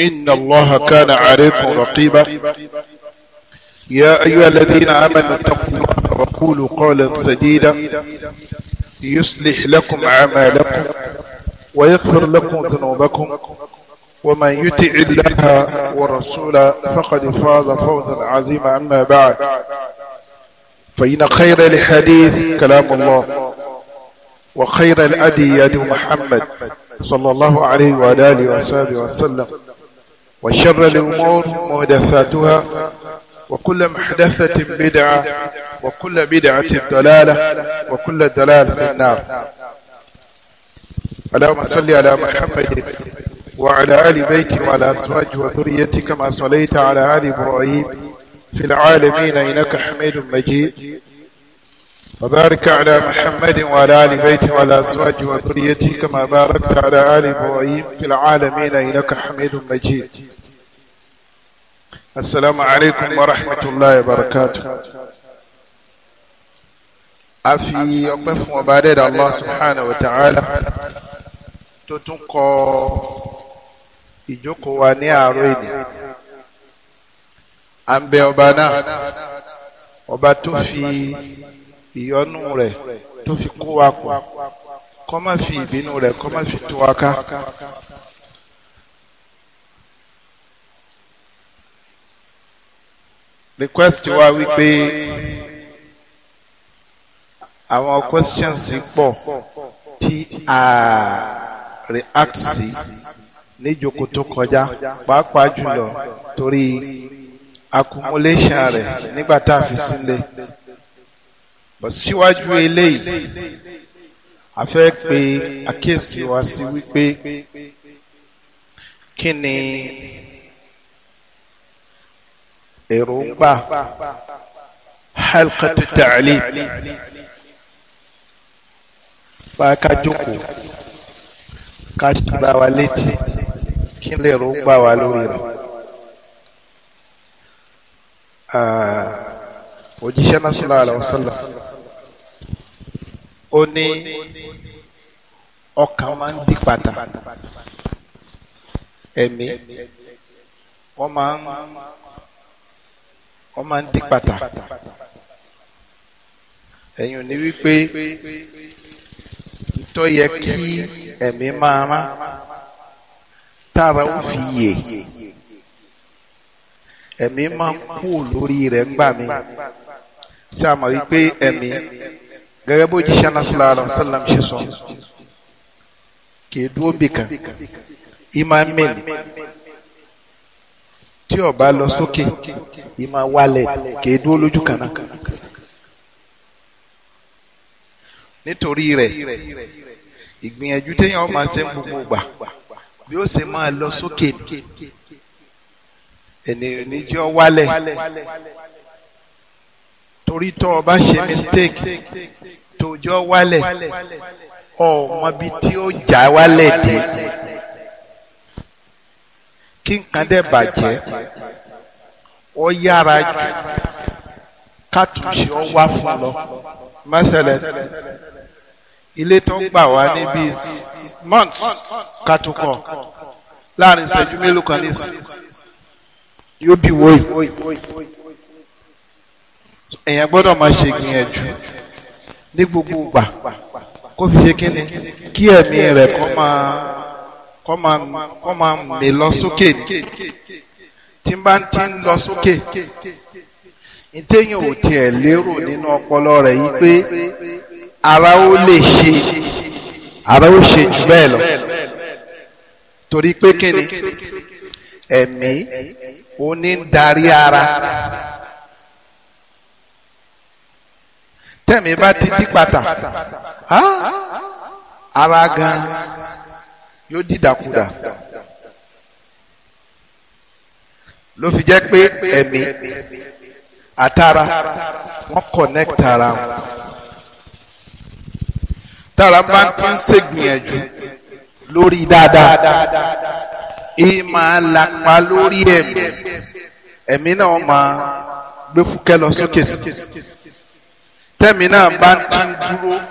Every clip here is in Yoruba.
إن الله كان عليكم رقيبا يا أيها الذين آمنوا اتقوا الله وقولوا قولا سديدا يصلح لكم أعمالكم ويغفر لكم ذنوبكم ومن يطع الله ورسوله فقد فاز فوزا عظيما أما بعد فإن خير الحديث كلام الله وخير الأدي يد محمد صلى الله عليه وآله وصحبه وسلم وشر الأمور محدثاتها وكل محدثة بدعة وكل بدعة دلالة وكل دلالة في النار اللهم صل على محمد وعلى آل بيته وعلى أزواجه وذريته كما صليت على آل إبراهيم في العالمين إنك حميد مجيد وبارك على محمد وعلى آل بيته وعلى أزواجه وذريته كما باركت على آل إبراهيم في العالمين إنك حميد مجيد السلام عليكم ورحمة الله وبركاته أفي يقف وبارد الله سبحانه وتعالى تتقى ìjókòó wa ní àárọ̀ èdè à ń ìyọ́nú rẹ̀ tó fi kó wa pọ̀ kọ́ má fi ìbínú rẹ̀ kọ́ má fi tó wa ká. request wa wípé àwọn questions pọ̀ tí a react sí níjoko tó kọjá pàápàá jùlọ torí accumulation rẹ̀ nígbà tá a fi sílẹ̀ bọ̀ síwájú eléyìí a fẹ́ pe àkíyèsí wa sí wípé kí ni èròǹgbà halqatu ta'lim bá ká jókòó ká ṣúra wa létí kí lè èròǹgbà wa lórí rẹ̀. òjíṣẹ́ náà sallallahu alaihi wasallam ó ní ọkàn máa ń di pata ẹ̀mí wọ́n máa ń wọ́n máa ń di pata ẹ̀yìn ni wípé tó yẹ kí ẹ̀mí máa rán tára ó fi yè ẹ̀mí máa ń kú lórí rẹ̀ ńgbà mi ṣáà mọ̀ wípé ẹ̀mí gẹ́gẹ́ bó jíṣẹ́ náà sallallahu alaihi wasallam ṣe sọ kì í dúró bìkan ìmàmìlì tí ó bá lọ sókè ìmà wálẹ̀ kì í dúró lójú kan náà nítorí rẹ̀ ìgbìyànjú téèyàn máa ṣe ń gbogbo gbà bí ó ṣe máa lọ sókè ènìyàn níjọ́ torí tó o bá ṣe mistake tòjọ́ wálẹ̀ ọ̀mọbi tí ó jà wálẹ̀ dé kí nǹkan dẹ̀ bàjẹ́ ó yára jù kátùsí ó wá fún lọ mẹsẹlẹ ilé tó ń gbà wá níbi months katukọ láàrin ìṣẹ́jú mélòó kan ní ìsìn yóò bí wọ́ọ̀yì èèyàn gbọ́dọ̀ máa ṣe gbìyànjú ní gbogbo gbà kó fi ṣe kíni kí ẹ̀mí rẹ̀ kó máa kó máa kó máa mì lọ sókè ní tí n bá ti ń lọ sókè ìtẹ̀yìn ò tiẹ̀ lérò nínú ọpọlọ rẹ̀ yìí pé ara ó lè ṣe ara ó ṣe jù bẹ́ẹ̀ lọ torí pé kíni ẹ̀mí ó ní darí ara. tẹ̀mí bá ti dí pata ara gan yóò dídàkudà ló fi jẹ́ pé ẹ̀mí àtara wọ́n connect ara wọn tára bá ti ń ṣègbìyànjú lórí dáadáa èyí máa lapa lórí ẹ̀mí ẹ̀mí náà máa gbé fúkẹ́ lọ sókè sí i tẹ́mi náà bá ń tún dúró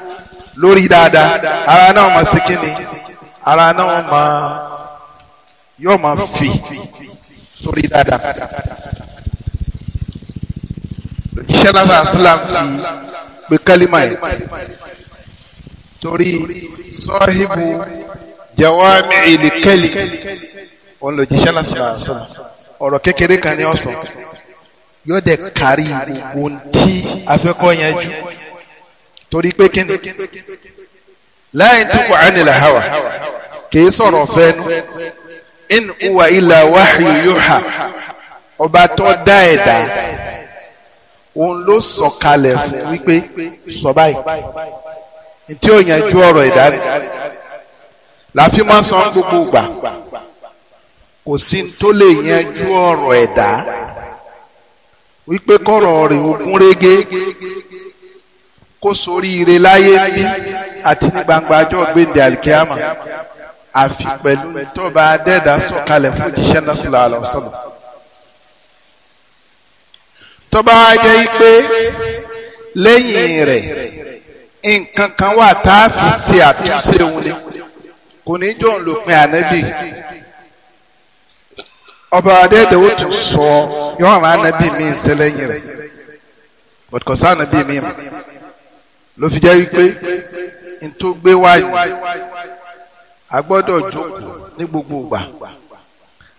lórí dáadáa ara náà máa ṣe kíni ara náà máa yóò máa fì sórí dáadáa. Òjíṣẹ́ náà sàásìlám fi pé kálímà yẹn torí sọ́híbù jawami ìlú kẹ́lì òun lòjíṣẹ́ náà sàásìlám ọ̀rọ̀ kékeré kan ni ó yóò dẹ̀ kárí ohun tí afẹ́kọ́ yẹn jù torí pé kíni láì tukọ̀ ánìlà hawa kìí sọ̀rọ̀ fẹ́nu in huwa illa wahyu yuha ọba tó dá ẹ̀dá òun ló sọ̀kalẹ̀ fún wípé sọ tí ó yẹn ju ọ̀rọ̀ ẹ̀dá rẹ̀ láfi máa san gbogbo gbà kò sí tó lè yẹn ju ọ̀rọ̀ ẹ̀dá wípé kọ̀rọ̀ rẹ̀ ó gún régé kó sórí ire láyé bí àti ní gbangba ọjọ́ gbẹ̀ndẹ̀ alikiyama àfi pẹ̀lú tọ́ba adẹ́ẹ̀dá sọ̀kalẹ̀ fún jíṣẹ́ náà sílẹ̀ àlọ́sọ̀lọ̀ tọ́ba wa jẹ́ wípé lẹ́yìn rẹ̀ nǹkan kan wà tá a fi ṣe àtúnṣe òun ni kò ní jọ ń lòpin ànábì ọba adẹ́ẹ̀dá ó tún sọ ọ́ yọ àwọn anabi mi nsẹlẹ yẹn but kò sá anabi mi mọ ló fi jẹ́ wípé ntó gbé wáyé a gbọ́dọ̀ jókòó ní gbogbo ìgbà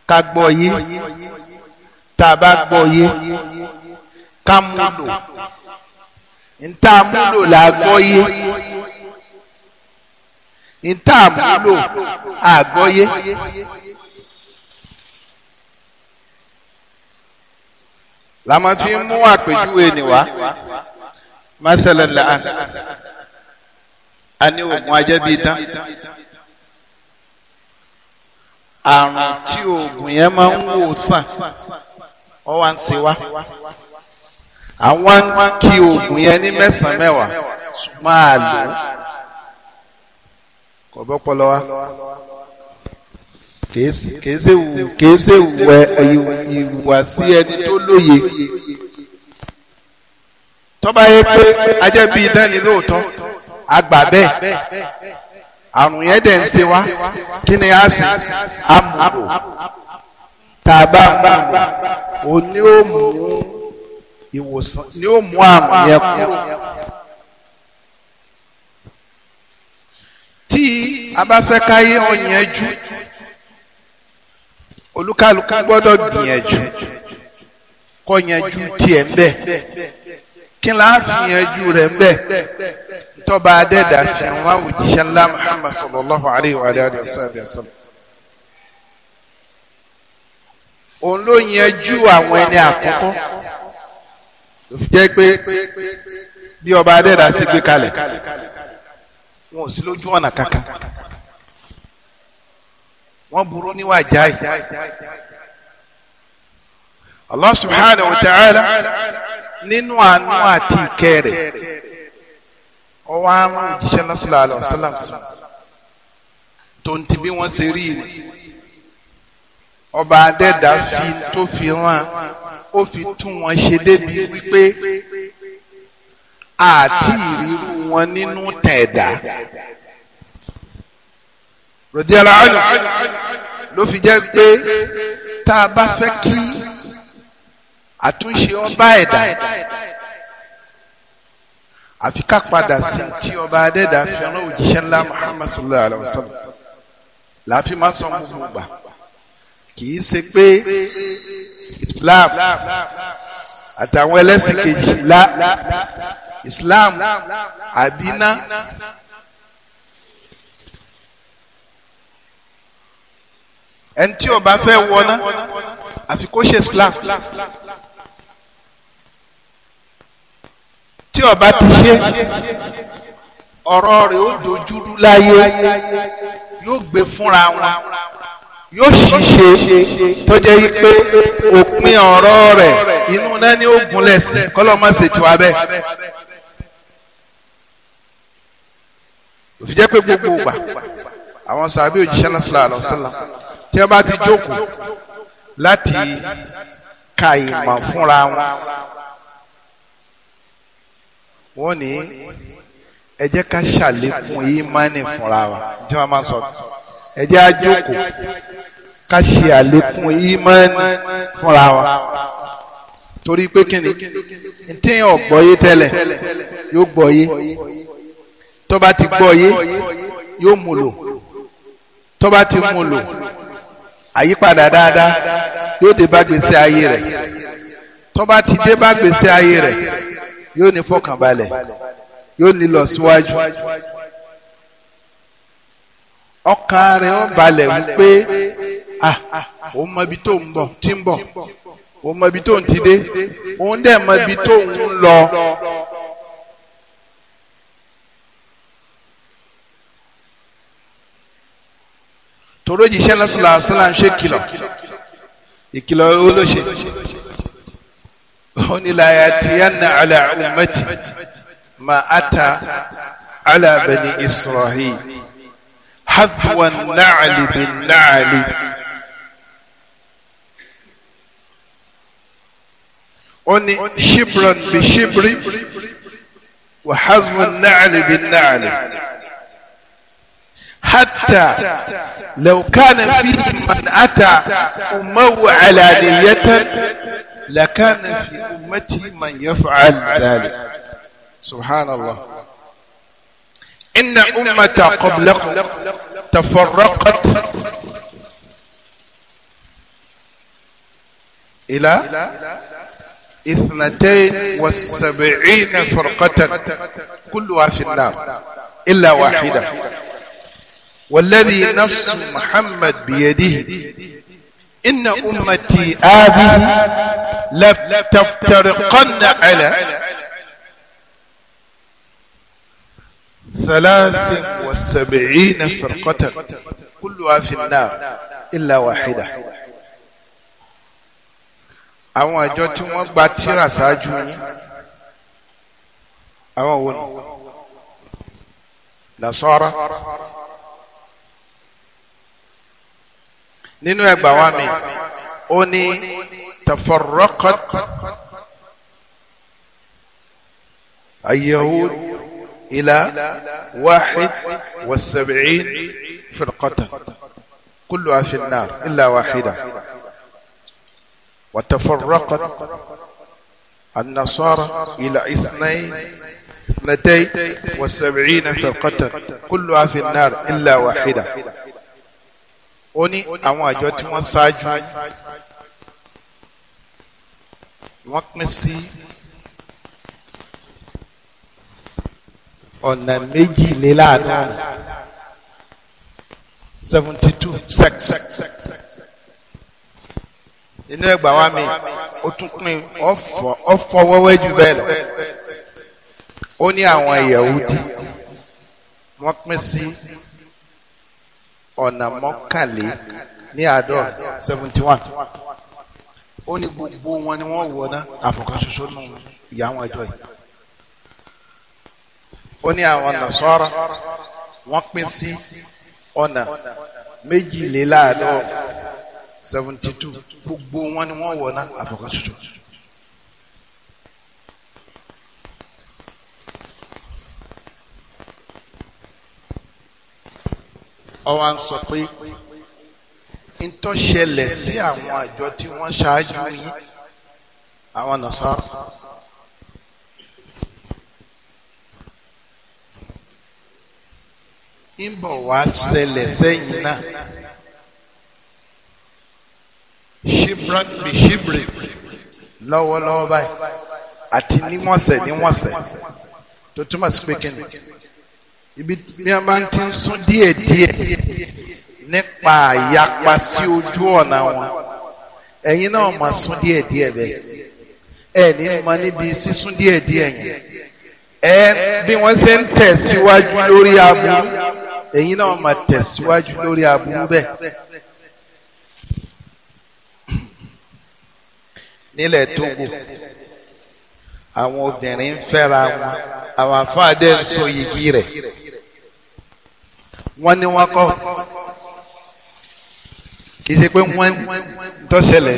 ká gbọ́ yé tá a bá gbọ́ yé ká múlò ntá múlò là á gbọ́ yé ntá múlò à gbọ́ yé. làmọ́ fi ń mú àpèjúwe nìwá masalan la'an a ní oògùn ajẹ́bí dán àrùn tí oògùn yẹn máa ń wò sàn ọ wá ń ṣe wá àwọn kí oògùn yẹn ní mẹ́sàn-án máa lò ó bọ́ pọlọ wa kèése wù kèése wẹ ìwàsí ẹni tó lóye tọ́ba yẹ pé ajẹ́bí dání lóòótọ́ àgbà bẹ́ẹ̀ àrùn yẹn dẹ̀ ń ṣe wá kí ni a sì amúlò tàbá ò ní ó mú ìwòsàn ní ó mú àrùn yẹn kúrò. tí a bá fẹ́ káyé ọ̀yẹ́jú. oluka gbọ́dọ̀ gbìyànjú kọ yanjú tiẹ̀ ń bẹ kí la fìyànjú rẹ̀ ń bẹ tọ́ba adẹ́dà fi àwọn àwòjíṣẹ́ ńlá Muhammad sallallahu alayhi wa alihi wa sallam. òun ló yanjú àwọn ẹni àkọ́kọ́ ló fi jẹ́ pé bí ọba adẹ́dà sì gbé kalẹ̀ wọn ò sí lójú wọ́n burú níwà jáì. Allah subhanahu wa ta'ala nínú àánú àti ìkẹ́ rẹ̀ ọwọ́ àrùn òjíṣẹ́ náà sallallahu alaihi wasallam tó ń ti bí wọ́n ṣe rí ni ọba adẹ́dá fi tó fi rán ó fi tún wọn ṣe débi wípé àti ìrírú wọn nínú tẹ̀dá radiyallahu anhu ló fi jẹ́ pé tá a bá fẹ́ kí àtúnṣe ọba ẹ̀dá àfi ká padà sí tí ọba adẹ́dà fi ọ̀nà òjíṣẹ́ ńlá Muhammad sallallahu alayhi wa sallam làáfi máa sọ gbogbo gbà kì í ṣe pé Islam àtàwọn ẹlẹ́sìn kejì la Islam àbínà ẹni tí ó bá fẹ́ wọná àfi kó ṣe Islam tí ó bá ti ṣe ọ̀rọ̀ rẹ̀ ó dojúrú láyé yóò gbé fúnra wọn yóò ṣiṣe tó jẹ́ pé òpin ọ̀rọ̀ rẹ̀ inú náà ni ó gúnlẹ̀ sí kọ́lọ́mọ́ ṣètò abẹ́. òfin pé gbogbo ìgbà àwọn sàbí òjíṣẹ́ náà sílẹ̀ àlọ́ sílẹ̀ tí wọ́n bá ti jókòó láti ka ìmọ̀ fúnra wọn wọ́n ní ẹ jẹ́ ká ṣàlékún ìmánì fúnra wa tí wọ́n máa sọ ẹ jẹ́ á jókòó ká ṣe àlékún ìmánì fúnra wa torí pé kíni ntí ọ̀gbọ́yé tẹ́lẹ̀ yóò gbọ́yé tó bá ti gbọ́yé yóò múlò tó bá ti múlò àyípadà dáadáa yóò dé bá gbèsè ayé rẹ̀ tó bá ti dé bá gbèsè ayé rẹ̀ yóò ní fọkànbalẹ̀ yóò ní lọ síwájú ọkàn rẹ̀ ó balẹ̀ wípé ah òun mọ ibi tó ń bọ̀ tí ń bọ̀ òun mọ ibi tó ń ti dé òun dẹ̀ mọ ibi tó ń lọ tòró jíṣẹ́ lọ́sọ̀lá ọ̀sọ́lá ń ṣe kìlọ̀ ìkìlọ̀ owó ló ṣe òun ni láyà tí yá na àlà ummati ma ata àlà bani israhil hadwa nàcàlì bin nàcàlì. ó ní shibran bi shibri wa hadwa nàcàlì bin nàcàlì. حتى لو كان فيه من أتى أمه علانية لكان في أمتي من يفعل ذلك سبحان الله إن أمة قبلكم تفرقت إلى اثنتين والسبعين فرقة كلها في النار إلا واحدة والذي نفس محمد بيده إن أمتي آبه لتفترقن على ثلاث وسبعين فرقة كلها في النار إلا واحدة أو àjọ tí wọ́n أو نصارى nínú ẹgbà wa mi ó ní tafarraqat al ila wahid wa sab'in firqata kulluha fi an-nar illa wahida wa tafarraqat an-nasara ila ithnayn اثنتين وسبعين فرقة كلها في النار إلا واحدة ó ní àwọn àjọ tí wọ́n ṣáájú wọ́n pín sí ọ̀nà méjìléláàádọ́rùn seventy two sects inú ẹgbàá wa mi ó tún pín ọ̀fọ̀ wẹ́wẹ́ jù bẹ́ẹ̀ lọ ó ní àwọn Yahudi wọ́n pín sí ọ̀nà mọ́kànlé ní àádọ́ seventy one ó ní gbogbo wọn ni wọ́n wọ̀ ná àfọ̀kàn ṣoṣo nù ìyá wọn ẹjọ́ yìí ó ní àwọn Nasara wọ́n pín sí ọ̀nà méjìléláàádọ́ seventy two gbogbo wọn ni wọ́n wọ̀ ná àfọ̀kàn ọwọ́ à ń sọ pé ntọ́ṣẹlẹ̀ sí àwọn àjọ tí wọ́n ṣáájú yín àwọn Nasara. ń bọ̀ wá ṣẹlẹ̀ sẹ́yìn náà shibrak bi shibri lọ́wọ́lọ́wọ́ báyìí àti níwọ̀nsẹ̀ níwọ̀nsẹ̀ tó túmọ̀ sí pé kíni ibi bí a máa ti ń sún díẹ̀díẹ̀ nípa àyapa sí ojú ọ̀nà wọn ẹ̀yin náà máa sún díẹ̀díẹ̀ bẹ́ẹ̀ ẹ̀ ní ma níbi sísún díẹ̀díẹ̀ yẹn ẹ̀ bí wọ́n ṣe ń tẹ̀síwájú lórí aburú ẹ̀yin náà máa tẹ̀síwájú lórí aburú bẹ́ẹ̀. nílẹ̀ Tógò àwọn obìnrin ń fẹ́ra wọn àwọn afáàdé ń so yìgì rẹ̀ wọ́n ní wọ́n kọ́ kì í ṣe pé wọ́n tọ́sẹ̀lẹ̀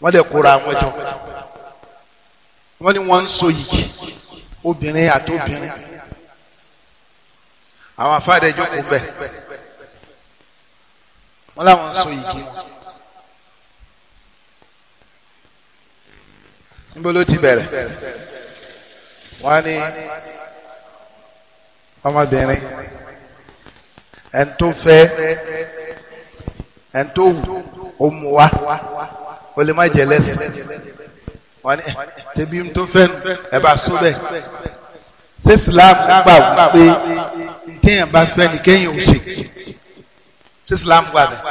wọ́n lè kóra àwọn jọ wọ́n ní wọ́n ń so yìí obìnrin àti obìnrin àwọn afáàdé jókòó bẹ̀ wọ́n láwọn ń so yìí wọn. níbo ló ti bẹ̀rẹ̀ wọ́n á ní ọmọbìnrin ẹni tó fẹ́ ẹni tó wù ó mú wa ó lè má jẹ lẹ́sìn wọ́n ní ṣe bí n tó fẹ́ ẹ bá sọ bẹ́ẹ̀ ṣé Islam gbà wípé téèyàn bá fẹ́ ni kéèyàn ò ṣe ṣé Islam gbà bẹ́ẹ̀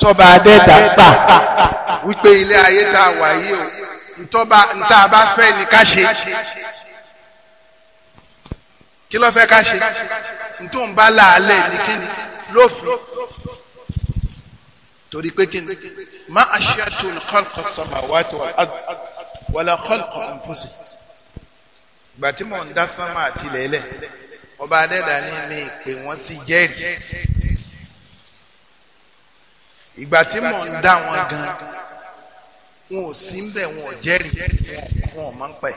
sọba adẹ́ta gbà wípé ilé ayé tá a wà yìí o ntọ́ba ntá a bá fẹ́ ni ká ṣe kí ló fẹ́ ká ṣe nítorí bá làálẹ̀ ní kíni lófin torí pé kíni má a ṣe àtò khalqa samawati wal ard wala khalqa anfusi ìgbà tí mò ń dá sánmà àti lẹ́lẹ̀ ọba adẹ́dà ní mi pé wọ́n sì jẹ́rìí ìgbà tí mò ń dá wọn gan wọn ò sí ń bẹ̀ wọn ò jẹ́rìí wọn ò mọ̀ ń pẹ̀.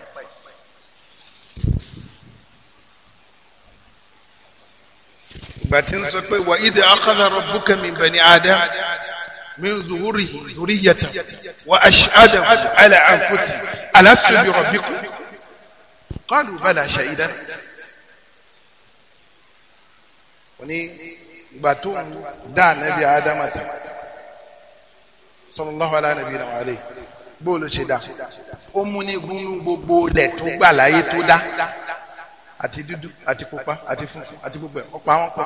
ìgbà tí ń sọ pé wà ìdè akhadha rabbuka min bani adam min zuhurihi zuriyata wa ashhadahu ala anfusi alastu bi rabbikum qalu bala shahidana wọ́n ní ìgbà tó ń dá ànábì ádámà tà sallallahu ala nabiyina wa alayhi bóòlù ṣe dá ó mú ní gúnú gbogbo tó gbà láyé tó dá àti dúdú àti pupa àti funfun àti gbogbo ẹ̀ ọ̀pá wọn pa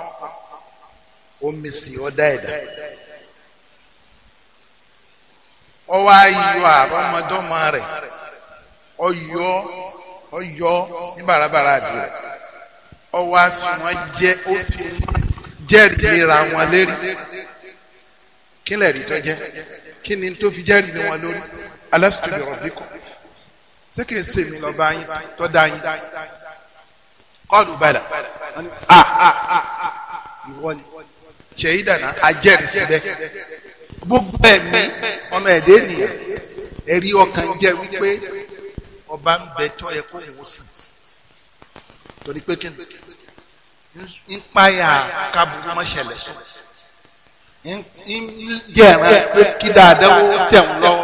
omi sì ọ̀dá ẹ̀dá ọwọ́ ayọ̀ àrọ́mọdọ́mọ rẹ̀ ọyọ́ ọyọ́ ní bàràbàrà àdì rẹ̀ ọwọ́ àfi wọn jẹ́ ó fi wọn jẹ́rìí ra wọn lérí kí lẹ́rìí tó jẹ́ kí ni tó fi jẹ́rìí ni wọn lórí alastu bi rabbikum ṣé kìí ṣèmi lọ́ba yín tó dá yín kọlù bala a ìwọ ni ṣèyídàna ajẹ́rìsí bẹ́ẹ̀ gbogbo ẹ̀mí ọmọ ẹ̀dẹ́ nìyẹn ẹ̀rí ọkàn jẹ́ wípé ọba ń bẹ tọ́ ẹ kó wò sàn torí pé kí ni ń páyà kábùkù mọ́ṣẹ̀lẹ̀ sọ ń jẹ́ ẹ̀ràn pé kí dáadáa ó tẹ̀ ń lọ́wọ́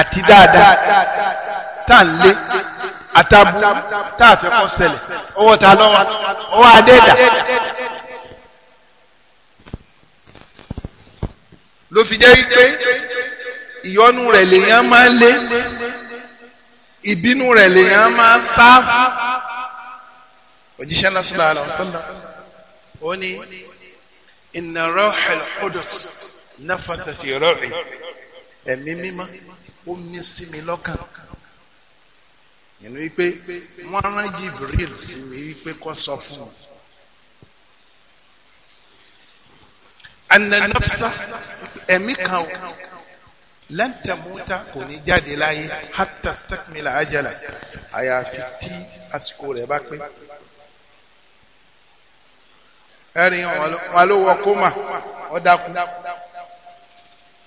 àti dáadáa tá à lé àtàbù táàfẹ́ kọ́ ṣẹlẹ̀ ọwọ́ ta lọ́wọ́ ọwọ́ adẹ́dà ló fi jẹ́ wípé ìyọnu rẹ̀ lèèyàn máa ń lé ìbínú rẹ̀ lèèyàn máa ń sá òjíṣẹ́ lásìlá àlọ́sọ́lá ó ní inna ruhul qudus nafatha fi ruhi yẹn wípé wọ́n rán Jibril sí mi wípé kó sọ fún mi. ananafsa ẹ̀mí kan o lẹ́ntẹ̀múta kò ní jáde láyé hatta stakmila ajala àyàfi tí àsìkò rẹ̀ bá pé. ẹ̀rín wọn ló wọ kóma ọ̀dàkú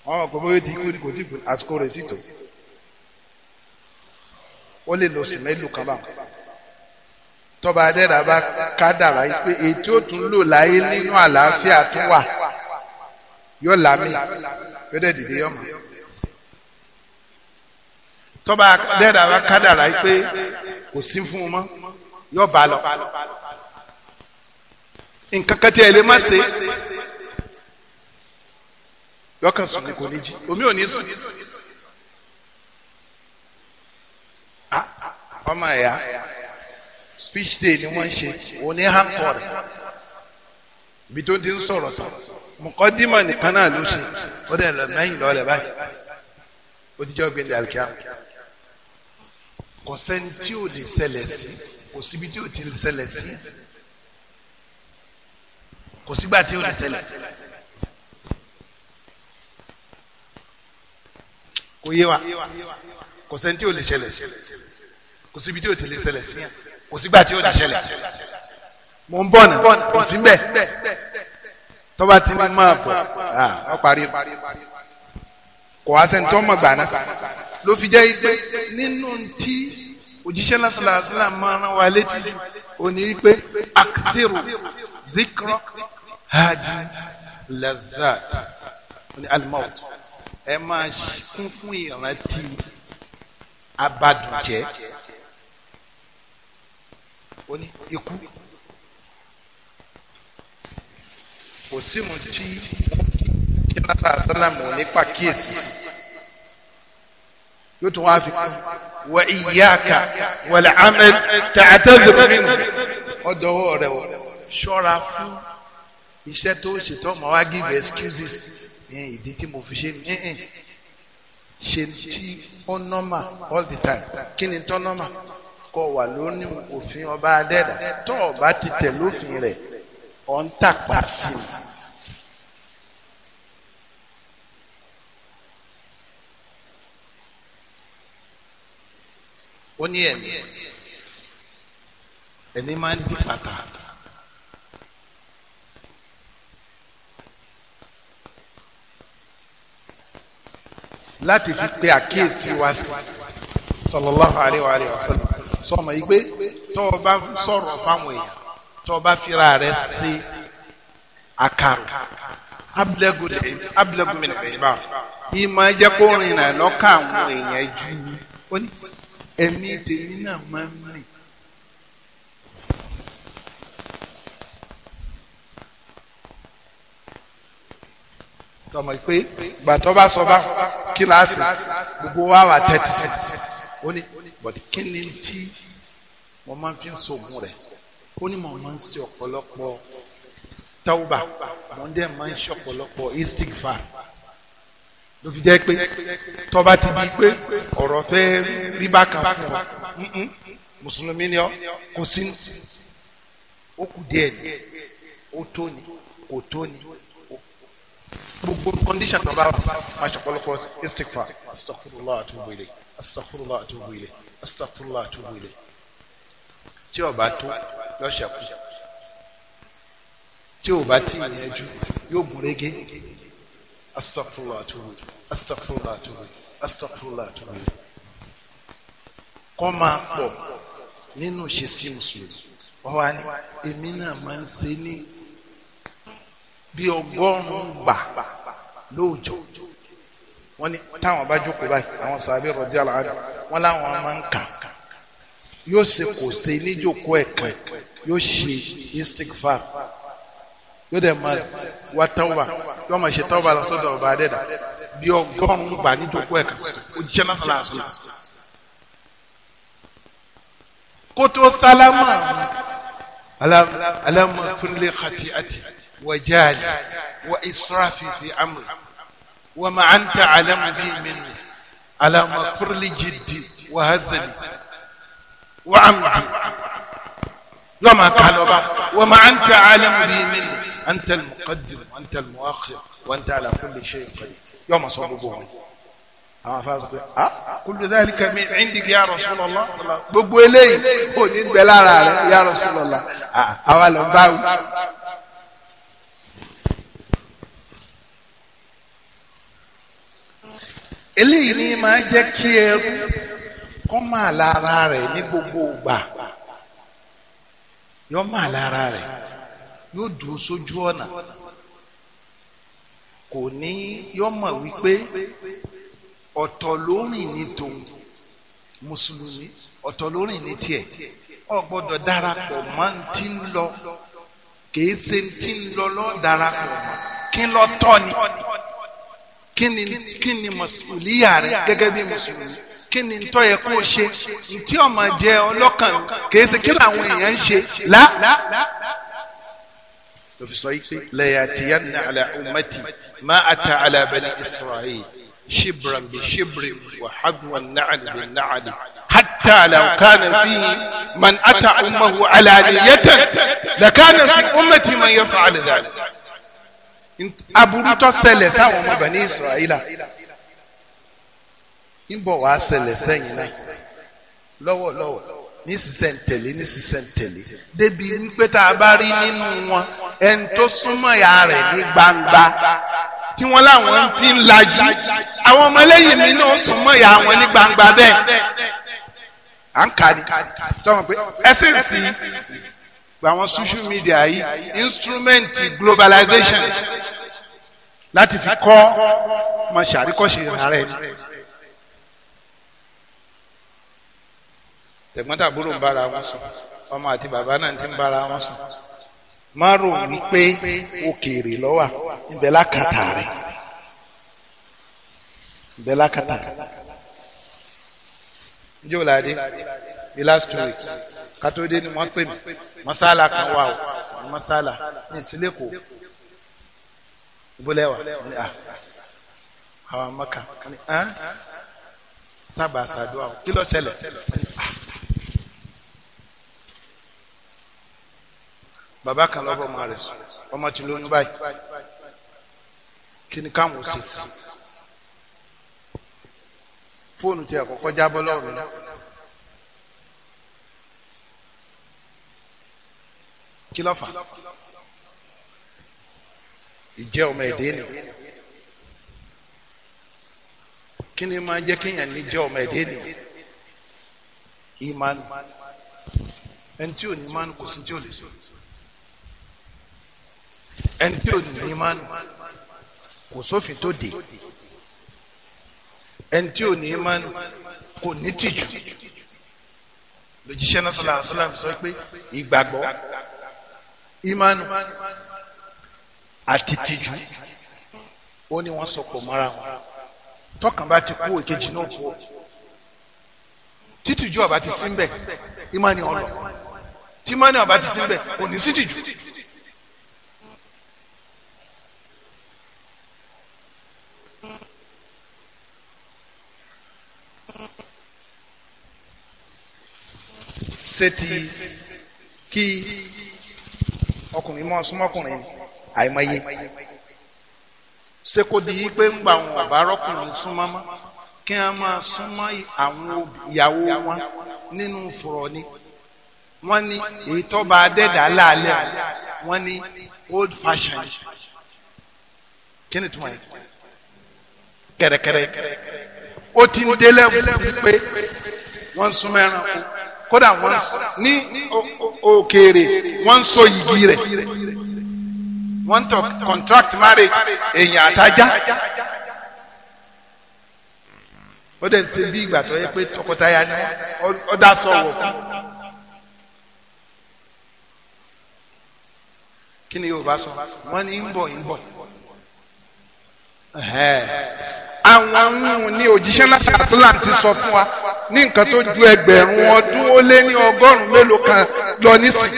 wọn kò bóyá ti kú ni kò tí kú àsìkò rẹ̀ sì tó ó lè lo oṣù mélòó kan báwọn tọba adẹ́dà bá kádàrá yìí pé ètí ó tún lò láyé nínú àlàáfíà tó wà yóò lámì yóò dẹ̀ dìde yọmọ tọba adẹ́dà bá kádàrá yìí pé kò sí fún un mọ́ yóò bá lọ nǹkan kan tí ẹ lè má ṣe yọkàn sùn kò ní jí omi ò ní sùn. ọmọ ẹ̀yà speech day ni wọ́n ń ṣe òun ní hankọ́ rẹ̀ ibi tó ti ń sọ̀rọ̀ tán mọ̀kọ́dímọ̀ nìkan náà ló ṣe ó dẹ̀ lọ mẹ́yìn lọ́lẹ̀ báyìí ó ti jọ́ gbẹ̀ndẹ̀ àlùkìá kò sẹ́ni tí ò lè ṣẹlẹ̀ sí kò síbi tí ò ti ṣẹlẹ̀ sí kò sígbà tí ò lè ṣẹlẹ̀ kò yé wa kò sẹ́ni tí ò lè ṣẹlẹ̀ sí kò síbi tí o ti lè ṣẹlẹ̀ sí yẹn kò sígbà tí o dà ṣẹlẹ̀ mò ń bọ̀ nà kò sí bẹ́ẹ̀ tọ́ba ti ní máa bọ̀ ọ parí kò wá sẹ́ni tó mọ̀ gbà náà ló fi jẹ́ pé nínú tí òjíṣẹ́ lásìlàsílà máa rán wa létí jù ó ní pé akiru dhikra hadi lazat ní almaut ẹ máa kún fún ìrántí abadùnjẹ́ ó ní ikú kò sí mu tí jẹ́nàtà sálámù ní pàkíyèsí sí yóò tún wáá fi kú wa iyaka wàlẹ̀ amẹ tààtẹ́lẹ̀ mímu ọ̀dọ́wọ́ rẹ̀ wọ̀ ṣọ́ra fún iṣẹ́ tó ṣe tó mọ̀ wá give excuses ní ìdí tí mo fi ṣe ní ṣe tí ó normal all the time kí ni tó normal kọ wà lónìí òfin ọba adẹ́dà tó o bá ti tẹ̀ lófin rẹ̀ ọ̀ ń tàpá sí i. ó ní ẹ̀mí ẹ̀mí máa ń di pàtà. láti fi pe àkíyèsí wa sí sallallahu alayhi wa sallam sọmọ yìí pé tọ́ ọ bá sọ̀rọ̀ fáwọn èèyàn tọ́ ọ bá fira rẹ ṣe àkàrò abúlẹ́gùn ìbá ìmọ̀ ẹ̀jẹ̀ kó rìnrìn àlọ́kà àwọn èèyàn ju ó ní ẹ̀mí tèmi náà máa ń rìn. tọmọ pé ìgbà bá sọ bá kíláàsì gbogbo wa wà tẹ́tí sí ó ní but kí ni tí mo máa fi ń sògùn rẹ̀ ó ní mo máa ń ṣe ọ̀pọ̀lọpọ̀ tauba mo ń dẹ̀ máa ń ṣe ọ̀pọ̀lọpọ̀ istigfar ló fi jẹ́ pé tọ́ba ti di pé ọ̀rọ̀ fẹ́ rí bákan fún ọ mùsùlùmí ni ọ kò sí ó kù díẹ̀ ni ó tó ni kò tó ni gbogbo condition tó bá wà máa ṣe ọ̀pọ̀lọpọ̀ istigfar astaghfirullah atubu ilayhi astaghfirullah atubu ilayhi astagfirullah àtúbù ilẹ̀ tí ó bá tó lọ́sẹ̀kù tí ó bá tí ìyẹn jù yóò gún régé astagfirullah àtúbù ilẹ̀ astagfirullah àtúbù ilẹ̀ astagfirullah àtúbù ilẹ̀ kọ́ máa pọ̀ nínú ìṣesí mùsùlùmí wọ́n wá ní èmi náà máa ń ṣe ní bí ọgọ́rùn-ún gbà lóòjọ́ wọ́n ní táwọn bá jókòó báyìí àwọn sàbẹ̀ rọ̀dí àlàáfíà wọn làwọn máa ń kà yóò ṣe kò ṣe níjókòó ẹ̀kan yóò ṣe istikfar yóò dẹ̀ máa wá tawba yóò máa ṣe tawba lọ sọ́dọ̀ ọba adẹ́dà bí ọgọ́rùn-ún gbà níjókòó ẹ̀kan ó jẹ́ náà sọ́nà àṣọ náà kótó sálámà alamu tunle khati'ati wa jali wa israfi fi amri wa ma anta alamu bi minni alama kurli jiddi wa hazali wa amdi yóò máa kà lọ́ba wa ma an ta alamu bi min an ta muqaddim an ta muakhir wa an ta ala kulli shay'in qadir yóò máa sọ gbogbo wọn àwọn afáàsọ pé ah kullu dhalika min indiki ya rasulallah gbogbo eléyìí ò ní bẹ lára rẹ ya rasulallah ah, àwa lọ báwo. eléyìí ni máa jẹ́ kí ẹrú kọ́ máa lára rẹ̀ ní gbogbo ìgbà yọ máa lára rẹ̀ yóò dúró sójú ọ̀nà kò ní yọ mọ̀ wípé ọ̀tọ̀ lórìn ní tòun mùsùlùmí ọ̀tọ̀ lórìn ní tiẹ̀ ọ gbọ́dọ̀ darapọ̀ mọ́ ní ti ń lọ kèé ṣe ti ń lọ lọ́ darapọ̀ mọ́ kí ń tọ́ ni. kí ni kí ni mọ̀sùlùmíyà rẹ gẹ́gẹ́ bí mùsùlùmí kí ni ntọ́ yẹ kó ṣe ntí ọmọ jẹ ọlọ́kàn kìí ṣe kí làwọn èèyàn ń ṣe lá. lọ́fi sọ yìí pé layatiyanna ala ummati ma ata ala bani israel shibran bi shibrin wa hadwan na'al bi na'al hatta law kana fihi man ata ummahu alaniyatan lakana fi ummati man yaf'al dhalika. aburú tó ṣẹlẹ̀ sáwọn ọmọ Bani Israila ń bọ̀ wá ṣẹlẹ̀ sẹ́yìn náà lọ́wọ́lọ́wọ́ ní sísẹ̀ ń tẹ̀lé ní sísẹ̀ ń tẹ̀lé débi wípé tá a bá rí nínú wọn ẹni tó súnmọ́ ìyá rẹ̀ ní gbangba tí wọ́n láwọn fi ń lajú àwọn ọmọ ẹlẹ́yìn mi náà súnmọ́ ìyá wọn ní gbangba bẹ́ẹ̀ à ń kà ní tọ́wọ́n pé ẹsẹ̀ sí àwọn social media yìí instrument globalization láti fi kọ́ mọ ṣàríkọ́ṣe rẹ̀ ni. tẹ̀gbọ́n tàbúrò ń bára wọn sùn ọmọ àti bàbá náà ti ń bára wọn sùn má rò wípé òkèèrè lọ́wà ibẹ̀ lákàtà rẹ̀ ibẹ̀ lákàtà. njó ládé the last two weeks kátólídé ni wọ́n pè mí masala kan wà o masala ní ìsílẹ̀ kò ìbúlẹ̀ wà ní à ah, àwọn maka ní à sábà sàdúrà o kí ló ṣẹlẹ̀ bàbá kan lọ́bọ̀ ọmọ rẹ̀ sùn ọmọ tí lóyún báyìí kí ni káwọn ò fóònù tí àkọ́kọ́ jábọ́ lọ́rùn náà. kí ló fà ìjẹ́ ọmọ ẹ̀dẹ́ ni kí ni máa jẹ́ kéèyàn ní jẹ́ ọmọ ẹ̀dẹ́ ni ìmánu ẹni tí ò ní ìmánu kò sí tí ò lè sọ ẹni tí ò ní ìmánu kò sófin tó dé ẹni tí ò ní ìmánu kò ní tìjú lójíṣẹ́ náà sallallahu alaihi sọ pé ìgbàgbọ́ imanu àti tìjú ó ní wọ́n sọ̀pọ̀ mọ́ra wọn tọkàn ti kú èkejì náà kú títìjú ọba ti sínbẹ imani ọlọ tí imani ọba ti sínbẹ òní sítìjú. ṣe ti kí ọkùnrin mọ́ súnmọ́kùnrin àìmọye ṣé kò di yí pé ń gba àwọn ọ̀bá rọ́kùnrin súnmọ́ mọ́ kí wọ́n máa súnmọ́ àwọn ìyàwó wọn nínú fọ̀rọ̀ ni wọ́n ní èyí tọ́ba adẹ́dà láàlẹ́ wọ́n ní old fashion kí ni túmọ̀ yẹn kẹrẹkẹrẹ ó ti ń délẹ̀ wípé wọ́n súnmọ́ ẹranko kódà wọ́n ní ó okere wọn so yìgì rẹ̀ wọ́n contract marry èèyàn àtajá ó dẹ̀ ń bí ìgbà tó yẹ pé tọkọtaya ni ó sọ ń ń àwọn ń sọ fún wa. ní nǹkan tó ju ẹgbẹ̀rún ọdún ó lé ní ọgọ́rùn-ún mélòó kan lọ nísìn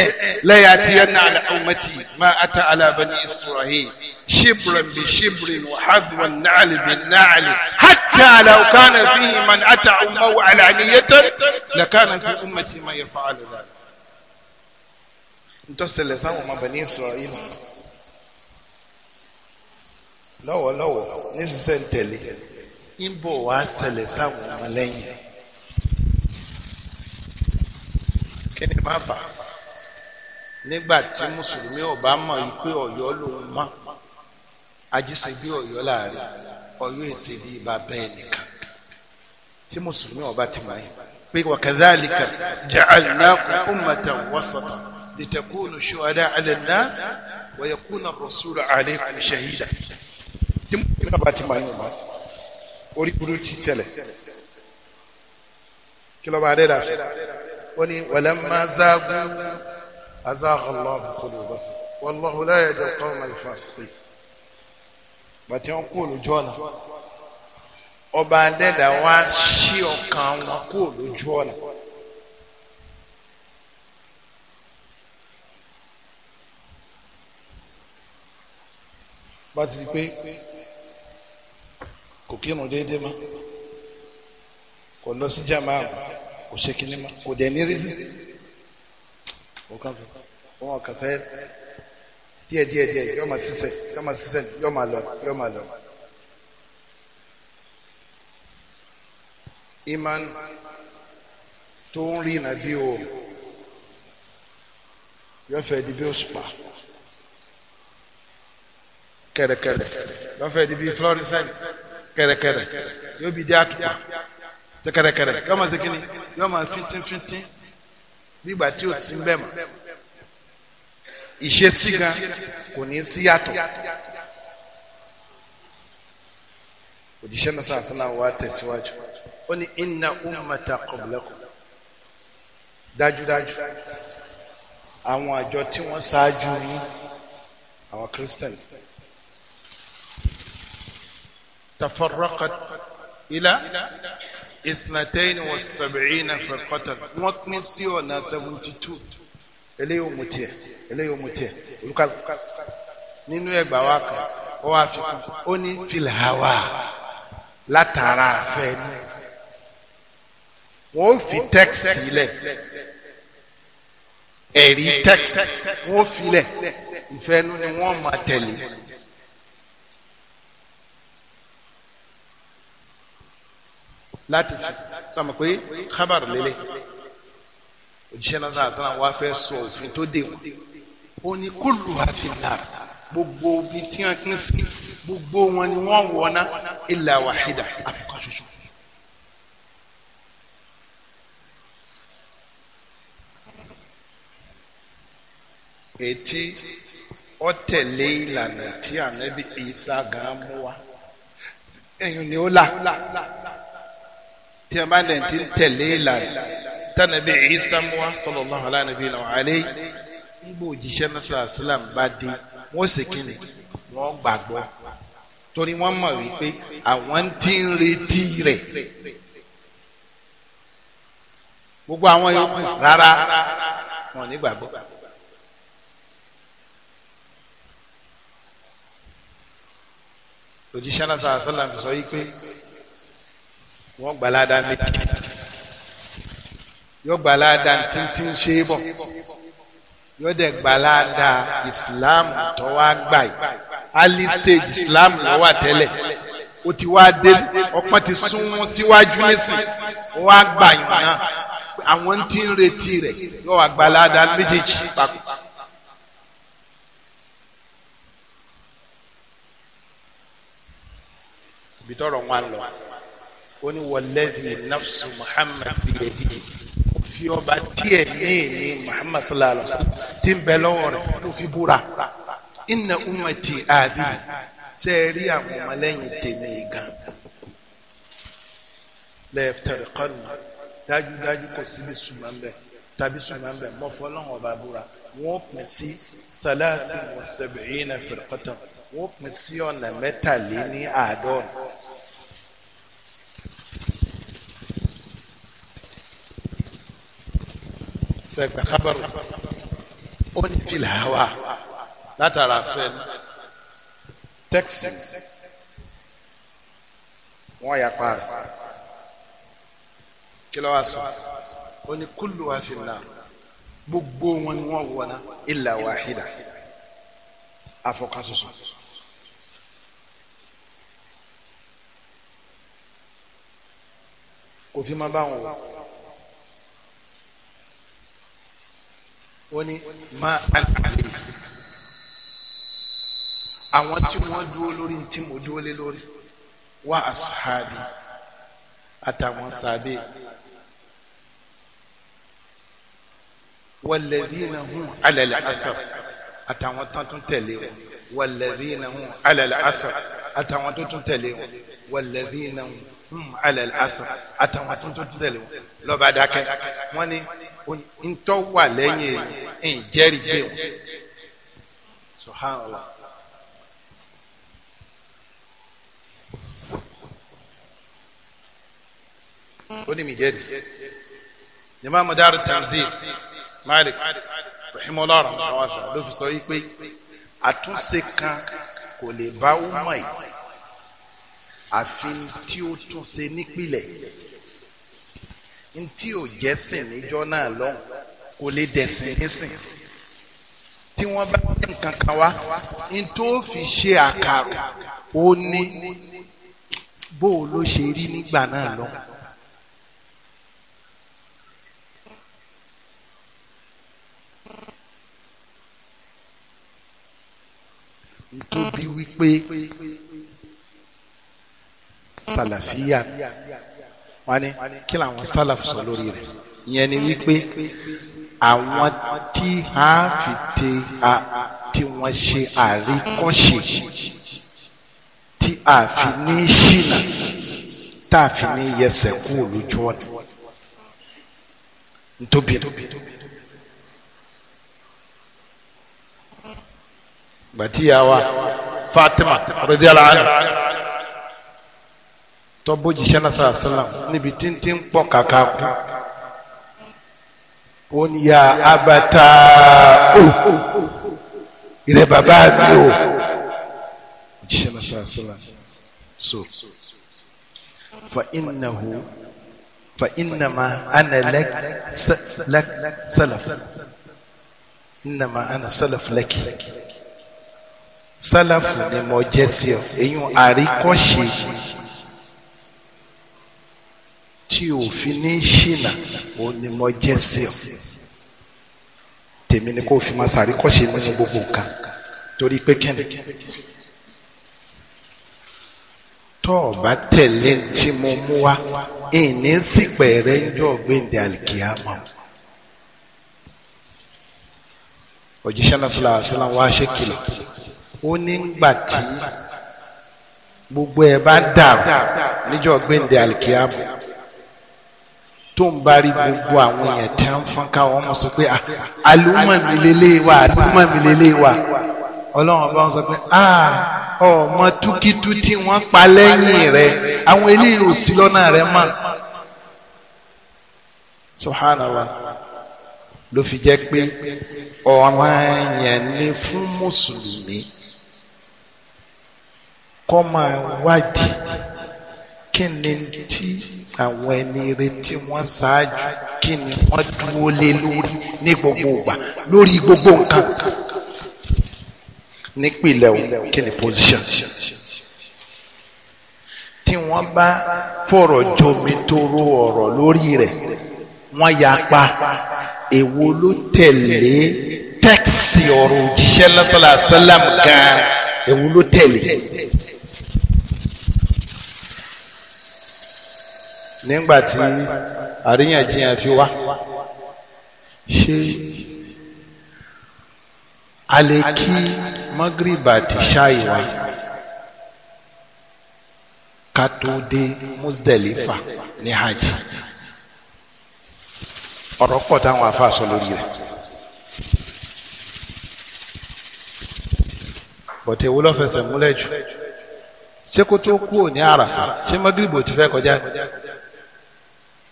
ẹ̀ lẹ́yìn àti ẹ̀nà àlàkùnmẹ́tì máa ata alábẹ́ni israhìn shibran bi shibrin wa hadwan naali bi naali hatta alaukana fihi man ata umahu alaniyatan lakana fi ummati man yafa alazali. ntọ́sẹ̀lẹ̀ sáwọn ọmọ bẹ̀ ní israhìn lọ́wọ́lọ́wọ́ ní sísẹ̀ ń níbo wàá ṣẹlẹ̀ sáwọn ọmọ lẹ́yìn kí ni má bà nígbà tí mùsùlùmí ọba mọ̀ yìí pé ọ̀yọ́ lòun mọ̀ ajíṣe bí ọ̀yọ́ láàrin ọ̀yọ́ èsè bí bàbá ẹnìkan tí mùsùlùmí ọba ti mọ̀ yìí pé wakadhalika ja'alnakum ummatan wasata litakunu shuhada 'ala an-nas wa yakuna ar-rasulu tí mùsùlùmí ọba ti mọ̀ yìí mọ̀ orí burúkú ṣẹlẹ̀ kí ló bá dé dà sí ó ní walamma zaagu azagha Allahu qulubahum wallahu la yahdi al-qawma al-fasiqin bàtí wọn kú olójú ọ̀nà ọba adẹ́dà wa ṣí ọkàn wọn kú olójú ọ̀nà. bá pé kò kírun déédéé mọ́ kò lọ sí jàmbá kò ṣe kíní mọ́ kò dẹ̀ ní rísì wọ́n kàn fẹ́ wọ́n kàn fẹ́ díẹ̀ díẹ̀ díẹ̀ yọ́ máa ṣiṣẹ́ yọ́ máa ṣiṣẹ́ yọ́ máa lọ yọ́ máa lọ. iman tó ń rí nàbí o yọ fẹ́ di bí òṣùpá kẹ̀rẹ̀kẹ̀rẹ̀ yọ fẹ́ di bí florissant kẹ̀rẹ̀kẹ̀rẹ̀ yóò bi dé àtùpà tẹ kẹ̀rẹ̀kẹ̀rẹ̀ yóò máa ṣe kí ni yóò máa fíntín fíntín bí ìgbà tí ò sí bẹ́ẹ̀ mọ́ ìṣesí gan kò ní sí yàtọ̀ òjíṣẹ́ náà sọ àṣìlá wa tẹ̀síwájú ó ní inna ummata qablakum dájúdájú àwọn àjọ tí wọ́n ṣáájú yín àwọn Christians tafarraqat ila ithnatain wa sab'ina firqatan wọ́n pín sí ọ̀nà seventy two eléyìí òmù tiẹ̀ eléyìí òmù tiẹ̀ olùkàlùkà nínú ẹgbà wa kan ó wá fi kún ó ní filhawa látara àfẹ́ ni wọ́n fi tẹ́kìsì lẹ̀ ẹ̀rí tẹ́kìsì wọ́n fi lẹ̀ ìfẹ́ nu ni wọ́n máa tẹ̀lé. láti fi sọmọ pé kábàrù lélẹ̀ òjíṣẹ́ náà sáà sáà wá fẹ́ sọ òfin tó dé wọn ó ní kúlù àfihàn gbogbo bí tí wọn kí ń sí gbogbo wọn ni wọn wọná ilà wàhídà àfikún ṣoṣo. ètí ó tẹ̀lé ìlànà tí ànábì Ìsá gan mú wa ẹ̀yìn ni ó là tí a bá dẹ̀ ti ń tẹ̀lé ìlànà tánàbí Ìsá mú wá sallallahu ala nabiyina wa alayhi ń gbọ́ òjíṣẹ́ náà àṣìlám bá dé wọ́n sì kíni wọ́n gbàgbọ́ torí wọ́n mọ̀ wípé àwọn ti ń retí rẹ̀ gbogbo àwọn yòókù rárá wọn ní gbàgbọ́. òjíṣẹ́ náà àṣìlám fi sọ yìí pé wọ́n gbalada méjì yóò gbalada títí ṣe é bọ̀ yóò dẹ̀ gbalada islam tó wá gbà yìí early stage islam ló wà tẹ́lẹ̀ ó ti wá dé ọpọ́n ti sún síwájú nísìn ó wá gbà yìí náà àwọn tí ń retí rẹ̀ yóò wá gbalada méjèèjì papọ̀. ibi tọrọ ó ní wàlẹ́dì nafsu muhammad bìyẹ̀dì ó fi ọba díẹ̀ míì ní muhammad sallallahu alayhi wa sallam tí ń bẹ lọ́wọ́ rẹ̀ ló fi búra inna ummati abi ṣe é rí àwọn ọmọlẹ́yìn tèmi gan lẹ́ẹ̀tẹ̀rẹ̀ kọ́nù dájúdájú kò síbi sùnmọ́ ń bẹ̀ tàbí sùnmọ́ ń bẹ̀ mọ́ fọlọ́hún ọba búra wọ́n pín sí salatin wa sab'ina firqatan wọ́n pín sí ọ̀nà mẹ́tàléní àádọ́rin. sẹgbẹ kábàrò ó ní fìlà wà látara fẹ tẹksì wọn yà pa rẹ kí ló wá sọ ó ní kúlù wá fi nà gbogbo wọn ni wọn wọ ná wàhídà afọkàsoso. kò fi máa bá wọn wọ. wọ́n ní máa àlè àwọn tí wọ́n dúró lórí tí mo dúró lé lórí wá àṣàbí àtàwọn sàbẹ̀ walladhina hum ala al-athar àtàwọn tán tún tẹ̀lé wọn walladhina hum ala al-athar àtàwọn tó tún tẹ̀lé wọn walladhina hum ala al-athar àtàwọn tó tún tẹ̀lé wọn lọ́ba dákẹ́ wọ́n ní ntọ́ wà lẹ́yìn ìjẹ́rìí gbé wọn subhanallah. ó ní mi jẹ́rìí sí imam madaru tanzil malik rahimola rahmatawasa ló fi sọ wípé àtúnṣe kan kò lè bá ọmọ yìí àfi tí ó túnṣe nípìlẹ̀ ntí ò jẹ́sìn níjọ́ náà lọ́hùn kò lè dẹ̀sìn nísìn tí wọ́n bá jẹ́ nǹkan kan wá ntó fi ṣe àkàrò ó ní bó o ló ṣe rí nígbà náà lọ́hùn. ntóbi wípé sàlàfíà wọ́n ní kí làwọn sálàf sọ lórí rẹ̀ ìyẹn ni wípé àwọn tí a fi te a tí wọ́n ṣe àríkọ́ṣe tí a fi ní ṣìnà tá a fi ní yẹsẹ̀ kú lójú ọ̀nà ntóbi gbàtíyàwó Fatima rẹ̀díàlá àná tọ́bọ̀ jíṣẹ́ náà sàrà sàlám níbi títí ń pọ̀ kàkà kú ó ní ya abata o ìrẹ bàbá mi o jíṣẹ́ náà sàrà sàlám so fa innahu fa innama ana lak lak salaf innama ana salaf laki salafu ni mo jẹ́ sí ọ èyí àríkọ́ṣe tí òfin ní ṣìnà ó ní mo jẹ́ sí ọ tèmi ni kó fi máa sàrí kọ́ṣe nínú gbogbo nǹkan torí pé kẹ́ni tọ́ ọ bá tẹ̀lé tí mo mú wá ìní sípẹ̀ rẹ ń jọ gbéǹde àlìkìyàmọ́ òjíṣẹ́ náà sọlá àṣìlá wa ṣe kìlọ̀ ó ní gbà tí gbogbo ẹ bá dàrú níjọ gbéǹde àlìkìyàmọ́ tó ń bá rí gbogbo àwọn èèyàn tí wọ́n fọ́n ká wọ́n mọ̀ sọ pé àlùmọ̀ ah, mi lélẹ̀ wà àlùmọ̀ mi lélẹ̀ wà ọlọ́run bá wọn sọ pé ah, ọmọ túkítú tí wọ́n pa lẹ́yìn rẹ̀ àwọn eléyìí ò sí lọ́nà rẹ̀ mọ́ subhanallah ló fi jẹ́ pé ọ̀ràn yẹn ni fún mùsùlùmí kọ́ máa wádìí kí ni tí àwọn ẹni retí wọn ṣáájú kí ni wọn dúró lé lórí ní gbogbo ìgbà lórí gbogbo nǹkan nípìnlẹ̀ o kí ni position tí wọ́n bá fọ̀rọ̀ jomi toro ọ̀rọ̀ lórí rẹ̀ wọ́n yapa èwo ló tẹ̀lé tẹ́kisì ọ̀rọ̀ òjíṣẹ́ lọ́sọ̀lá sálàm gan èwo ló tẹ̀lé. nígbà tí àríyànjiyàn fi wá ṣé a lè kí magreba ti ṣáì wá ká tó dé Muzdalifa ní hajj ọ̀rọ̀ pọ̀ táwọn afa sọ lórí rẹ̀. bọ̀tẹ̀ wo lọ́fẹsẹ̀ múlẹ̀ jù ṣé kó tó kúrò ní àràfà ṣé magreba ti fẹ́ kọjá ni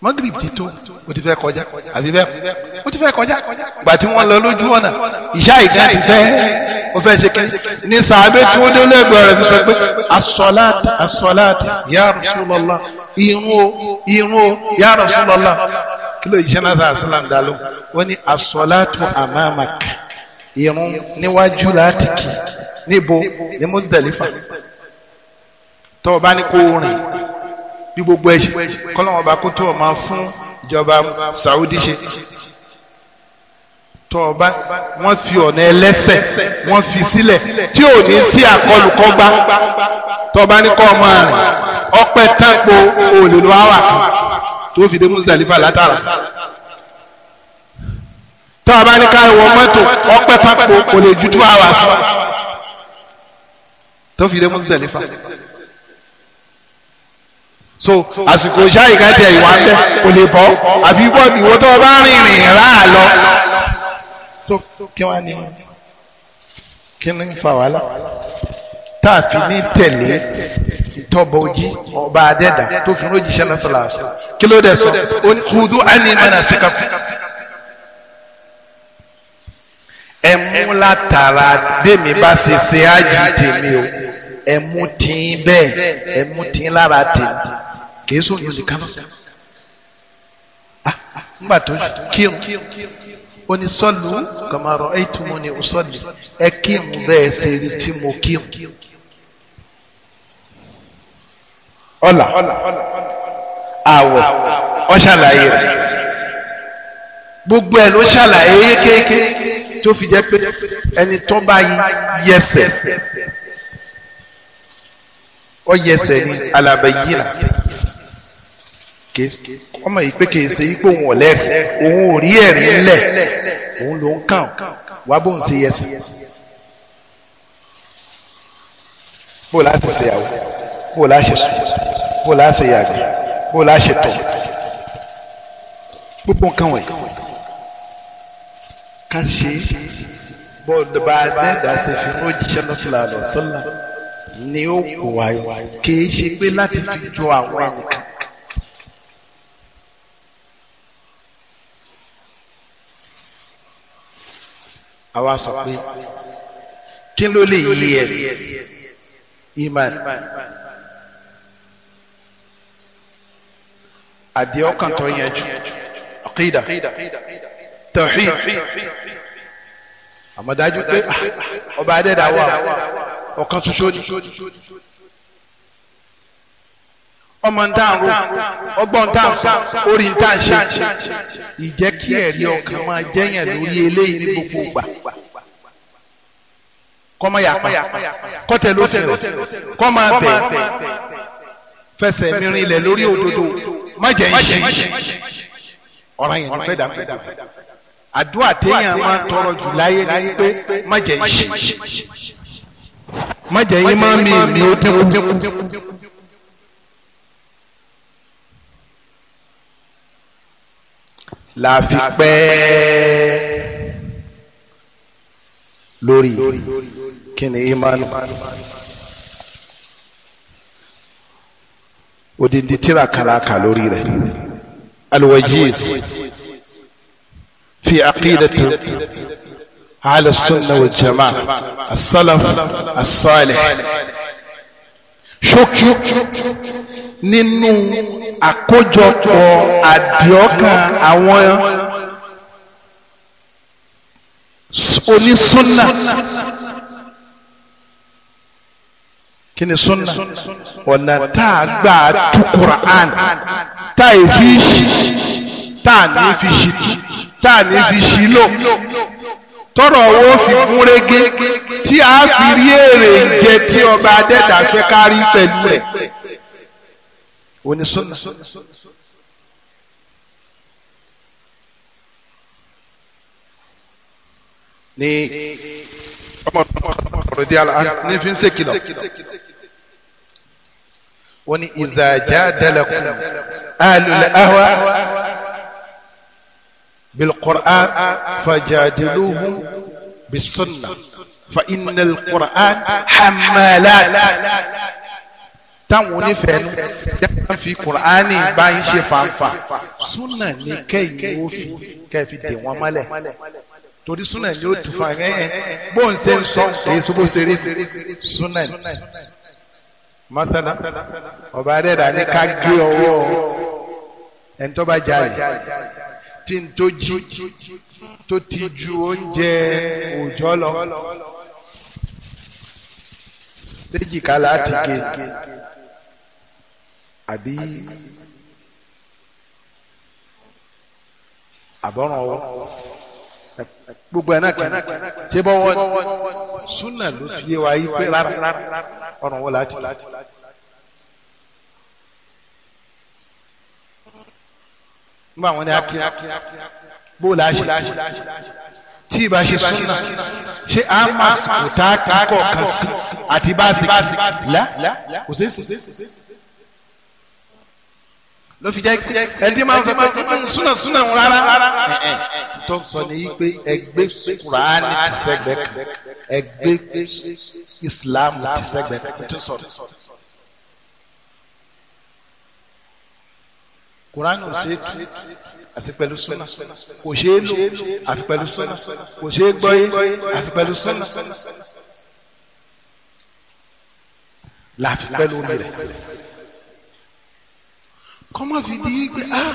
magrib ti tó o ti fẹ́ kọjá àbí bẹ́ẹ̀ o ti fẹ́ kọjá gbà tí wọ́n lọ lójú ọ̀nà ìṣá ìgbà ti fẹ́ o fẹ́ ṣe kí ni sàbẹ̀ tí wọ́n dé lẹ́gbẹ̀ẹ́ rẹ̀ fi sọ pé asọ́láàtì asọ́láàtì ya Rasulullah irun o irun o ya Rasulullah kí ló yíṣẹ́ náà sàá sàlám amamak irun níwájú láti kì níbo ní Muzdalifa tó o bá ní kó rìn bí gbogbo ẹ kọ́lọ́wọ́n bá kó tó o máa fún ìjọba Saudi ṣe tọba wọ́n fi ọ̀nà ẹlẹ́sẹ̀ wọ́n fi sílẹ̀ tí ò ní sí àkọlùkọ́gbá tọba ní kọ́ ọmọ rẹ̀ ọpẹ́ tápò òlèlú àwà kan tó fi dé Muzdalifa látara tọba ní káwọ mọ́tò ọpẹ́ tápò òlèjú tó àwà sọ tó fi dé Muzdalifa so àsìkò ṣáà ìkájẹ ìwà ń bẹ kò lè bọ́ àfi bọ́ ìwọ tó o bá rìn rìn rà á lọ so kí wàá ní kí ni ń fa wàhálà tá a fi ní tẹ̀lé tọba ojí ọba adẹ́dà tó fi rójíṣẹ́ lásàlásà kí ló dẹ̀ sọ ó ní kúdú àní mẹ́nà síkàfù ẹ mú látara bẹ́mi bá ṣe ṣe ájì tèmi o ẹ mú tìǹ bẹ́ẹ̀ ẹ mú tìǹ tèmi kì í sọ̀rọ̀ nìkan lọ nígbà tó kírun ó ní sọ́lù kàmárọ̀ ẹ̀tùmọ̀ ni ó sọ́lù ẹ kírun bẹ́ẹ̀ ṣe rí tí mo kírun. ọ̀là àwọ̀ ọ̀ ṣàlàyé rẹ̀ gbogbo ẹ̀ ló ṣàlàyé yékéyéké tó fi jẹ́ pé ẹni tó bá yẹsẹ̀ ọ yẹsẹ̀ ni alàbẹ̀yìí rà ọmọ yìí pé kìí ṣe ipò òun ọ̀lẹ́rìí òun ò rí ẹ̀rí ńlẹ̀ òun ló ń kàn wá bóun ṣe yẹ sí bó láti ṣe yàwó bó láṣẹ sùn bó láṣẹ yàgbé bó láṣẹ tọ̀ gbogbo nǹkan wọ̀nyí ká ṣe bọ́ọ̀lù bá mẹ́ta ṣe fi mú jíṣẹ́ lọ́sọ̀lá lọ́sọ̀lá ni ó wà kìí ṣe pé láti fi jọ àwọn ẹnìkan. àwa sọ pé kí ló lè yí ẹ iman àdìẹ ọkàn tó yẹn jù àkìdá tawhid àmọ̀dájú pé ah, ọba adẹ́dàá wà ọ̀kan ṣoṣo ni ọmọ ntá ń ro ọgbọ́n ntá ń sọ orí ntá ń ṣe ìjẹ́ kí ẹ̀rí ọkàn máa jẹ́yàn lórí eléyìí ní gbogbo gbà kọ́mọ yàpá kọ́tẹ̀ ló tẹ̀ kọ́mọ tẹ̀ fẹsẹ̀ mìíràn ilẹ̀ lórí òdodo má jẹ́ ń ṣe ọ̀ràn yẹn ló fẹ́ dà pẹ́ àdúrà téèyàn máa tọrọ jù láyé ni pé má jẹ́ ń ṣe má jẹ́ yín máa mi èmi ó dínkù dínkù. láàfi pẹ́ lórí kíni imanu odindi tírà kalaka lórí rẹ̀ alwajiz fi aqidatu ala sunna wal jamaa as-salaf as nínú àkójọpọ̀ àdìọ́kàn àwọn onísúnà kí ni súnà ọ̀nà tá a gbà tú Qur'an tá a fi ṣì tá a ní fi ṣì tá a ní fi ṣì lò tọrọ owó fi gún régé tí a fi rí èrè jẹ tí ọba adẹ́ta fẹ́ kárí pẹ̀lú ẹ̀. وان السنه ني عمر رضي الله عنه ني فين سكيلا وان اذا جادلكم اهل الاهواء بالقران فجادلوهم بالسنه فان القران حمالات táwọn onífẹ̀ẹ́ nu tẹ́wọ́n fi kùránì bá ń ṣe fàǹfà súnà ní kẹ́yìn ó fi kẹ́ẹ̀ fi dè wọ́n mọ́lẹ̀ torí súnà ni ó tù fún ẹ bóun ṣe ń sọ kì í ṣubú ṣeré súnà ni mọ́tàlá ọba adẹ́dà ní ká gé ọwọ́ ẹni tó tí n tó jí tó ti ju oúnjẹ òòjọ́ lọ léjìká láti gé àbí àbọ̀ràn ọwọ́ gbogbo ẹ̀ náà kìíní ṣé bọ́wọ́ súnà ló fi yé wa yí pé rárá ọ̀ràn wọ́n láti. nígbà wọn ni a bó la ṣe tí ìbá ṣe súnà ṣé a máa kò tá a sí àti bá a ṣe kí la kò sí sí ló fi jẹ́ ẹni tí máa ń sọ pé súnà súnà ń rárá tó ń sọ ní yí pé ẹgbẹ́ kùránì ti sẹ́gbẹ́ kan ẹgbẹ́ islam ti sẹ́gbẹ́ kan tó sọ̀rọ̀. kùránì ò ṣe tu àfi pẹ̀lú súnà kò ṣe é lò àfi pẹ̀lú súnà kò ṣe é gbọ́yé àfi pẹ̀lú súnà láàfi pẹ̀lú omi rẹ̀ kọ́mọ́ fi di gbé ah,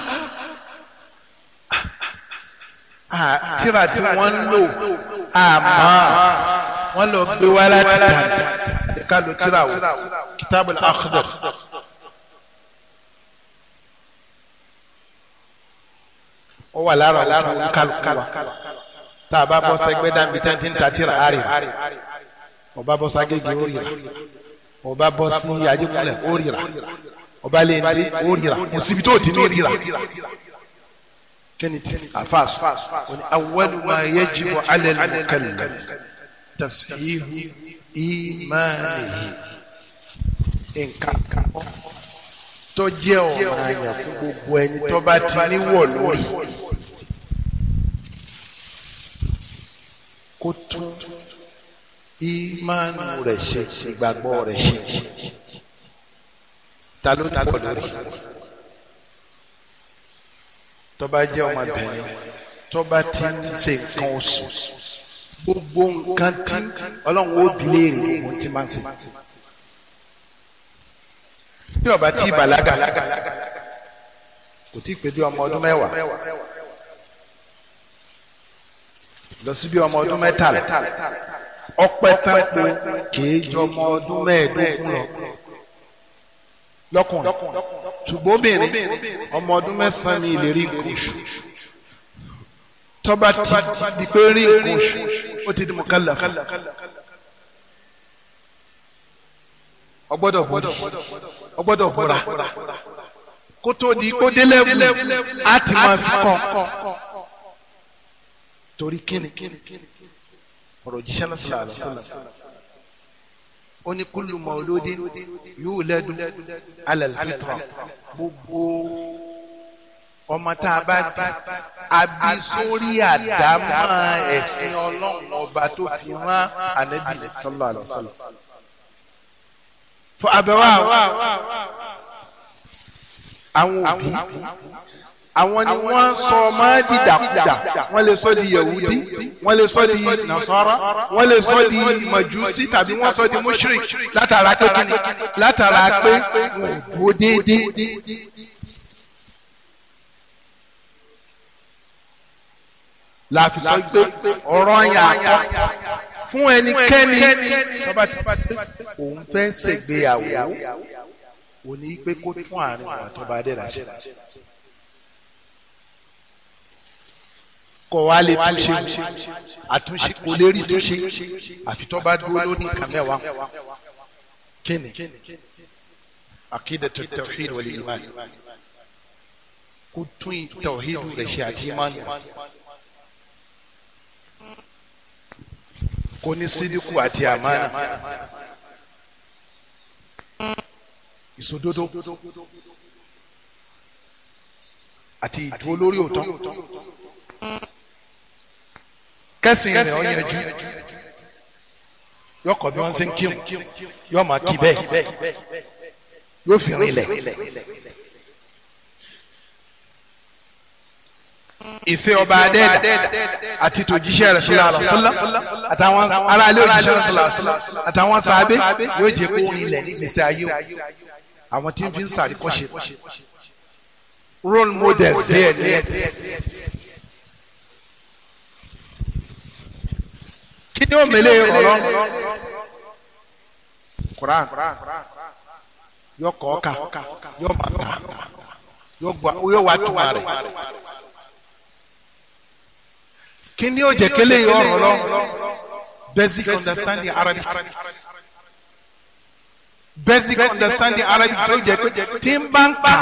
ah, ah, tíra tí wọ́n ń lò àmọ́ wọ́n lọ gbé wá láti dàgbà ẹ̀ka ló tíra wò Kitabul Akhdar. ó wà lára òkú kálukú wa tá a bá bọ́ sẹ́gbẹ́ dábì tí wọ́n ti ń ta tíra àárẹ̀ ọba bọ́ ságéjì ó rira ọba bọ́ sí yájú kulẹ̀ ó rira ọba lè ní ó rira kò síbi tó ti ní rira kẹ́ni tí àfa sọ wọn awwalu ma yajibu ala al-mukallam tasihihu imanihi nǹkan tó jẹ́ fún gbogbo ẹni tó bá ti níwọ̀ lórí kó tún ìmánu rẹ̀ ṣe ìgbàgbọ́ ṣe ta ló ta gbọ́dọ̀ rí tọba jẹ́ ọmọbìnrin tọba ti ń ṣe nǹkan oṣù gbogbo nǹkan tí Ọlọ́run ó bi léèrè òun ti máa ń ṣe bí ọba tí bàlágà kò tí ì pé ọmọ ọdún mẹ́wàá lọ sí bí ọmọ ọdún mẹ́tàlá ọpẹ́ tán pé kì í jọ ọmọ ọdún mẹ́ẹ̀ẹ́dógún lọ lọ́kùnrin ṣùgbọ́n obìnrin ọmọ ọdún mẹ́sàn-án ni ìlérí nǹkan oṣù tọ́ba ti di pé rí nǹkan oṣù ó ti di mukallaf ọgbọ́dọ̀ bóyá ọgbọ́dọ̀ bóra kó tó di kó délẹ̀ wù máa fi kọ́ torí kíni ọ̀rọ̀ jíṣẹ́ náà sọ̀rọ̀ àlọ́ sọ̀rọ̀ ó ní kúlù mọ̀lódín yóò lẹ́dù alẹ́lẹ́fitra gbogbo ọmọ tá a bá bí abí sórí àdámọ́ ẹ̀sìn ọlọ́run ọba tó fi rán ànábì sallallahu alaihi wasallam. fún abẹ́wà àwọn òbí àwọn ni wọ́n sọ máa di dàkúdà wọ́n lè sọ di yahudi wọ́n lè sọ di nasara wọ́n lè sọ di majusi tàbí wọ́n sọ di mushrik látara pé kíni látara pé wọn ò dúró déédéé. láàfin sọ pé ọ̀rọ̀ yà á kọ́ fún ẹnikẹ́ni tó bá ti òun fẹ́ ṣègbéyàwó òní pé kó tún àárín àwọn tó bá kọ̀ wá lè túnṣe àtúnṣe kò lè rí túnṣe àfi tó bá dúró lórí nǹkan mẹ́wàá kíni akidatu tawhid wal iman kó tún tawhid rẹ̀ ṣe àti iman kó ní sídìkù àti àmánà ìṣòdodo àti ìdúró lórí òótọ́ kẹ́sìn rẹ̀ ọ yanjú yọ kọ́ bí wọ́n ṣe ń kírun yọ máa kí bẹ́ẹ̀ yóò fi rin lẹ̀. ìfẹ́ ọba adẹ́ẹ̀dà àti tòjíṣẹ́ rẹ̀ sọ́lá àlọ́sọ́lá àtàwọn aráalé òjíṣẹ́ rẹ̀ sọ́lá àlọ́sọ́lá àtàwọn sàábé yóò jẹ́ kó rin lẹ̀ nígbèsè ayé o àwọn tí ń fi ń sàríkọ́ṣe role model sí ẹ̀ ní ẹ̀ ni ó mele ọ̀rọ̀ Quran yọ kọ́ọ̀ka yọ bàtà yọ wà tuma rẹ̀ kí ni ó jẹ́ kele yọ ọ̀rọ̀ lọ basic understanding Arabic. Arabic basic understanding arabic tó jẹ pé tí ń bá ń kà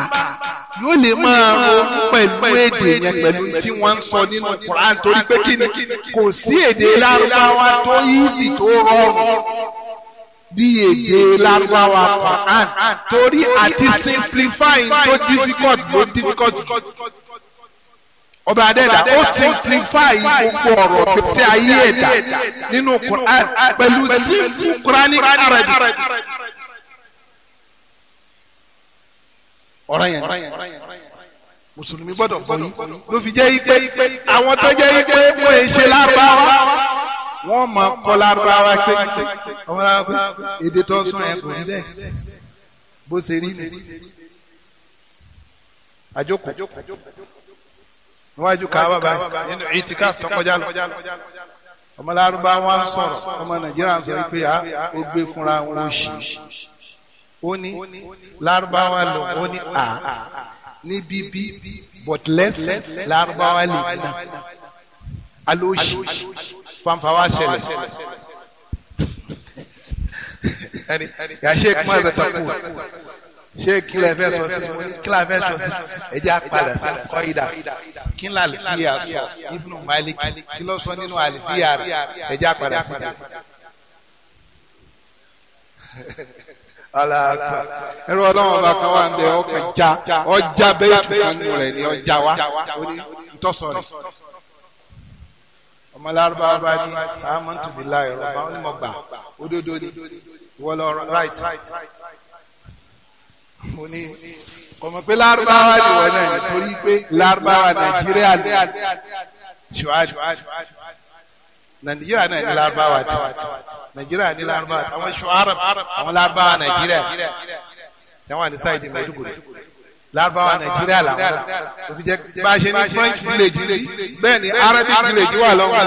yóò lè máa ronú pẹ̀lú èdè yẹn pẹ̀lú tí wọ́n ń sọ nínú Quran torí pé kí ni kò sí èdè lárúbáwá tó easy tó rọrùn bí èdè lárúbáwá Quran torí àti simplifying tó difficult ló difficult ọba adẹ́dà ó simplify gbogbo ọ̀rọ̀ gbèsè ayé ẹ̀dá nínú Quran pẹ̀lú simple Quranic Arabic. ọ̀ràn yẹn mùsùlùmí gbọ́dọ̀ gbọ́ yìí ló fi jẹ́ ipe àwọn tó jẹ́ ipe wọ́n èyí ṣe lárúbáwá wọ́n mọ kọ́ lárúbáwá pé ọmọ lárúbáwá èdè tó sún ẹ̀ kò rí bẹ́ẹ̀ bó ṣe rí ni àjókò níwájú káwá báyìí nínú ìtìká tó kọjá lọ ọmọ lárúbáwá ń sọ̀rọ̀ ọmọ nàìjíríà ń sọ pé ah, ó gbé fúnra wọn ṣì ó ní lárúbáwá lò ó ni à ní bíbí but lẹ́sẹ̀ lárúbáwá lè gbà alóòṣì fanfa wá ṣẹlẹ̀ ẹni yà ṣe kí wọn bẹ tọ́ kú ṣé kílẹ̀ fẹ́ sọ sí mo ní kílẹ̀ fẹ́ sọ sí ẹ jẹ́ àpàdà sí kọ́ìdà kí ni àlìfíà sọ ibùdó Malik kí sọ nínú àlìfíà rẹ ẹ jẹ́ àpàdà alaka ẹrú ọlọ́run ọba kan wà ń bẹ ọkàn ọjà bẹ́ẹ̀ ìtùkànnù rẹ̀ ni ọjà wa ntọ́sọ̀ rẹ̀ ọmọ lárúbáwá bá ní amantu billahi ọba ó ní ni ìwọ right mo ní ọmọ pé lárúbáwá ni ìwọ náà nítorí pé lárúbáwá nàìjíríà ni ṣùgbọ́n nàìjíríà náà ní lárúbáwá ti nàìjíríà ní lárúbáwá ti àwọn ṣọ arab àwọn lárúbáwá nàìjíríà táwọn àdìsá ìdí mẹdúgbòrò lárúbáwá nàìjíríà làwọn kò fi jẹ bá a ṣe ní french village yìí bẹ́ẹ̀ ni arabic village wà lọ́wọ́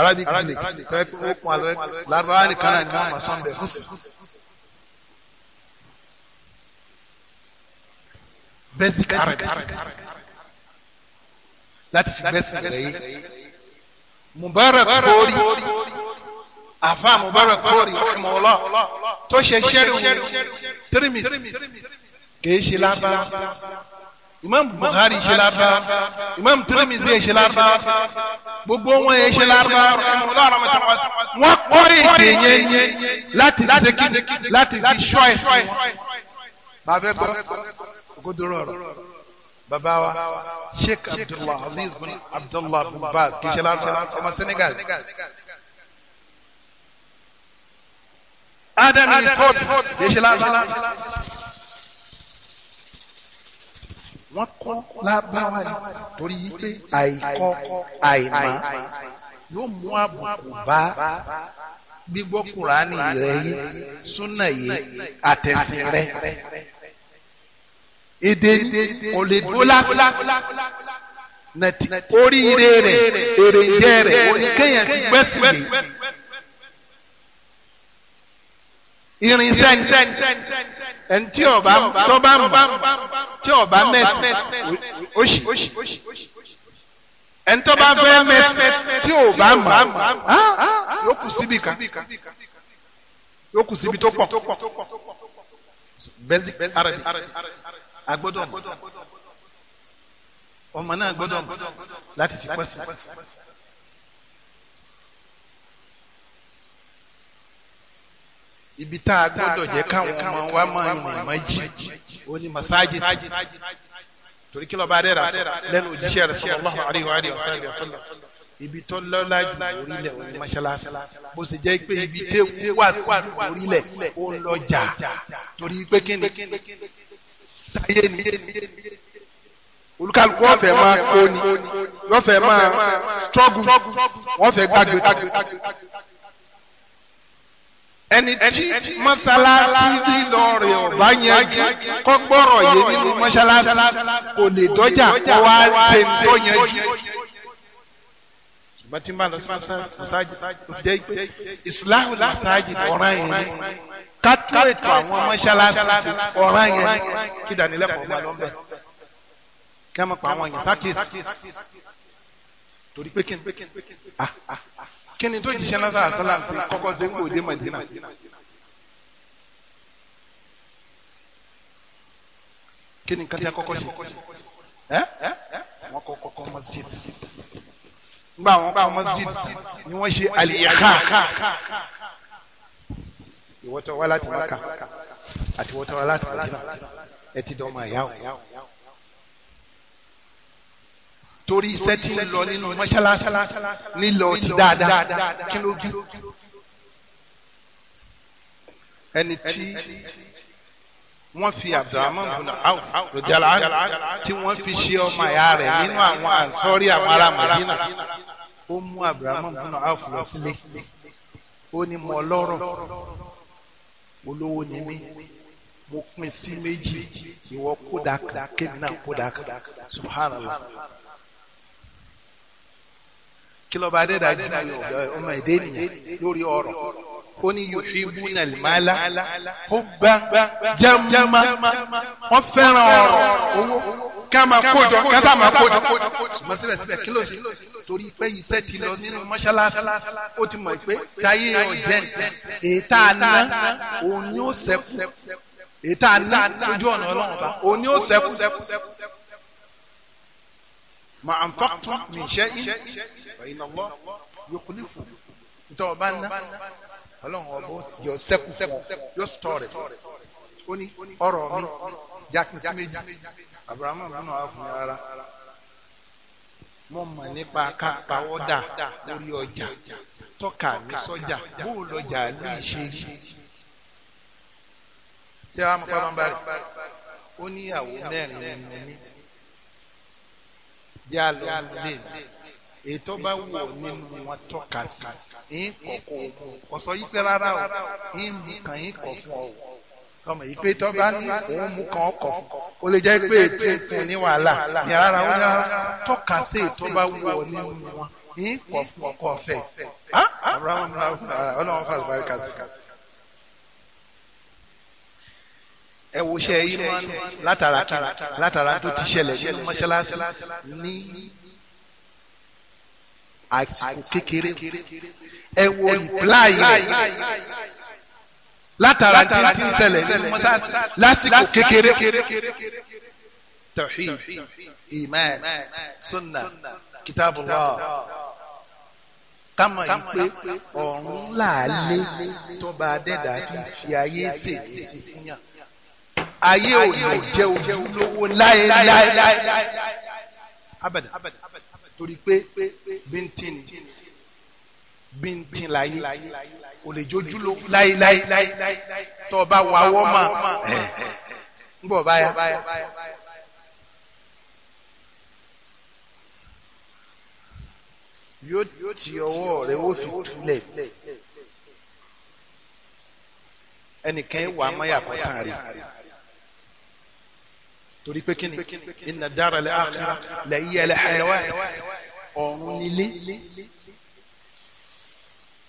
arabic village tọ́ ẹ kó kún alẹ́ lárúbáwá nìkan ni wọ́n máa sọ́n bẹ̀ fún basic arabic láti fi bẹ́sìn lẹ́yìn mubarak fori afa mubarak fori rahimahullah tó ṣe ṣẹ́rù tirimisi kìí ṣe lábá imam buhari ṣe lábá imam tirimisi ṣe lábá gbogbo wọn yẹn ṣe lábá wọn kọ́ èdè yẹn láti ṣe láti fi ṣọ́ bàbá gbọ́ ògùdúró ọ̀rọ̀ bàbá wa sheikh abdullah aziz bin abdullah bin baz kì í ṣe lárúbá ọmọ senegal. adam yìí ford kì í ṣe lárúbá. wọ́n kọ́ lárúbáwá yìí torí pé àìkọ́ àìmọ̀ yóò mú àbùkù bá gbígbọ́ kùránì rẹ̀ yìí súnà yìí àtẹ̀sìn rẹ̀ èdè kò lè dúró lásán nàti oríire rẹ èrèjẹ rẹ oníkéyàn fi gbẹ́sì lè irin sẹ́ni ẹni tí ọba tọ́ba mọ̀ tí ọba mẹ́sì oṣì ẹni tọ́ba fẹ́ mẹ́sì tí ọba mọ̀ yóò kù síbi kan yóò kù síbi tó pọ̀ basic arabic agbọ́dọ̀ mọ̀ ọmọ náà gbọ́dọ̀ mọ̀ láti fi pẹ́sì. ibi tá a gbọ́dọ̀ jẹ́ káwọn ọmọ wa máa ń rìn mọ́jì ó ní masajid torí kí lọ́ba adẹ́rà lẹ́nu òjíṣẹ́ rẹ̀ sallallahu alaihi wa alihi wa sallam ibi tó lọ́lá jù orílẹ̀ òní mọ́ṣáláṣí bó ṣe jẹ́ pé ibi tẹ́ wà sí orílẹ̀ ó ń lọ jà torí pé kí sáyé ni olùkàlùkù wọ́n fẹ́ máa kó ni wọ́n fẹ́ máa struggle wọ́n fẹ́ gbàgbé tó ẹni tí mọ́sálásí lọ́ọ̀rẹ̀ ọ̀bá yanjú kọ́ gbọ́rọ̀ yé nínú mọ́sálásí kò lè dọ́jà kó wá ṣe tó yanjú. ṣùgbọ́n tí n bá lọ sí mọ́sálásí ìsìláàmù mọ́sálásí ọ̀ràn yẹn ni ká tó ètò àwọn mọ́ṣáláṣí ọ̀ràn yẹn kí ìdánilẹ́kọ̀ọ́ bá lọ́nbẹ̀ kí wọ́n pa àwọn èèyàn sákìsì torí pé kíni kíni tó jíṣẹ́ lásán àṣálàm sí kọ́kọ́ sí kò dé Madina. kíni kátà kọ́kọ́ ṣe ẹ́ wọ́n kọ́ kọ́kọ́ masjid nígbà wọn kọ́ masjid ni wọ́n ṣe àlìyàká ìwọ́tọ̀ wá láti Mákà àti ìwọ́tọ̀ wá láti Mádínà ẹ ti dọ́mọ ìyá o. torí iṣẹ́ tí ń lọ nínú mọ́ṣáláṣí nílọ ti dáadáa kí ló bí. ẹni tí wọ́n fi abdulrahman bùnà áwù rọ̀jàlá tí wọ́n fi ṣe ọmọ ìyá rẹ̀ nínú àwọn ànsọ́rí àwọn ará Mádínà ó mú abdulrahman bùnà lọ sílé ó ní mọ́ ọlọ́rọ̀ olówó ni mí mo pín sí méjì ìwọ kódà kan kódà subhanallah kí lọ́ba adẹ́dà ju ọmọ èdè nìyẹn lórí ọ̀rọ̀ ó ní yuhibbuna al-mala hubban jamma wọ́n fẹ́ràn ọ̀rọ̀ owó ká máa kójọ ká tá máa kójọ. ṣùgbọ́n síbẹ̀síbẹ̀ kí ló ṣe torí pé iṣẹ́ ti lọ nínú mọ́ṣáláṣí ó ti mọ̀ pé táyé ọ̀jẹ̀ èyí tá a ná òun ni ó ṣẹ́kù èyí tá a ná ojú ọ̀nà ọlọ́run bá òun ni ó ṣẹ́kù. ma anfaqtum min shay'in fàyínà wọ́ yòókùlì fún ntọ́ ọba ńlá ọlọ́run ọba yọ sẹ́kù yọ sítọ́ọ̀rẹ̀ ó ní ọ̀rọ̀ mi jákin sí méjì abrahamu abrahamu wà fún mi rárá mo mọ̀ nípa kápáwọ́dà lórí ọjà tọ́ka mi sọ́jà bóò lọ́jà lórí ìṣèlú tí a máa bá ń ó ní mẹ́rin nínú ní bí a lọ lè ètò bá wù ọ nínú wọn tọ́ka sí i ń kọ̀kọ́ ọ̀sọ́ yìí pé rárá o ń mú kàn yín kọ̀ fún ọ o ọmọ yìí pé tọ́ bá ní òun mú kàn ọkọ̀ fún o lè jẹ́ pé ètò ètò ní wàhálà ní rárá o ní rárá tọ́ka sí ètò bá wù ọ nínú wọn ń kọ̀ fún ọkọ̀ ọ̀fẹ́ ọlọ́run fà lùbárí kàtó ẹ wo iṣẹ́ yìí látara kí látara tó ti ṣẹlẹ̀ nínú mọ́ṣáláṣí ní àsìkò kékeré ẹ wo rìpláì rẹ̀ látara tí ń ṣẹlẹ̀ nínú mọ́sáàsì lásìkò kékeré tawhid iman sunna kitabullah kámọ̀ yìí pé ọ̀run làálé tó bá dẹ́dà fi fi ayé ṣèlú sí fún ayé ò lè jẹ́ ojúlówó láéláé abada torí pé bíntín ni bíntín láyé kò lè jójú láyéláyé tó o bá wà wọ́ mà ń bọ̀ báyà. yóò ti ọwọ́ rẹ̀ ó fi túlẹ̀ ẹnìkan wà á mọ́ yàtọ̀ kan rẹ̀ torí pé kíni inna dara lẹ́ àkàrà lẹ́yìn ẹlẹ́ àyẹ̀wò ọ̀run nílé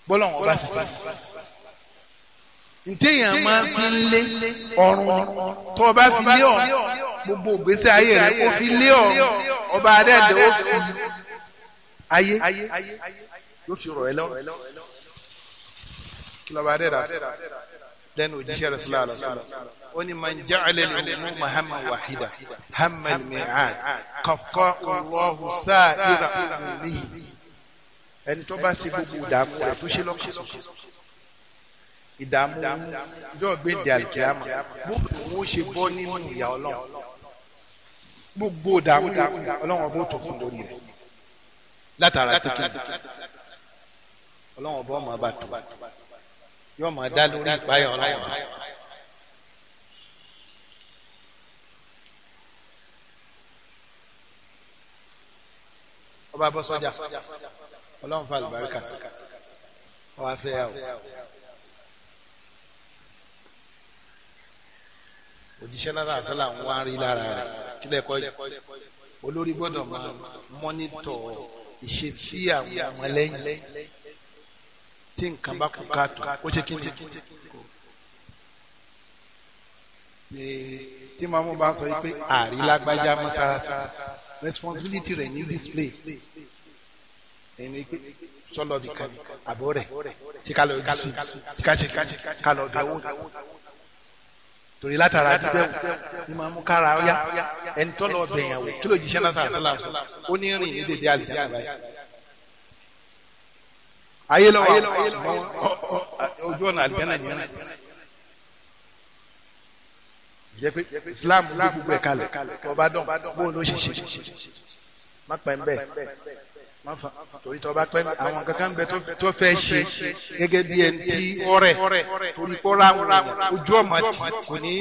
bọ́lọ̀wọ̀n bá sì bá sì ntẹ́yìn àmọ́ fi ń lé ọ̀run tó o bá fi lé ọ̀run gbogbo ògbésí ayé rẹ ó fi lé ọ̀run ọba adẹ́dẹ́ ó fi ayé yóò fi rọ̀ ẹ́ lọ́rùn kí lọ́ba adẹ́dẹ́ lẹ́nu òjíṣẹ́ rẹ̀ sílẹ̀ àlọ́ sílẹ̀ ó ní man ja'ala al-umuma hamman wahida hammal mi'ad kaffahu Allahu sa'ira umumihi ẹni tó bá ṣe gbogbo ìdààmú rẹ̀ lọ́kàn ṣoṣo ìdààmú yóò gbé di àlùkìyàmà gbogbo òun ṣe bọ́ nínú ìyà ọlọ́run gbogbo ìdààmú ọlọ́run ọba ó tó fún lórí rẹ̀ látara kékeré ọlọ́run ọba ọmọ ọba tó yóò máa dá lórí ìpáyà ọlọ́run ọba bọ́ sọ́jà ọlọ́run fa àlùbáríkà sí ọba fẹ́ yà wò. òjíṣẹ́ lára àṣálà ń wá rí lára rẹ̀ kí lẹ́kọ́ yìí olórí gbọ́dọ̀ máa mọ́nítọ̀ ìṣesí àwọn ọmọ lẹ́yìn tí nǹkan bá kú káàtó ó ṣe kíjì tí màmú bá sọ yìí pé àrí lágbájá mọ́sálásí responsibility rẹ̀ ní display ẹni pé sọlọ nìkan àbọ̀ rẹ̀ ṣe ká lọ ojú sí i ká ṣe ká lọ bẹ̀ wò torí látara bíbẹ̀ wò ni màá mú kára ọ̀yá ẹni tọ́ lọ bẹ̀ yàn wò kí ló jíṣẹ́ náà sàlám sọ ó ní rìn ní dèdè àlè dáná báyìí ayé lọ́wọ́ ojú ọ̀nà àlè yẹn náà. Islam gbogbo ẹ̀ kalẹ̀ ọba dán bó ló ṣe ṣe má pẹ́ ń bẹ̀ má fa torí tọba pẹ́ àwọn kankan bẹ tó fẹ́ ṣe gẹ́gẹ́ bí ẹni tí ọ̀rẹ́ torí kọ́ra ojú ọ̀mà tì kò ní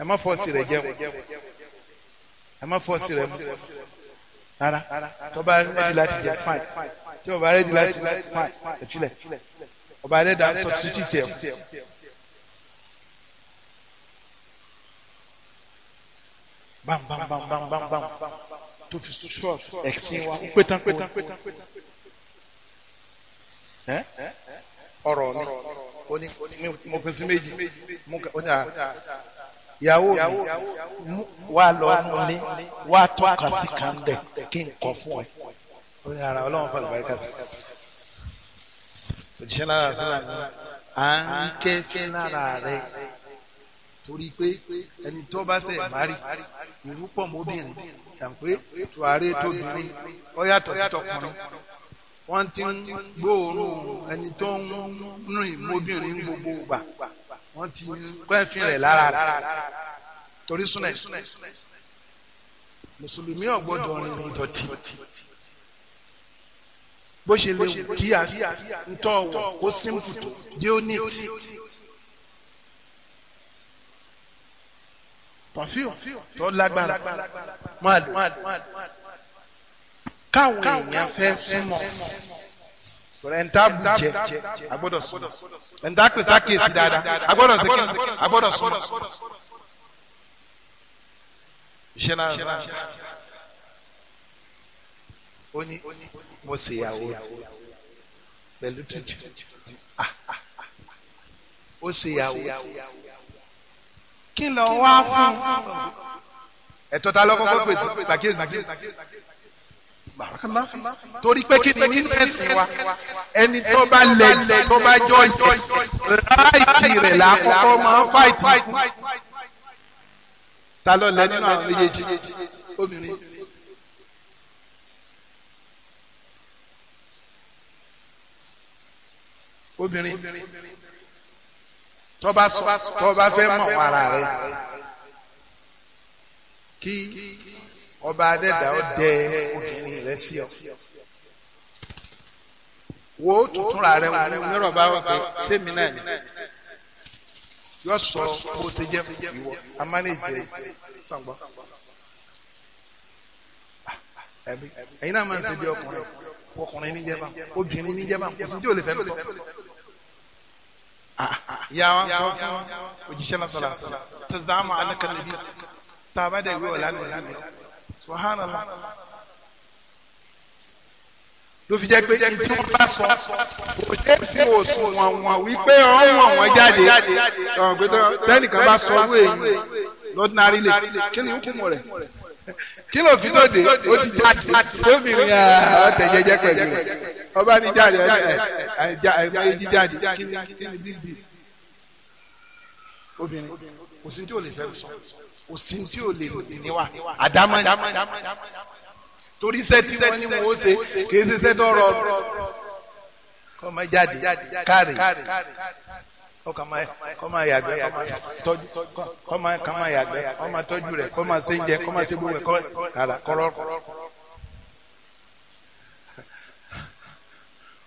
ẹ má fọ́ọ̀sì rẹ̀ jẹun ẹ má fọ́ọ̀sì rẹ̀ mu rárá tọba rẹ́dí láti jẹ fine tí ọba rẹ́dí láti fine ẹ̀ filẹ̀ ọba rẹ́dí láti sọ títí tiẹ̀ bam bam bam bam bam bam tó fi short ẹ̀sìn wa pétan pétan pétan ọ̀rọ̀ mi mo pín sí méjì yàwó mi wà lọ nílé wà tó kàsí kan dẹ kí n kọ fún ẹ oní ara ọlọ́run fún àlùbáríkà sí òjíṣẹ́ lára sílẹ̀ à ń ké lára rẹ torí pé ẹni tó bá ṣe ìmárì ìrúpọ̀ mọ́bìnrin tàǹpé tùwárí tóbìnrin ó yàtọ̀ sí tọkùnrin wọ́n ti ń gbóòórùn ẹni tó ń rìn mọ́bìnrin gbogbo gbà wọ́n ti kẹ́fìn rẹ̀ lára torí súnẹ̀ mùsùlùmí ò rìn ìdọ̀tí bó ṣe léwu kí a ń kó símbù tó pọ̀fíù tó lágbára máa lò káwọn èèyàn fẹ́ súnmọ́ ẹ̀ńtà bùjẹ́ agbọ́dọ̀ súnmọ́ ẹ̀ńtà pèsè àkíyèsí dáadáa agbọ́dọ̀ sèké agbọ́dọ̀ súnmọ́ iṣẹ́ náà ó ní mo ṣe ìyàwó pẹ̀lú tuntun ah, ah, ah, ó ṣe ìyàwó kí lọ wá fún. ẹ̀tọ́ ta lọ́kọ́kọ́ pèsè pàkíyèsí barakallah torí pé kí ni nínú ẹ̀sìn wa ẹni tó bá lẹ̀ tó bá jọ yẹ ráìtì rẹ̀ lákòókò máa ń fáìtì fún ta ló lẹ nínú àwọn méjèèjì obìnrin. obìnrin tọ́ba sọ tọ́ba fẹ́ mọ̀ ara rẹ kí ọba adẹ́dà ọ dẹ obìnrin rẹ sí ọ wo tuntun ra rẹ wo nírọ̀ bá wà pé sẹ́mi náà ni yọ sọ bó ṣe jẹ ìwọ amánèjẹ sọgbọ ẹbí ẹyin náà máa ń ṣe bí ọkùnrin ọkùnrin níjẹba obìnrin níjẹba kò sí tí o lè fẹ́ lọ sọ ìyàwó sọ fún òjíṣẹ́ náà na sọ̀rọ̀ tẹ̀sánmọ́ alákàlẹ́bí tá a bá dẹ̀ wí ọ̀la nìyẹn subhanallah ló fi jẹ́ pé tí wọ́n bá sọ òde tí wò sùn wọ̀n wọ̀n wípé ọ̀hún wọ̀n wọ̀n jáde ọ̀hún pé tẹ́nìkan bá sọ wọ́n èyí lọ́dún arílẹ̀ kí ni ó kún mọ̀ rẹ̀ kí ló fi tó de ó ti jáde lóbìnrin ọtẹ ah, jẹjẹ pẹ̀lú rẹ ọba ní jáde ẹ jíjáde kí ni bíbí obìnrin kò sí tí o lè fẹ́ sọ kò sí tí o lè níwà àdámọ́ torí sẹ́tí wọ́n ní wọ́n ṣe kì í ṣe sẹ́tọ̀ rọrùn kọ́ ọ ma jáde kárì kọ́má kọ́má yàgbẹ́ tọ́jú kọ́má kọ́má yàgbẹ́ kọ́má tọ́jú rẹ̀ kọ́má sẹ́ńjẹ kọ́má sẹ́gbẹ́wẹ̀ kọ́lá kọ́lọ́.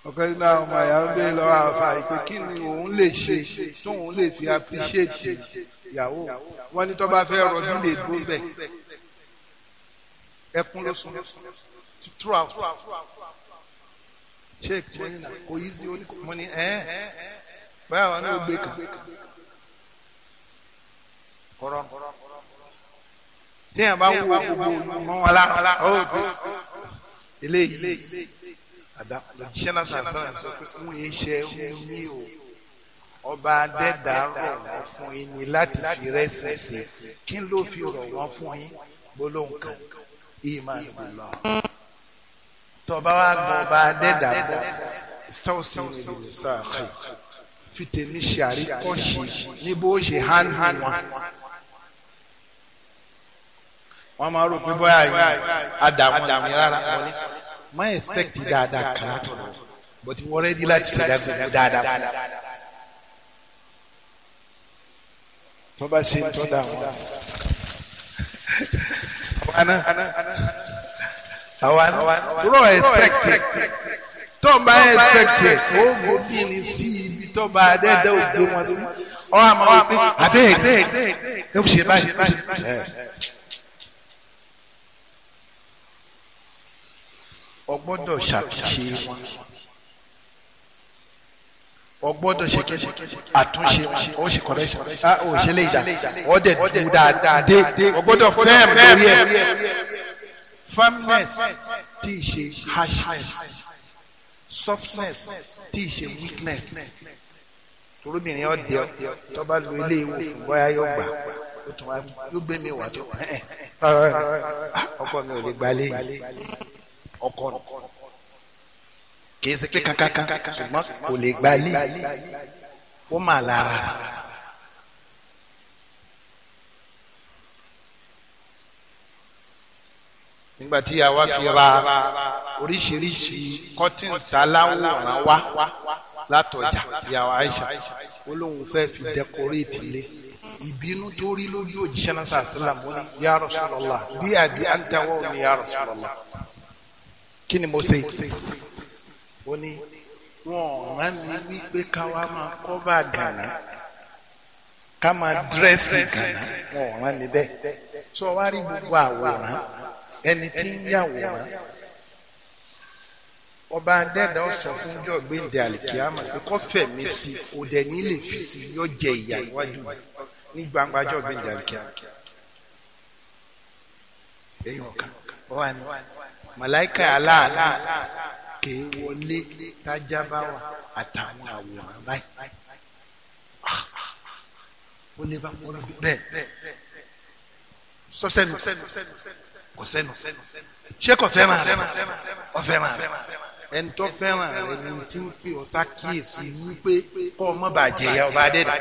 ọ̀kan nínú àwọn ọmọ àyà ń bèèrè lọ́wọ́ àfa ìpè kí ni òun lè ṣe tóun lè fi apíṣèètì ìyàwó wọn ní tó bá fẹ́ rọbí lè dúró bẹ̀ ẹkún ló sùn throughout ṣé ìpínlẹ̀ kò yí sí oníkùnmọ́ni ẹ̀ ẹ́ ẹ́ báyà wà ní ogbe kan kọrọ tíyẹn bá wúwo gbogbo mọ wọn lára ó dé eléyìí àdá òjíṣẹ́ náà sàǹsàn sọ pé ń yé ṣe ń yí o ọba adẹ́dà rọ̀ wọ́n fún yín ni láti fi rẹ́sìn sí kí ló fi rọ̀ wọ́n fún yín gbólóhùn kan iman billah tọba wa gbọ́ ọba adẹ́dà gbọ́ stọ́ọ̀sì ìlú sáà kìí fi tèmi ṣe àríkọ́ṣe ní bó ṣe hàn hàn wọn. wọ́n máa rò pé bóyá àdàmú àmì rárá wọlé má expect dáadáa kan látọ̀dọ̀ but wọ́n rẹ́dí láti ṣèdágbèrè dáadáa. tó bá ṣe tó dà wọ́n àwọn náà àwọn náà tó ń bá expect rẹ̀ ó gómìnì sí ibi tó bá adẹ́dẹ́ òde wọn sí ọ àmọ́ wọn pé abẹ́ẹ̀ ẹ kò ṣe báyìí ẹ. o gbọ́dọ̀ ṣàtúnṣe wọn o gbọ́dọ̀ ṣe kẹsẹ àtúnṣe wọn o ṣe correction a ah, o ṣe lè jà o dẹ dùn dáadáa dé o gbọ́dọ̀ fẹm lórí ẹ firmness tí ì ṣe harshness softness tí ì ṣe weakness torobìnrin ọdẹ tó bá lu ilé ìwò fún bóyá yóò gbà yóò gbé mi wà tó ọkọ mi ò lè gbalé ọkọ nù kì í ṣe pé kankan ṣùgbọ́n kò lè gbalé ó mà lára. nígbà tí a wá fi ra oríṣiríṣi curtains aláwòrán wá látọjà ìyàwó Aisha ó lóun fẹ́ fi decorate ilé ìbínú tó rí lójú òjíṣẹ́ náà sàṣìlá mọ́ ní ya Rasulullah bí àbí à ní ya Rasulullah kí ni mo ṣe ó ní wọn rán mi wípé ká wá máa kọ́ bá gànà ká máa dírẹ́sì gànà wọn rán mi bẹ́ẹ̀ sọ wá rí gbogbo àwòrán ẹni tí ń yàwòrán ọba adẹ́dá ọ̀sọ̀ fún jọ gbéǹde àlìkíyàmà pé kọ́ fẹ̀mí sí kò dẹ̀ ní lè fi sí yọ jẹ ìyà iwájú ní gbangba jọ gbéǹde àlìkíyàmà èyàn kan wà ní màláìka aláàlá kèé wọlé tájábáwà àtàwọn àwòrán báyìí ah, ah, ah, ó lè bá wọn bẹ́ẹ̀ sọ́sẹ́nu kò sẹ́nu ṣé kò fẹ́ràn rẹ ọ fẹ́ràn rẹ ẹni tó fẹ́ràn rẹ ni tí ń fi ọ̀sá kíyèsí wípé kọ́ ọmọ bàjẹ́ ya ọba adẹ́dà.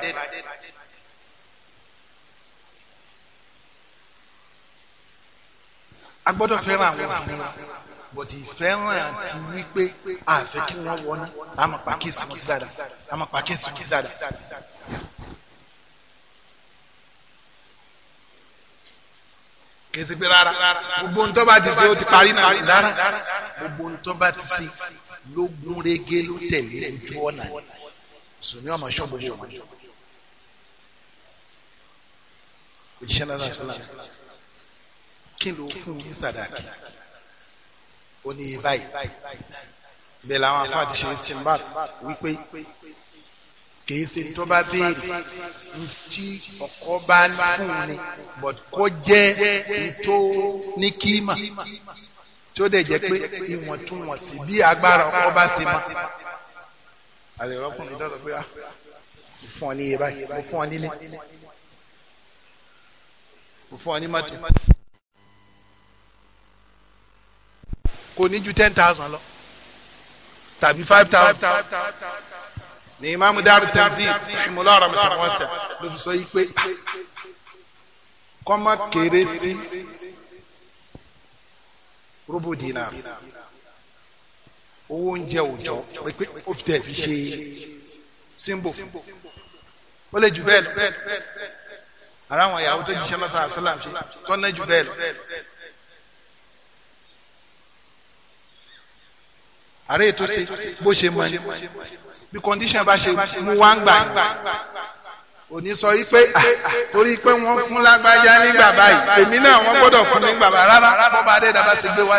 a gbọ́dọ̀ fẹ́ràn àwọn obìnrin bọ̀dì fẹ́ràn ti wípé àfẹ́ kí wọ́n wọná àmọ̀ pàkíyèsí wọn sí dáadáa àmọ̀ pàkíyèsí wọn sí dáadáa. kèsì pé rárá gbogbo ntọ́ bá ti ṣe ó ti parí náà rárá gbogbo ntọ́ bá ti ṣe ló gún régé ló tẹ̀lé ojú ọ̀nà sùnmí ọmọ ṣọ́bù ṣọ́bù òjíṣẹ́ náà sọ́nà kí ló fún un sàdáàkì ó ní báyìí bẹ́ẹ̀ làwọn afáàtì ṣe ń ṣe ń bá wípé kìí ṣe tó bá béèrè ntí ọkọ bá ń fún ni but kó jẹ́ ntó ní kíma tó dẹ̀ jẹ́ pé ìwọ̀ntúnwọ̀nsì bí agbára ọkọ bá ṣe ma àlè rọ́kùnrin tó sọ pé ah fún ọ ní báyìí mo fún ọ nílé mo fún ọ ní mọ́tò kò ní ju ten thousand lọ tàbí five thousand. Ni imaamu daaru tanzil rahimahulah rahmatulah wasa ló fi sọ yìí pé ah, kọ́má kéré sí rúbù dínà owó oúnjẹ òòjọ́ pé ó fi tẹ̀ fi ṣe símbò ó lè jù bẹ́ẹ̀ lọ ara àwọn ìyàwó tó jíṣẹ́ lọ́sàn àṣàlám ṣe tọ́ná jù bẹ́ẹ̀ lọ. àárẹ̀ tó ṣe bó ṣe mọ ni bí condition bá ṣe mú wá ń gbà yín òní sọ yí pé ah, ah, torí pé wọ́n fún lágbájá ní bàbá yìí èmi náà wọ́n gbọ́dọ̀ fún ní bàbá rárá bọ́ bá dé dábàá gbé wá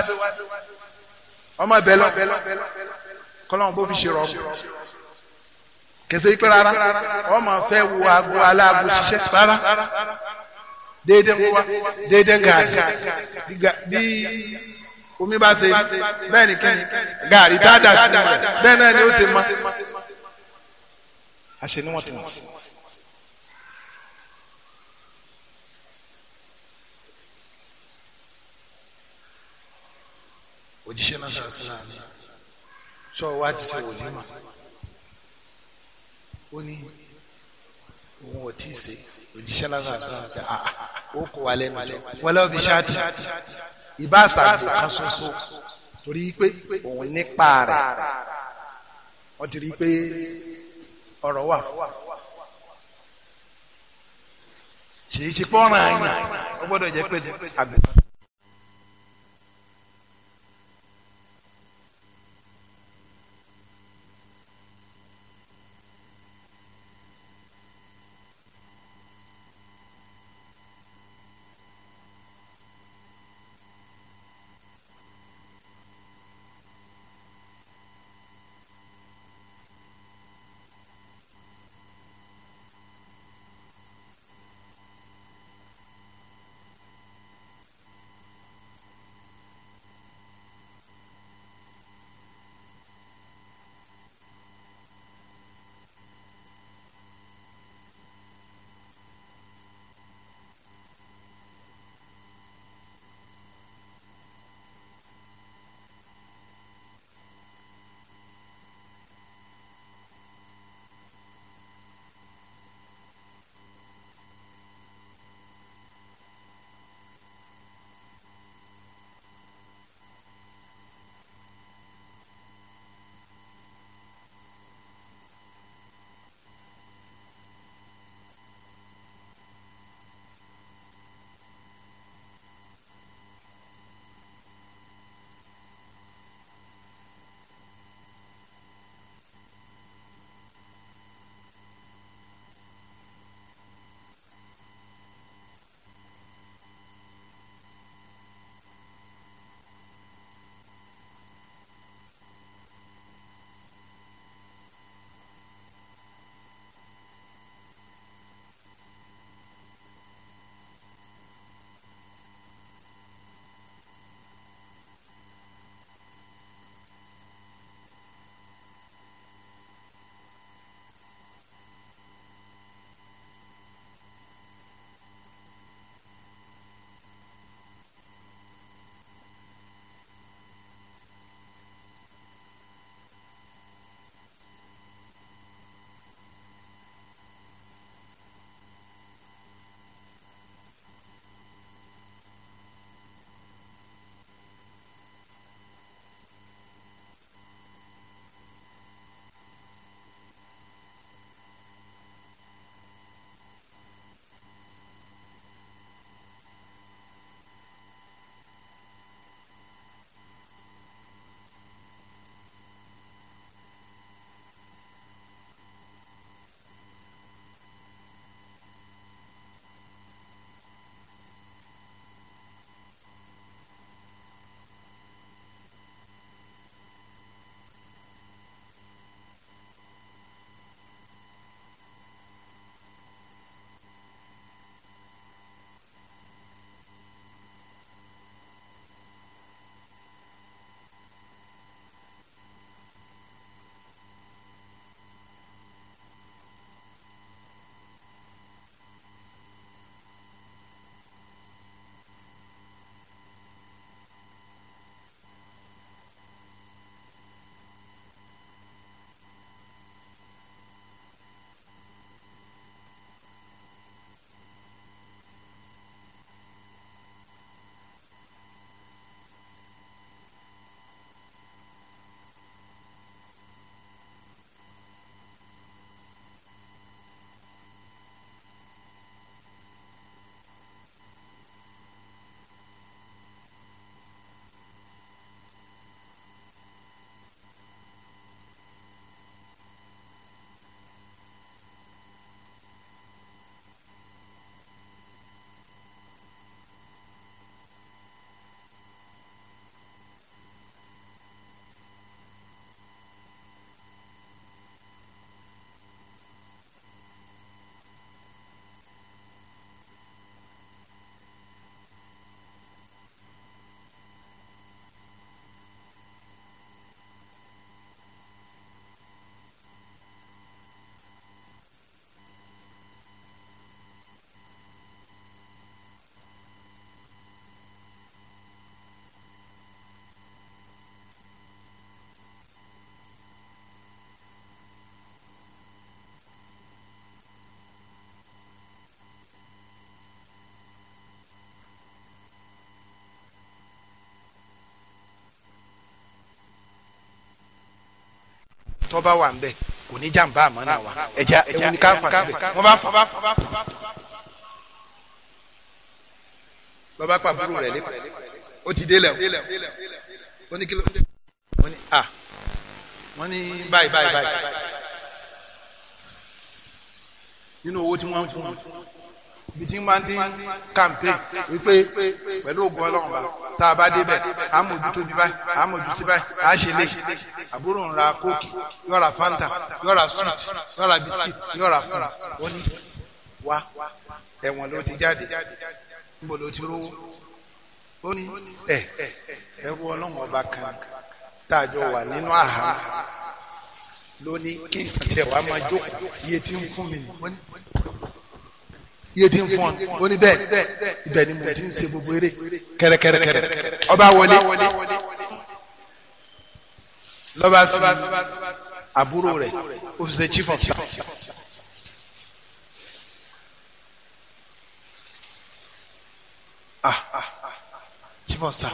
ọmọ bẹ́ẹ̀ lọ kọ́lọ́n bó fi ṣe rọ̀ kẹsẹ́ yí pé rárá ọmọ fẹ́ wo aago aláàbò ṣiṣẹ́ rárá déédéé wá déédéé gàárì bí omi bá ṣe bẹ́ẹ̀ ni kí ni gàárì dáadáa sí i bẹ́ẹ̀ náà ni ó ṣe mọ́ àṣẹ ni wọ́n ti wọ́n sí. òjíṣẹ́ náà sọ̀rọ̀ sílá mi sọ wá ti ṣe wòlímà ó ní òun ò tí ì ṣe òjíṣẹ́ náà sọ̀rọ̀ sílá mi tẹ àà ó kó wa lẹ́nu jọ wọlé òbí ṣáàtì ìbá àṣàgbò kan ṣoṣo torí pé òun nípa rẹ̀ wọ́n ti rí pé ọ̀rọ̀ wà ṣèyí ti pọ́nrán àyàn ó gbọ́dọ̀ jẹ́ pé àbẹ̀tọ́. tó bá wà ń bẹ kò ní jàǹbá àmọ́ náà wà ẹja ẹwọ ní ká fà síbẹ̀ bá fà. lọ́ba pàbúrò rẹ̀ lẹ́kọ̀ọ́ ó ti délẹ̀ o ó ní kí wọ́n ní a wọ́n ní báyìí báyìí báyìí nínú owó tí wọ́n fún un ibi tí wọ́n ti ń kàmpé wípé pẹ̀lú ògùn ọlọ́run bá tá a bá débẹ̀ à ń mójútó bí báyìí à ń mójútó báyìí à ṣe lé àbúrò ń ra kóòkì yóò ra fanta yóò ra sweet yóò ra biscuit yóò ra fún un ó ní wá ẹ̀wọ̀n ló ti jáde níbo ló ti rówó ó ní ẹ ẹrú ọlọ́run ọba kan tá a jọ wà nínú àhámọ́ ló kí n tẹ̀ wá máa jókòó iye tí ń fún mi ó iye tí ń fún ọ ni mo ti ń ṣe gbogbo eré kẹrẹkẹrẹkẹrẹ ọba wọlé lọba fi àbúrò rẹ̀ ó fi ṣe chief of staff. Ah, ah, ah chief of staff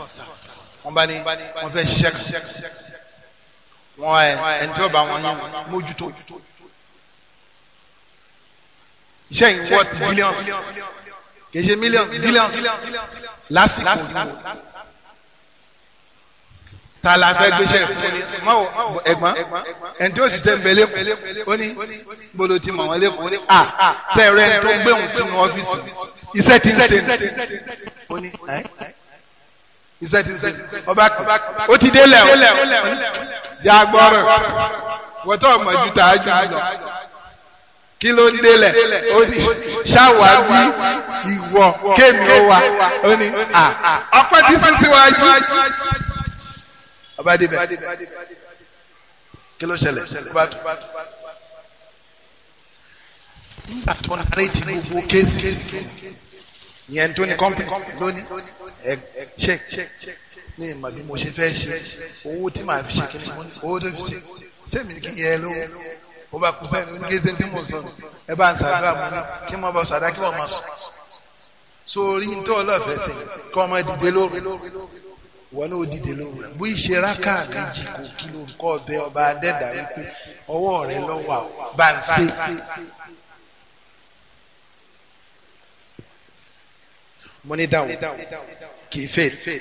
wọ́n bá ní wọ́n fẹ́ ṣiṣẹ́ kan wọ́n ẹ ẹni tí wọn yín mójútó. J'ai une worth billions kì í ṣe millions Là c'est yìí T'as la fẹ́ gbéṣẹ́ fún ni má o ẹ̀gbọ́n ẹni tí ó ṣiṣẹ́ ń bẹ lẹ́kọ̀ọ́ ó ní bolo ti mọ̀ wọ́n lẹ́kọ̀ọ́ ó ní à tẹ́ ẹ̀rọ ẹni tó gbé òun sínú ọ́fíìsì iṣẹ́ ti ń ṣe ó ní ẹ́ iṣẹ́ ti ń ṣe ọba ó ti délẹ̀ ó ní jágbọ́rọ̀ wọ́tọ̀ mọ̀jú tá a jù lọ kí ló délẹ̀ ó ní ṣàwárí ìwọ kémi ó wà ó ní à ọpẹ́ tí sí tiwájú ọba débẹ̀ kí ló ṣẹlẹ̀ ọba tó nígbà tó ń parí ti gbogbo kéésì yẹn tó ní kọ́mpìnì lónìí ẹ ṣe ní ìmọ̀ bí mo ṣe fẹ́ ṣe owó tí màá fi ṣe kí ni owó tó fi ṣe sẹ́mi kí yẹ lówó ó bá kú sẹ́yìn ní kéde tí mo sọ ní ẹ bá ń sàdúrà mọ́ ní kí wọ́n bá sàdá kí wọ́n máa sùn. sórí tó ọlọ́ọ̀fẹ́ sí kọ́ ọmọ dìde lóru wọn ní ó dìde lóru rẹ̀ bó ìṣe rákà méjì kò kí lóru kọ́ ọbẹ̀ ọba adẹ́dà wípé ọwọ́ rẹ̀ lọ́wọ́ bá ń ṣe. mo ní dáhùn kì í fèèrè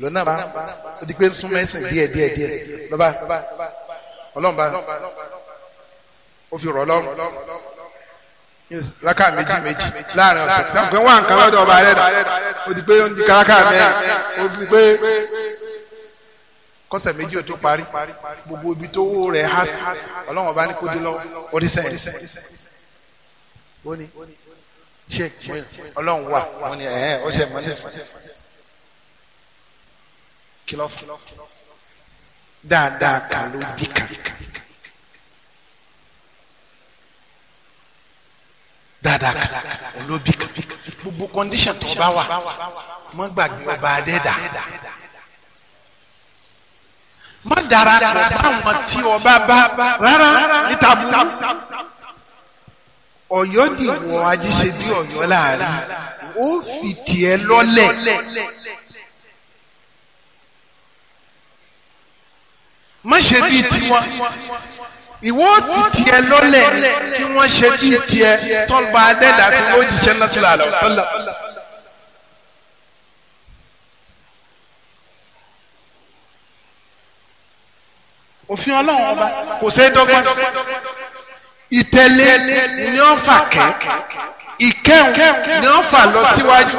lọ́nà bá ó di pé ń súnmọ́ ẹ̀sìn díẹ̀ díẹ̀ díẹ̀ lọ́ba ọlọ́run bá ó fi rọ̀ lọ́rùn raka méjì méjì láàrin ọ̀sẹ̀ dákùnkùn wà nǹkan lọ́dọ̀ ọba rẹ̀ dà ó di pé ó ń di karaka mẹ́rin ó di pé kọ́sẹ̀ méjì ò tó parí gbogbo ibi tó wó rẹ̀ há sí ọlọ́run ọba ní kó dé lọ́wọ́ oríṣẹ́ ó ní sheik ọlọ́run wà wọ́n ní ẹ̀ẹ́ ó ṣe mọ́ nísìnyí kìlọ́fù dáadáa kan ló bí kan dáadáa kan ló bí kan gbogbo kọ́ndíṣàn tó bá wà mọ́ gbàgbé ọba adẹ́dà mọ́ darapọ̀ báwọn tí ọba bá rárá níta burú ọ̀yọ́ dìwọ̀ ajíṣe bí ọ̀yọ́ láàrin ó fi tiẹ̀ lọ́lẹ̀. má ṣe bíi tiwọn ìwọ ti tiẹ̀ lọ́lẹ̀ kí wọ́n ṣe bíi tiẹ̀ tọ́lba adẹ́dà fún lójijì sallallahu alaihi wasallam. òfin ọlọ́run ọba kò sẹ́ dọ́gba sí ìtẹ̀lé ni ó fà kẹ́ ìkẹ́hùn ni ó fà lọ síwájú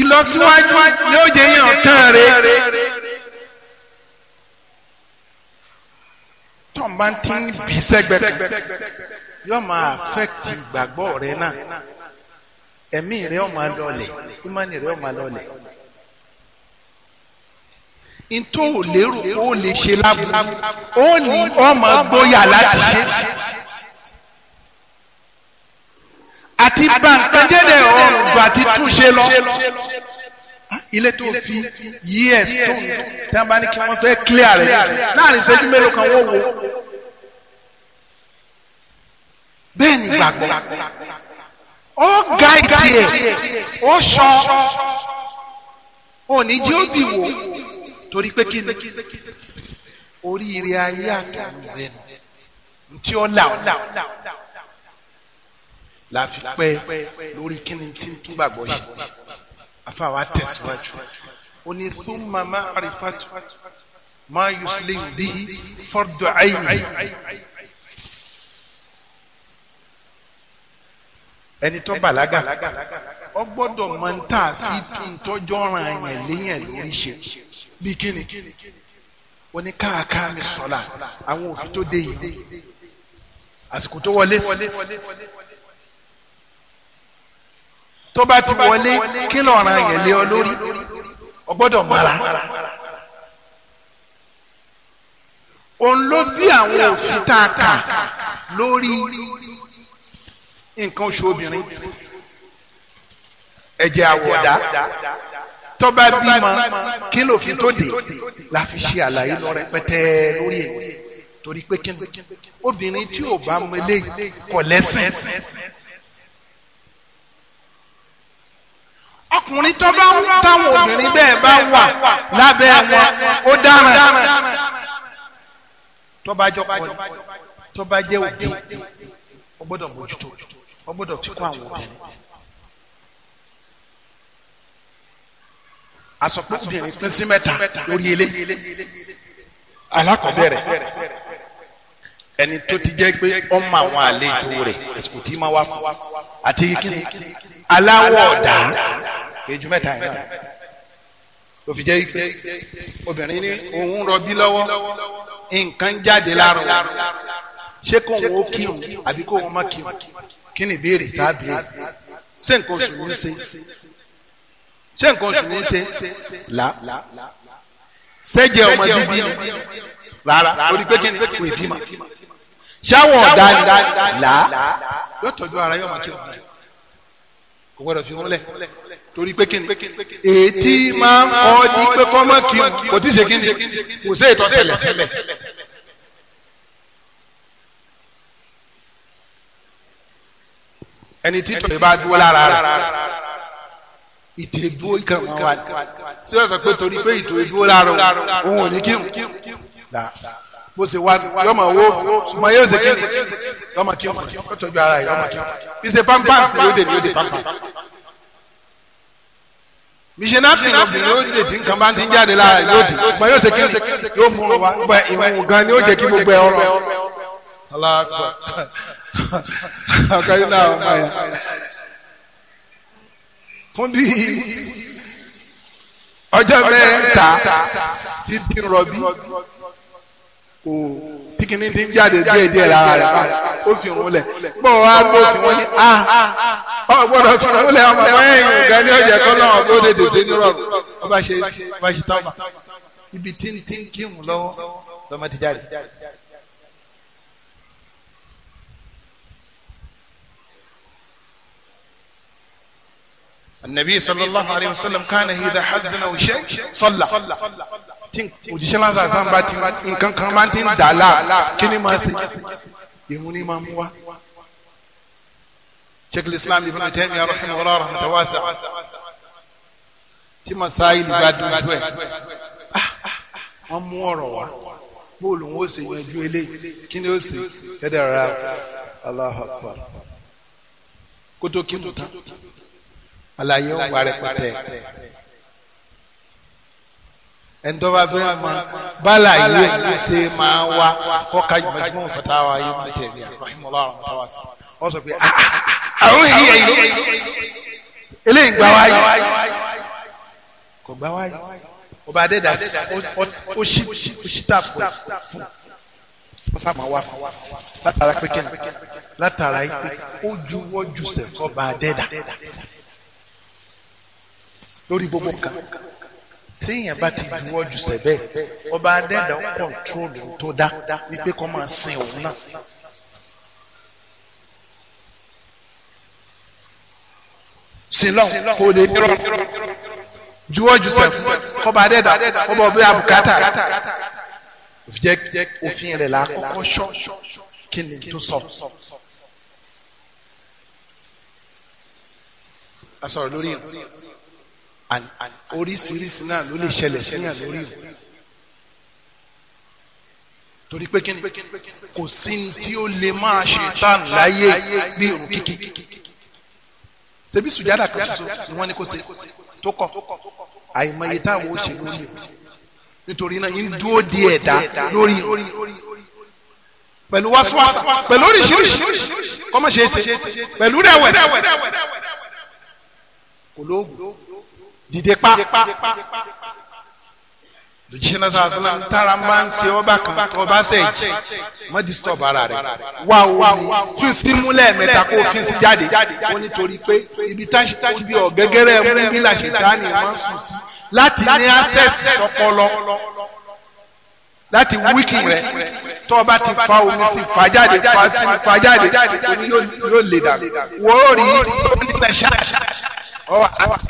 ìlọsíwájú ni ó jẹ́ yàn tán rẹ̀. tó ń bá ń tí ń bí sẹ́gbẹ́ kan yóò máa affect ìgbàgbọ́ rẹ náà ẹ̀mí rẹ ó máa lọlẹ̀ ìmánì rẹ ó máa lọlẹ̀ ntó ò lérò ó lè ṣe lábúrú ó ní ọmọ gbóyà láti ṣe àti bá nǹkan jẹ́dẹ̀ jù àti túnṣe lọ ilé tó fi yíyẹ stone tí wọn bá ní kí wọn fẹ́ clear rẹ láàrin ìṣẹ́jú mélòó kan wọ́n wò bẹ́ẹ̀ ni gbàgbọ́ ó gáìdì ẹ̀ ó sọ òní jí ó bì wò torí pé kí ni oríire ayé àtọ̀run rẹ̀ nù tí ó là ó la fi pẹ́ lórí kí ni tí ń tún gbàgbọ́ yìí afa wa tẹ̀síwájú ó ní thumma ma'rifatu ma yuslihu bihi fardu ayni ẹni tó bàlágà ọ gbọ́dọ̀ mọ n tá a fi tún tọ́jọ́ yẹn léyìn lórí ṣe bí kíni ó káàkáà mi sọ̀la àwọn òfin tó dé yìí àsìkò tó wọlé sí tó bá ti wọlé kí lọ́ọ̀ràn yẹn lé ọ lórí ọ gbọ́dọ̀ mara òun ló bí àwọn òfin tá a kà lórí nǹkan oṣù obìnrin ẹ̀jẹ̀ àwọ̀dá tó bá bímọ kí lòfin tó dé la fi ṣe àlàyé lọ rẹpẹtẹ lórí ẹ̀ torí pé kí obìnrin tí ò bá mọ eléyìí kò lẹ́sìn. ọkùnrin tó bá ń táwọn obìnrin bẹ́ẹ̀ bá wà lábẹ́ wọn ó dáràn tó bá jọ kọ́ni tó bá jẹ́ òbí ó gbọ́dọ̀ bójútó ó gbọ́dọ̀ fi kún àwọn obìnrin. asọ̀pọ̀ obìnrin pín sí mẹ́ta lórí ilé alákọ̀ọ́bẹ̀ ẹni tó ti jẹ́ pé ọmọ àwọn àlejò rẹ̀ ẹ̀sùn tí ma wá fún àti kíni aláwọ̀ ọ̀dà èjú mẹ́ta yẹn náà ló fi jẹ́ ipe obìnrin ní òun rọbí lọ́wọ́ nǹkan jáde láàrọ̀ ṣé kò wọ́n ó kírun àbí kò wọ́n má kírun kí ni ìbéèrè tàbí ṣé nǹkan oṣù ní í ṣe ṣé nǹkan oṣù ní í ṣe là ṣẹ́jẹ̀ ọmọ bíbí ni rárá orí pé kí ni kò bímọ ṣáwọ̀ ọ̀dà là yóò tọ́jú ara yóò máa kírun báyìí kò gbọ́dọ̀ fi wọn lẹ̀ torí pé kíni ètí máa ń kọ́ di pé kọ́mọ́ kí n kò tí ì ṣe kíni kò sí ètò ṣẹlẹ̀ sílẹ̀. ẹni tí tọ̀lé bá dúró lára rẹ̀ ìtẹ̀dúró ìkà máa wà sí ọ̀sán pé torí pé ìtẹ̀dúró lára òun ò ní kírun bó ṣe wá yọmọ owó ṣùgbọ́n yóò ṣe kíni yọmọ kí ọmọ yóò tọ́jú ara yẹ yọmọ kí ọmọ is the pampers ni ó de ni ó de pampers. missionary obìnrin yóò de tí nǹkan bá jáde lára rẹ yóò di ọmọ yóò ṣe yóò mú un gba ìwọ̀n gan ni ó jẹ́ kí gbogbo ẹ ọrọ̀ aláàkọ ọkọ yìí náà ọmọ yẹn fún bí ọjọ́ mẹ́ta ti dín rọ̀bì kíní ti ń jáde díẹ̀ díẹ̀ lára rẹ̀ báyìí ó fi òun lẹ̀ gbọ́ wá gbó fi wọ́n ní a ah, ọ ah, ah, gbọ́dọ̀ fi òun lẹ̀ ọmọ ẹ̀yìn ọ̀gá ní ọjà kan náà ọgbọ́n lè dèsè nírọ̀rùn ọba ṣe ọba ṣe tábà ibi tí ń tí ń kírun lọ́wọ́ lọ́mọ ti jáde. النبي صلى الله عليه وسلم كان إذا حزن أو شيء صلى tí òjíṣẹ́ lásán sábà ti nǹkan kan máa ti ń dà láà kí ni máa ṣe ìhun ni máa mú wa. Sheikh Islam Ibn Taymiyyah rahimahullah rahmatan wasa tí masáyìí bá dùn jù ẹ ah, ah, ah, wọ́n mú ọ̀rọ̀ wá bóòlù wọn ó sì yanjú eléyìí kí ni ó sì ẹdẹ rà Allahu Akbar kótó kí mú tán àlàyé ń wà rẹpẹtẹ ẹnitọba fẹ ma bala yìí ẹ ṣe máa wá kọka jùmọjùmọ fata wa yìí mú tẹbi àfahimọlọrọ tọwa sí ọ a pé àwọn èyí ẹyí eléyìí gba wáyé kò gba wáyé ọba adéda ó ṣí tà fún ọsà máa wá fún látara pé kẹ́ni látara yìí ó juwọ́ jùsẹ̀ kọ́ ba adéda lórí gbogbo kan téèyàn bá ti juwọ́ jù sẹ́bẹ̀ ọba adẹ́dà ó kọ̀ntrólù tó dá wípé kó máa sin òun náà. sílọ̀ kò lè rọ juwọ́ jù sẹ́fù kọ́ba adẹ́dà ọba ọbẹ̀ abùkátà òfin rẹ̀ là á kọ́kọ́ kí ni tó sọ. a lórí ìlú oríṣiríṣi náà ló lè ṣẹlẹ̀ síyàn lórí o torí pé kí ni kò sí ní tí ó lè máa ṣe tán láyé bí irun kíkí ṣebí sùjádà kan ṣoṣo ni wọ́n ní kó ṣe tó kọ̀ àìmọye táwọn ó ṣe lórí o nítorí náà yín dúró di ẹ̀dá lórí pẹ̀lú wáṣíwáṣá pẹ̀lú oríṣiríṣi kọ́mọ̀ṣe ṣe pẹ̀lú rẹ̀wẹ̀sì kò lóògùn dìde pa lójúṣe náà sọ àṣìlá tára máa ń ṣe ọba kan ọba ṣèjì wọn disturb ara rẹ wá omi fún símú lẹ́ẹ̀mẹ́ta kó fi sí jáde ó nítorí pé ibi táṣítáṣí bíi ọ̀gẹ́gẹ́rẹ́ mú bí làṣetáni máa ń sùn sí láti ní access sọpọlọ láti wíkì rẹ tó o bá ti fa omi sí fàjáde fa fàjáde omi yóò lè dàgbà wọ́ọ̀rì yóò nílẹ̀ ṣáṣá ọ̀ àti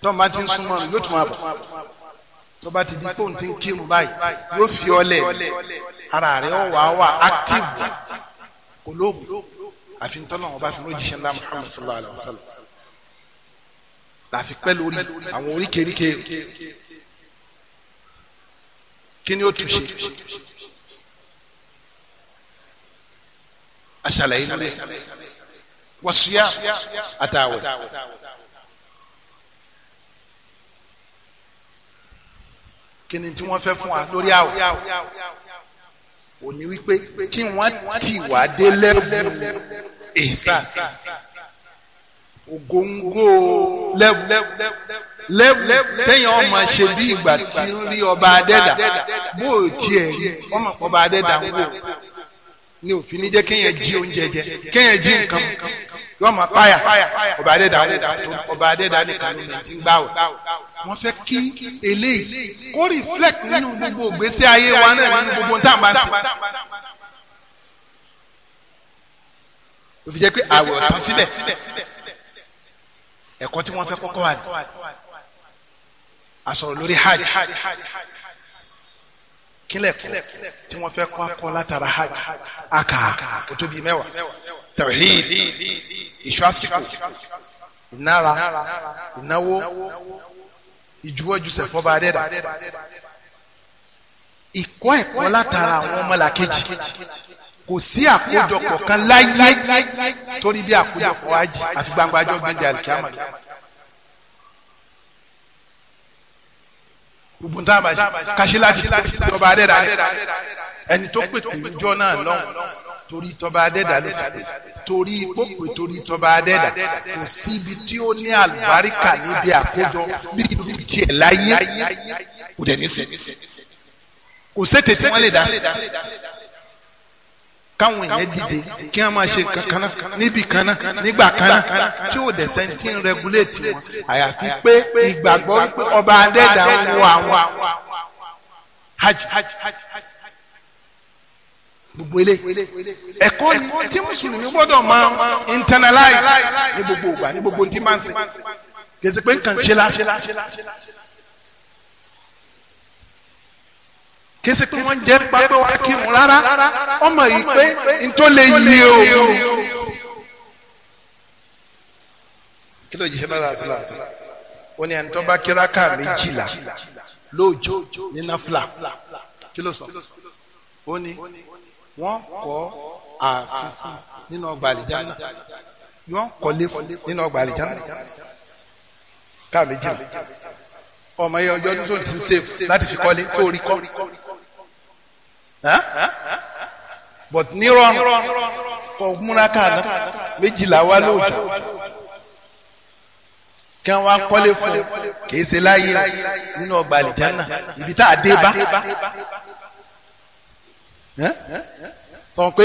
tó máa ti ń súnmọ́ rẹ̀ yóò tún máa bọ̀ tó bá ti di tóun ti ń kírun báyìí yóò fi ọlẹ̀ ara rẹ̀ ó wà á wà active kò lóògùn àfi ń tọ́lọ̀ ńlá Muhammad sallallahu alayhi wa sallam láfi pẹ́ lórí àwọn oríkèéríkèé kí ni ó tún ṣe aṣàlàyé nílẹ̀ wọ́n ṣíyá àtàwẹ̀. kí ni tí wọ́n fẹ́ fún wa lórí àwọ̀ òní wípé kí wọ́n tì wá dé lẹ́bù èsà ògóńgó lẹ́bù lẹ́bù tẹ́yìn ọmọ ṣe bí ìgbà tí ń rí ọba adẹ́dà bó o tiẹ̀ ọmọ ọba adẹ́dà ń wò ni òfin ní jẹ́ kéèyàn jí oúnjẹ jẹ kéèyàn jí nǹkan yóò máa páyà ọba adéda ọba adéda nìkan ní ti ń gbà wò wọ́n fẹ́ kí eléyìí kó reflect nínú gbogbo ìgbésí ayé wa náà nínú gbogbo ntàn bá ti ó fi jẹ́ pé àwẹ̀ ọ̀tán síbẹ̀ ẹ̀kọ́ tí wọ́n fẹ́ kọ́kọ́ wà ní a sọ̀rọ̀ lórí hajj kílẹ̀kùn tí wọ́n fẹ́ kọ́ akọ́ látara hajj aka kò tóbi mẹ́wàá tawhid ìṣọ́ àsìkò ìnára ìnáwó ìjuwọ́júsẹ̀ fọba adẹ́dà ìkọ́ ẹ̀kọ́ látara àwọn ọmọlàkejì kò sí àkójọpọ̀ kan láyé torí bí àkójọpọ̀ ajì àfi gbangba ajọ́ gbẹ́jà alikiyama gbogbo ntá àbàjẹ kàṣí láti tọba adẹ́dà ẹni tó pè pé ìjọ náà lọ́wọ́ torí tọba adẹ́dà ló fà pé torí pópè torí tọba adẹ́dà kò síbi tí ó ní àlùbáríkà níbi àkójọ bí ibi tiẹ̀ láyé kò dẹ̀ ní sẹ́ni kò sẹ́tẹ̀ tí wọ́n lè dá sí káwọn èèyàn dìde kí wọn máa ṣe kankana níbi kanna nígbà kanna tí ò dẹ̀sẹ̀ tí ń rẹguléètì wọn àyàfi pé ìgbàgbọ́ ọba adẹ́dà ń wo àwọn hajj gbogbo ele ẹ̀kọ́ tí mùsùlùmí gbọ́dọ̀ máa internalize ní gbogbo ìgbà ní gbogbo tí máa ń ṣe kèsì pé nǹkan ṣe láṣẹ láṣẹ láṣẹ láṣẹ. kìsì pé wọ́n jẹ́ nípa pé wọ́n á kírun rárá ọmọ yìí pé ntọ́ lè yí o. kí ló jíṣẹ́ náà láti láti ó ní ẹni tó bá kí rákà méjìlá lóòjọ́ ní náfìlà kí ló sọ ó ní wọ́n kọ́ ààfin nínú ọgbà àlìjáná wọ́n kọ́lé fún nínú ọgbà àlìjáná káà méjìlá ọmọ yẹn ọjọ́ tó ti ń sèfù láti fi kọ́lé tó rí kọ́ but nírọ̀rùn kọ múra káàdá méjìlá wá lóòjọ́ kí wọn kọ́lé fún kìí ṣe láyé nínú ọgbà àlìjánà ibi tá a dé bá sọ pé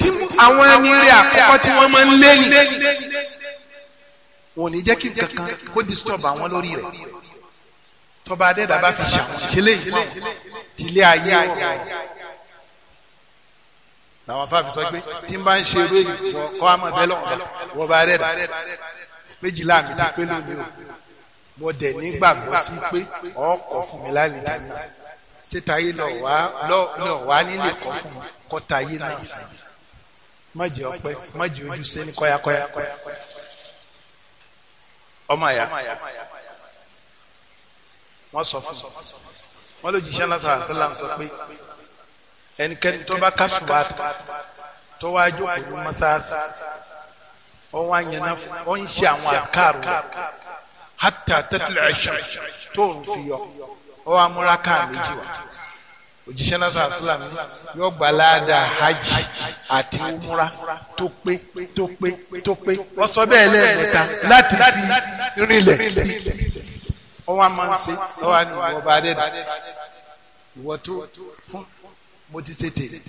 tí àwọn ẹni rí àkọ́kọ́ tí wọ́n máa ń lé ní wọn ò ní jẹ́ kí kankan kó disturb àwọn lórí rẹ̀ tọba adẹ́dàá bá fi ṣàwọn ṣe léyìn fún ayé wọn làwọn afáàfin sọ pé tí n bá ń ṣe eré ìwọ kọ́ àmọ́ bẹ́ẹ̀ lọ́wọ́ wọ́n bá rẹ̀ dà méjìlá mi ti pé lómi o mo dẹ̀ nígbàgbọ́ sí pé ọkọ̀ fún mi láì lè dà síta yìí lọ wá lọ wá nílé kọ́ fún mi kọ́ta yìí náà fún mi má jẹ́ ọpẹ́ má jẹ́ ojú ọmọ àyà wọ́n sọ fún mi wọ́n lójijì lásán àṣẹ làm pé ẹnikẹ́ni tó bá kásùbà tó wá jókòó mọ́sáàsì ó wá yẹn náà ó ń ṣe àwọn àkàrò hàtà tẹ́tìlẹ̀ ẹ̀ṣẹ̀ tóòrùn fi yọ ó wá múra káà méjì wá òjíṣẹ́ náà sàlám yóò gbà láàdà hajj àti umra tó pé tó pé tó pé wọ́n sọ bẹ́ẹ̀ lẹ́ẹ̀mẹ́ta láti fi rinlẹ̀ sí ọwọ́ a máa ń ṣe ọwọ́ a ní ìwọ̀ba adẹ́dà ìwọ̀ tó fún mo ti ṣe tèmi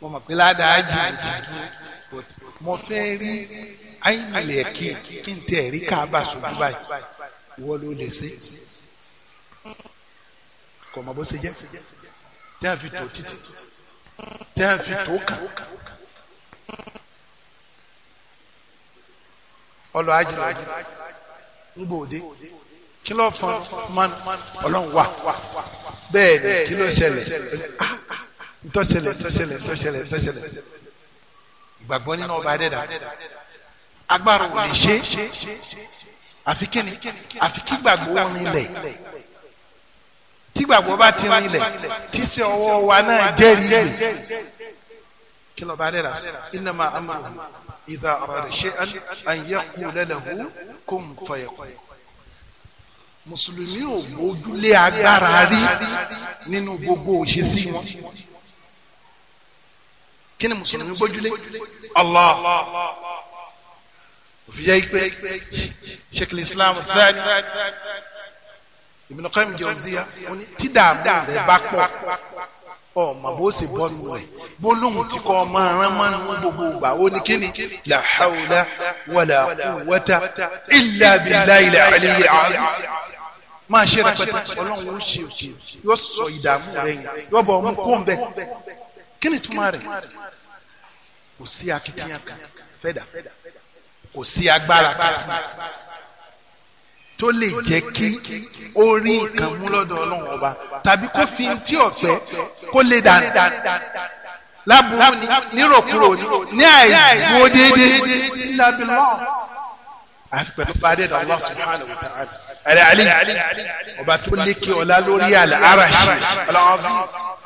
mo mọ̀ pé ládàá jù jù mo fẹ́ rí àìmọ̀lẹ̀ kí kí n tẹ̀ rí káàbà ṣojú báyìí wọ́n ló lè ṣe kò mọ̀ bó ṣe jẹ́ tí a fi tó títì tí a fi tó kà ọlọ́ àjùlọ ń gbòde kí ló fọn man ọlọ́run wà bẹ́ẹ̀ ni kí ló ṣẹlẹ̀ ntọ́ṣẹlẹ̀ ah, ah, ah, ntọ́ṣẹlẹ̀ ntọ́ṣẹlẹ̀ ntọ́ṣẹlẹ̀ ìgbàgbọ́ nínú ọba adẹ́dà agbára ò lè ṣe àfi kíni àfi kí gbàgbọ́ wọn nílẹ̀ tí gbàgbọ́ bá ti rinlẹ̀ tí sẹ ọwọ́ wa náà jẹ́rìí rẹ̀ kí ló bá dẹ́ra sí innama amruhu idha arada shay'an an yaqula lahu kun fayakun mùsùlùmí ò gbójúlé agbára rí nínú gbogbo òṣèṣì wọn kí ni mùsùlùmí gbójúlé Allah òfìyà ipe sheikh islam thani Ibn Qayyim Jawziya oní tí dààmú rẹ bá pọ̀ ọ mà bó ṣe bọ́ nù ẹ̀ gbólóhùn tí kò máa rán máa nù gbogbo ìgbà ó ní kíni la hawla wala quwwata illa billahi al-ali máa ṣe rẹpẹtẹ ọlọ́run ó ṣe òkè yóò sọ ìdààmú rẹ yẹn yóò bọ̀ ọmú kó ń bẹ kí ni túmọ̀ rẹ̀ kò sí akitiyan kan fẹ́dà kò sí agbára kan tó lè jẹ́ kí ó rí nǹkan mú lọ́dọ̀ ọlọ́run ọba tàbí kó fi tí ọ̀fẹ́ kó lè dànù láburú níròkúrò ní àìdúró déédéé lábìlọ́ọ̀ àfi pẹ̀lú pàdé dà Allah subhanahu wa ta'ala ẹ̀rẹ̀ àlì ọba tó lékè ọ̀la lórí àlẹ́ arashi ọlọ́run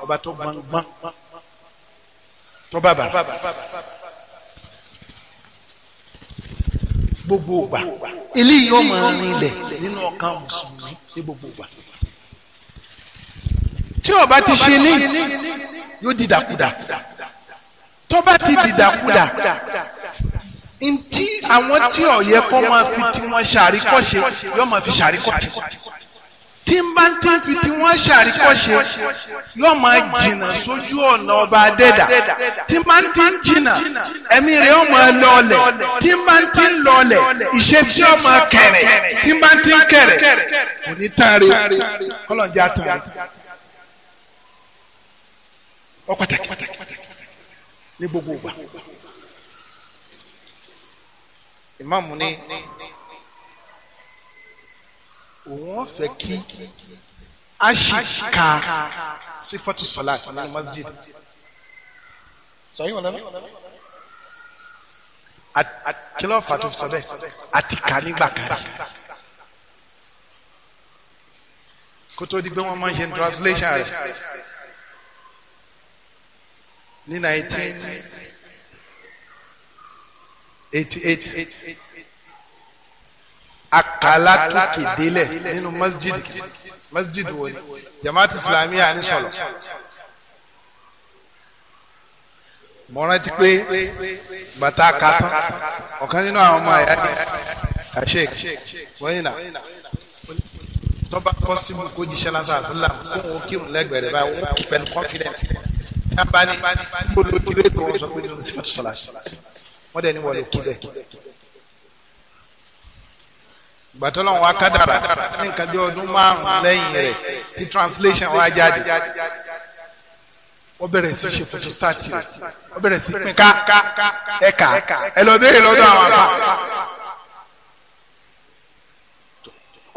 ọba tó gbọ̀ngbọ̀n tó bàbà gbogbo ògbà eléyìí yóò máa rin ilẹ̀ nínú ọkàn mùsùlùmí ní gbogbo ògbà tí ọba ti ṣe ní yóò dìdàkudà tó bá ti dìdàkudà ntí àwọn tí ọ̀yẹ́ kọ́ máa fi tí wọ́n ṣàríkọ́ṣe yóò máa fi ṣàríkọ́ṣe tí n bá ń tí ń fi tí wọ́n ṣàríkọ́ṣe yóò máa jìnnà sójú ọ̀nà ọba adẹ́dà tí n bá ń tí ń jìnnà ẹ̀mí rẹ̀ yóò máa lọlẹ̀ tí n bá ń tí ń lọlẹ̀ ìṣesí yóò máa kẹ̀rẹ̀ tí n bá ń tí ń kẹ̀rẹ̀ kò ní tán re kọ́lọ̀njá tán pàtàkì ní gbogbo ìgbà ìmáàmù ní òun ọ̀fẹ́ kí aṣíka sífọ́tù sọ́lá nínú masjid sọ́yìn wọlé kílọ̀ fàtó sọ bẹ́ẹ̀ àti kà nígbà kan kó di pé wọ́n máa ń ṣe translation rẹ̀ ní nineteen eighty eight akala tókè délẹ̀ nínú masjid masjid wo jamaat islamiyah ni sọlọ mo rántí pé bàtà kàtó ọ̀kan nínú àwọn ọmọ àyà ni àṣek wọ́nyìn náà tọ́ba pọ́sibú kó jíṣẹ́ lásán àṣìlá kó wọn kí wọn lẹ́gbẹ̀rẹ̀ báyìí wọn pẹ̀lú confidence yaba ni kó lójú rẹ̀ tó wọn sọ pé ní o sì fẹ́ sọ̀rọ̀ àṣìlá wọ́n dẹ̀ ní wọ́n lè kú bẹ́ẹ̀. gbàtọ́lọ́wọ́n wa kádàrà ní nǹkan bí ọdún márùn-ún lẹ́yìn rẹ̀ tí translation wa jáde wọ́n bẹ̀rẹ̀ sí ṣe foto start rẹ̀ wọ́n bẹ̀rẹ̀ sí pín ká ẹ̀ka ẹ̀ lọ béèrè lọ́dọ̀ àwọn àbá.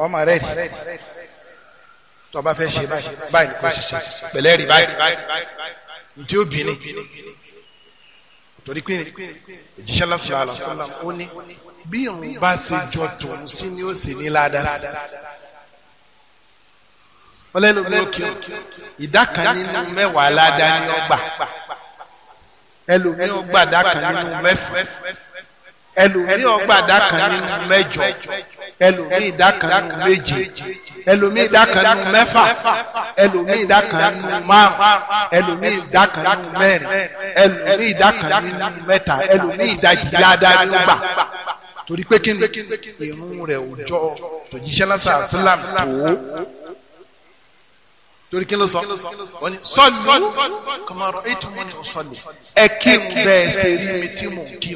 ọmọ rẹ̀ rí tọ́ba fẹ́ ṣe báyìí kò ṣiṣẹ́ pẹ̀lẹ́ rí báyìí ntí ó bìíní torí pé òjíṣẹ́ lásìlá àlàsílà ó ní bí irun bá ṣe jọ tòun sí ni ó sì ní ládàá sí ọlẹ́nu bí kí o ìdá kan nínú mẹ́wàá ládàá ni ó gbà ẹlòmíì ó gbà dá kan nínú mẹ́sàn-án ẹlòmíì ọgbà dákan nínú mẹ́jọ ẹlòmíì dákan nínú méje ẹlòmíì dákan nínú mẹ́fà ẹlòmíì dákan nínú márùn ẹlòmíì dákan nínú mẹ́rin ẹlòmíì dákan nínú mẹ́ta ẹlòmíì ìdajì dáadáa ló gbà torí pé kí ni irun rẹ̀ òjọ tòjíṣẹ́ lásán àṣìlám tó torí kí ló sọ wọ́n ní sọ́ọ̀lù kọ́mọ̀rọ̀ ètò wọn ni ẹ kí n bẹ́ẹ̀ ṣe rí mi tí mò ń kí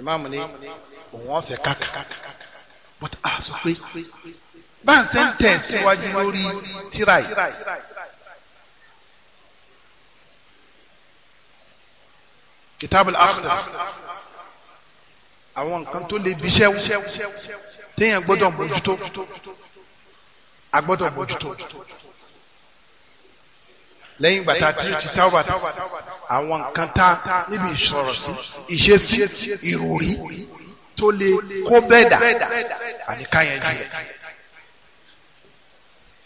ìmáàmù ni òun ọ̀fẹ́ kàkà but a sọ pé báńsẹ̀ ń tẹ̀ síwájú lórí tíra yìí. kìtàbù àkùtà àwọn nǹkan tó lè bíṣẹ́ téèyàn gbọ́dọ̀ mójútó a gbọ́dọ̀ mójútó lẹ́yìn gbàtà tírìtì táwà àwọn nǹkan tá níbi ìsọ̀rọ̀ sí ìṣesí ìròrí tó lè kó bẹ́ẹ̀dà àníká yẹn jù rẹ̀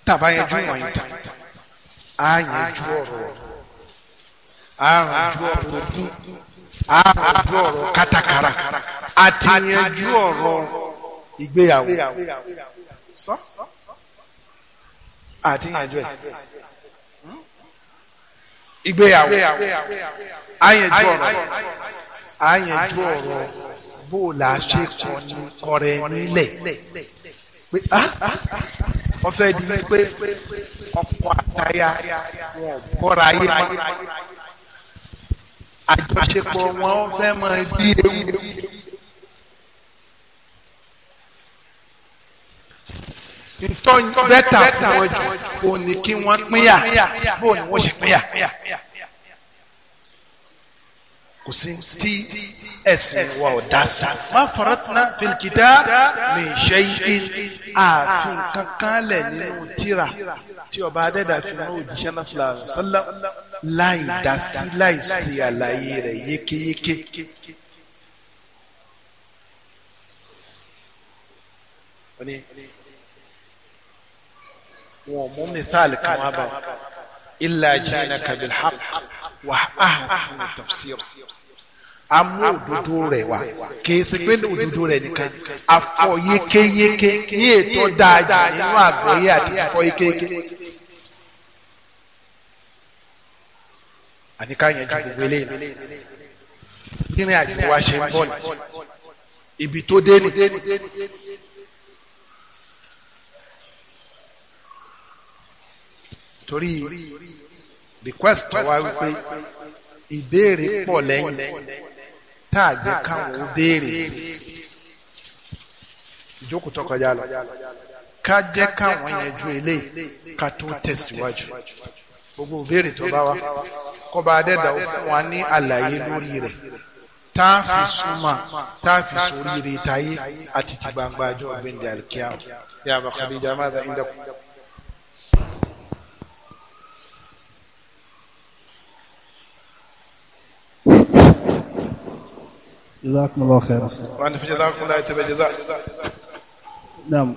tàbá yẹn jù wọ̀nyí tán á yẹn jù ọ̀rọ̀ á ràn jù ọ̀rọ̀ ogún á ràn jù ọ̀rọ̀ kátàkárà àti yẹn jù ọ̀rọ̀ ìgbéyàwó sọ àti yẹn jù ẹ̀ ìgbéyàwó àyànjú ọ̀rọ̀ àyànjú ọ̀rọ̀ bó la ṣe kọ́ ní kọrẹ nílẹ̀ pé ah, ah, ah, wọ́n fẹ́ di pé ọkọ àtaya wọn bọ́ra yé ma àjọṣepọ̀ wọn fẹ́ mọ bí ewu. ntọ́ bẹ́tà fún wọn jù kò ní kí wọ́n pínyà bó ni wọ́n ṣe pínyà. kò sí tí ẹ̀sìn wa ò dá sí. ma faratna fil kitab min shay'in ààfin kankan lẹ̀ nínú tírà tí ọba adẹ́dà fi mọ́ òjíṣẹ́ náà sallallahu alaihi wasallam láì dá sí láì sí àlàyé rẹ̀ yékéyéké. wọ́n ní wọn mú mìtáàlì kan wá bá wọn ilà jìnnà kabil haq wà á sin tafsir a mú òdodo rẹ̀ wá kì í ṣe pé òdodo rẹ̀ nìkan afọ yékéyéké ní ètò dáadáa nínú àgbáyé àti afọ yékéyéké. àní yẹn ju gbogbo eléyìí kí ni àjò ṣe ń bọ̀ ní ibi tó dé ni. torí request wa wípé ìbéèrè pọ̀ lẹ́yìn tá a jẹ́ káwọn ó béèrè ìjókòó tó kọjá lọ ká jẹ́ káwọn yẹn ju eléyìí ká tó tẹ̀síwájú gbogbo ìbéèrè tó bá wa kó bá dẹ́dà ó fún wa ní àlàyé lórí rẹ̀ tá a fi súnmọ́ tá a fi sóríire táyé àti ti gbangba ọjọ́ ọ̀gbìn dàlkíá yàrá kàdíjà má dà ń جزاكم الله خيرا وأنت في جزاكم الله يتبع جزاء نعم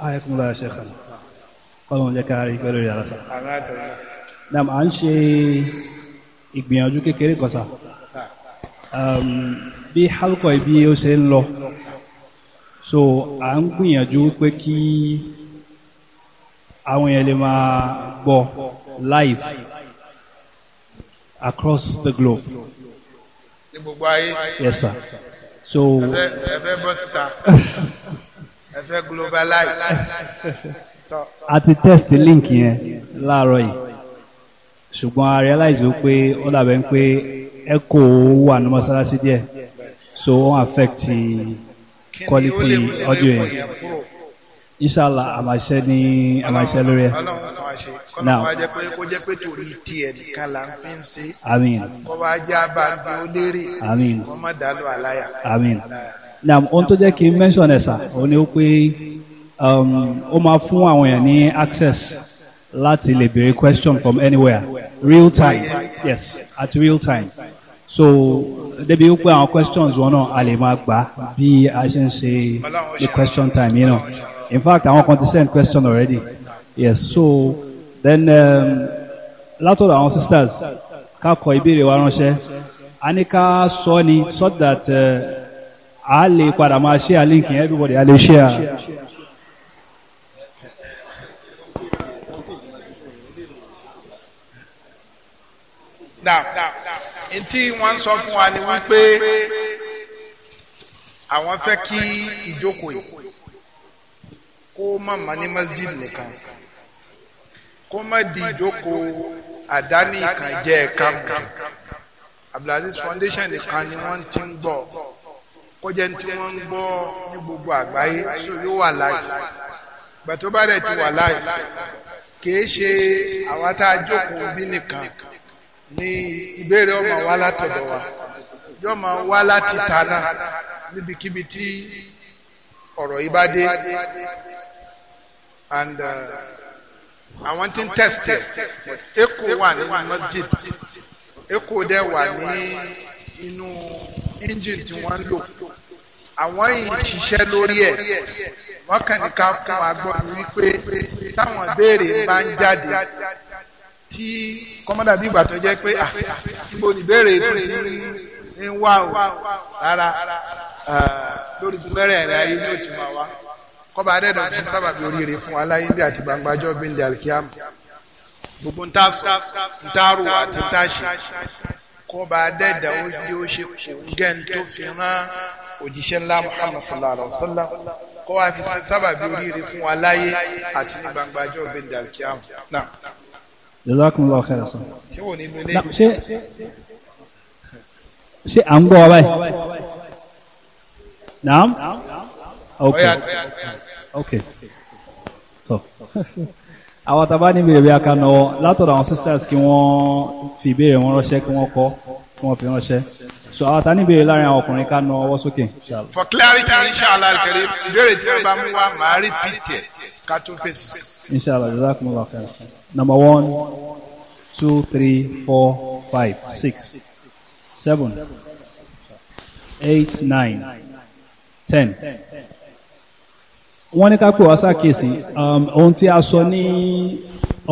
حياكم الله يا شيخ قالوا لك عليك ولو يا رسول نعم à ń ṣe ìgbìyànjú kékeré kan sá bí halkọ ibi ó ṣe ń lọ so à ń gbìyànjú pé kí àwọn èèyàn lè máa gbọ́ live across the globe. ní gbogbo ayé. yes sir. so. ẹ fẹ́ bọ́ síta ẹ fẹ́ globalize. a ti test link yẹn láàárọ̀ yìí ṣùgbọ́n a realize ó pé ó dàbẹ̀ ń pé echo wà ní mọ́sálásí díẹ̀ so ó affect quality audio yẹn inshala àmàṣẹ ní àmàṣẹ lórí ẹ. Ọlọ́run fún àṣẹ kọ́nà wa jẹ́ pé kó jẹ́ pé torí tiẹ̀ nìkan là ń fi ń ṣe. àmín. kó bá jẹ́ abàgbé ó lérè. àmín. kó má dàlú àláyà. àmín. naam ohun tó jẹ́ kí n mention ẹ̀ sà òun ni ó pé um, ó máa fún àwọn èèyàn ní access láti lè béèrè question from anywhere real time yes at real time so débi wípé àwọn questions wọn náà a lè máa gbà bí a ṣe ń ṣe the question time yìí you náà. Know in fact àwọn kan ti send question already yes so then um, látọ̀dọ̀ àwọn sisters ká kọ ìbéèrè wa ránṣẹ́ a ní ká sọ ni so that uh, a lè padà máa share link yẹn everybody a lè share. now ntí wọ́n sọ fún wa ni wípé àwọn fẹ́ kí ìjókòó yìí kó má má ní masjid nìkan kó má di ìjókòó àdáni kan jẹ́ ẹ̀ka mú Abdulaziz Foundation nìkan ni wọ́n ti ń gbọ́ kọjá tí wọ́n ń gbọ́ ní gbogbo àgbáyé so yóò wà láàyè gbàtọ́ bá dẹ̀ ti wà láàyè kìí ṣe àwa tá a jókòó bí nìkan ní ìbéèrè ọmọ wa látọ̀dọ̀ wa yóò máa wá láti ta níbikíbi tí ọ̀rọ̀ yìí bá dé and uh, I want ń test ẹ̀ eco wà ní masjid eco dẹ̀ wà ní engine tí wọ́n ń lò àwọn yìí ń ṣiṣẹ́ lórí ẹ̀ wọ́n kàn ní ká fún agbọ́n wípé táwọn béèrè bá ń jáde tí kọ́mọ́dà bí ìgbà tó jẹ́ pé níbo ah, ni béèrè ń wá o rárá ah, lórí ti mẹ́rẹ̀ẹ̀rin ayé ni ti máa wá kọba adẹ́dọ̀ fi sábàbí oríire fún aláyé bí àti gbangbajọ́ bíndẹ̀ alkiam gbogbo ń tàṣọ ń tàrò àti tàṣe kọba adẹ́dọ̀ ó ó ṣe kòǹgẹ́ tó fi rán òjíṣẹ́ ńlá muhammad sallallahu alaihi wa sallam kọ́ wa fi sábàbí oríire fún aláyé àti ní gbangbajọ́ bíndẹ̀ alkiam náà. jazakumullahu khairan sọ. ṣé wò ní ilé ilé ṣe ṣe à ń gbọ́ wa báyìí. naam ok okay so àwọn tàbá ní ìbéèrè bí aka náwó látọ̀dọ̀ àwọn sisters kí wọ́n fi ìbéèrè wọn ránṣẹ́ kí wọ́n kọ́ kí wọ́n fi ránṣẹ́ so àwọn tàbá ní ìbéèrè láàrin àwọn ọkùnrin ká náwó sókè. for clarity inshallah kẹrẹ ìbéèrè tí wọn bá mú wa màá rí pt ẹ ká tó fèsì. inshallah jazakumullah khair number one two three four five six seven eight nine ten. ten wọ́n ní ká pè wá ṣàkíyèsí um, ohun tí a sọ ní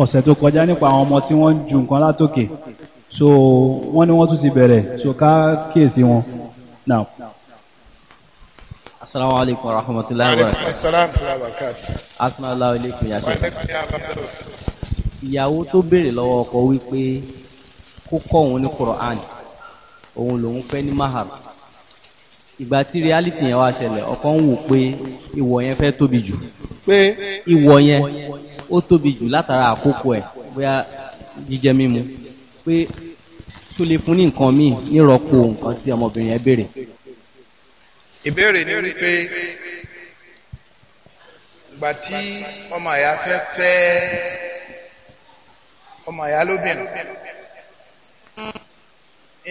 ọ̀sẹ̀ tó kọjá nípa àwọn ọmọ tí wọ́n ń ju nǹkan látòkè so wọ́n ní wọ́n tún ti bẹ̀rẹ̀ so ká kíyèsí wọn now. asalaamu alaykum wa rahmatulahi wa barakatuh. asalaamu alaykum wa rahmatulahi. asalaamu alaykum ìyàwó tó béèrè lọ́wọ́ ọkọ wípé kó òun ní Quran òun lòun fẹ́ ní mahar ìgbà tí reality yẹn wá ṣẹlẹ̀ ọkàn ń wò pé ìwọ yẹn fẹ́ tóbi jù pé ìwọ yẹn ó tóbi jù látara àkókò ẹ̀ bóyá jíjẹ mímu pé tó lè fún ní nǹkan míì nírọ̀pò nǹkan tí ọmọbìnrin yẹn béèrè. ìbéèrè ni wípé ìgbà tí ọmọ àyà fẹ́ fẹ́ ọmọ àyà lóbìnrin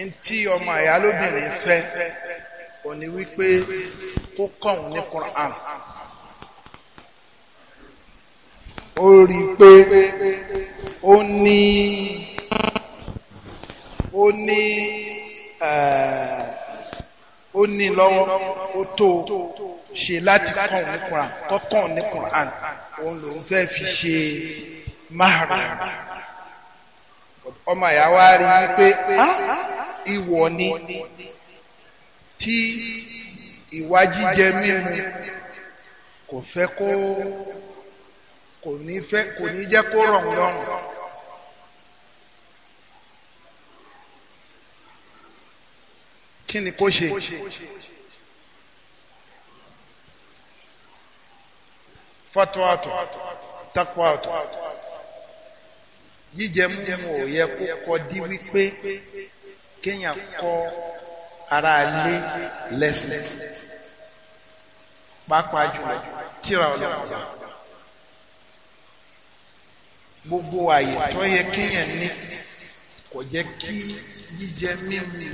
ntí ọmọ àyà lóbìnrin fẹ́ fẹ́ ó ní wípé kó kọ̀hún ní Quran ó rí i pé ó ní ó ní eh, ó ní lọ́wọ́ ó tó ṣe láti kọ̀hún ní Quran kọ́kọ̀hún ní Quran òun lòun fẹ́ fi ṣe mahara ọmọ ìyá wa rí i pé ah, ìwọ ni tí ìwà jíjẹ mímu kò fẹ́ kó kò ní fẹ́ kò ní jẹ́ kó rọ̀ wọ́n lọ́rùn. kí ni kó ṣe. fatuwaatu takuwaatu jíjẹ mímu ò yẹ kó kọ di wípé kéèyàn kọ́ ara ilé lẹ́sìn pàápàá jùlọ kíra ọlọ́pàá gbogbo àyè tó yẹ kéèyàn ní kò jẹ́ kí jíjẹ mímu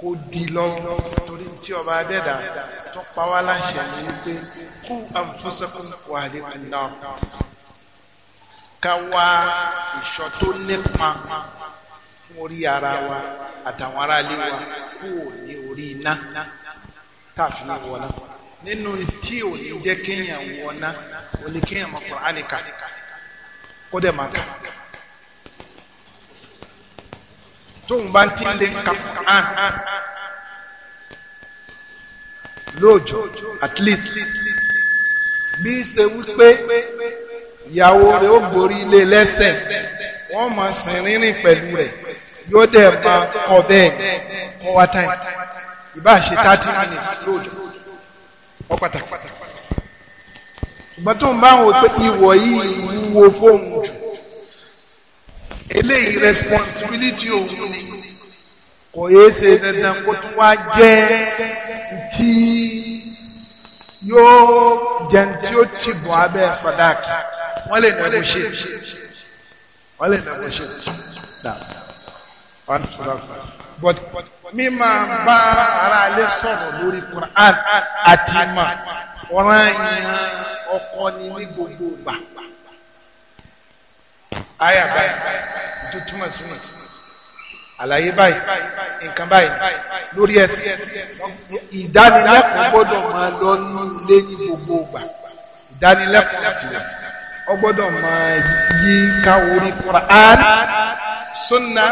kó di lọ́wọ́ torí tí ọba adẹ́dà tó pa wá láṣẹ ní wípé kú àǹfọ́sẹ́kùn wà nínú náà ká wá ìṣọ́ tó nípa orí ara wa àtàwọn aráalé wa kúrò ní orí iná tá a fi ń wọná nínú tí ò ní jẹ́ kéèyàn wọná ò ní kéèyàn mọ Kùránì kà kó dẹ̀ máa kà tóun bá ti lè ka Kùránì lóòjọ́ at least bí ṣe wípé ìyàwó rẹ̀ ó gborí ilé lẹ́sẹ̀ wọ́n máa sìn rínrìn pẹ̀lú rẹ̀ yóò dẹ̀ máa kọ bẹ́ẹ̀ kọ́ wá táyì ìbá ṣe thirty minutes lóòjọ́ ọ pàtàkì ṣùgbọ́n tó ń bá wọn pé ìwọ̀ yìí wúwo fóun jù eléyìí responsibility òun ni kò yéé ṣe dandan kó tún wá jẹ́ tí yóò jẹ́ tí ó ti bọ̀ abẹ́ sàdáàkì wọ́n lè negotiate wọ́n lè negotiate dáadáa but mi máa bá ara lé sọ̀rọ̀ lórí Quran àti ma ọ̀ràn yẹn ọkọ ni ní gbogbo gbà àyà báyìí tó túmọ̀ sí mi àlàyé báyìí nǹkan báyìí lórí ẹsẹ̀ ìdánilẹ́kọ̀ọ́ gbọ́dọ̀ máa lọ lé ní gbogbo gbà ìdánilẹ́kọ̀ọ́ sílẹ̀ ọ gbọ́dọ̀ máa yí ká orí Quran sunna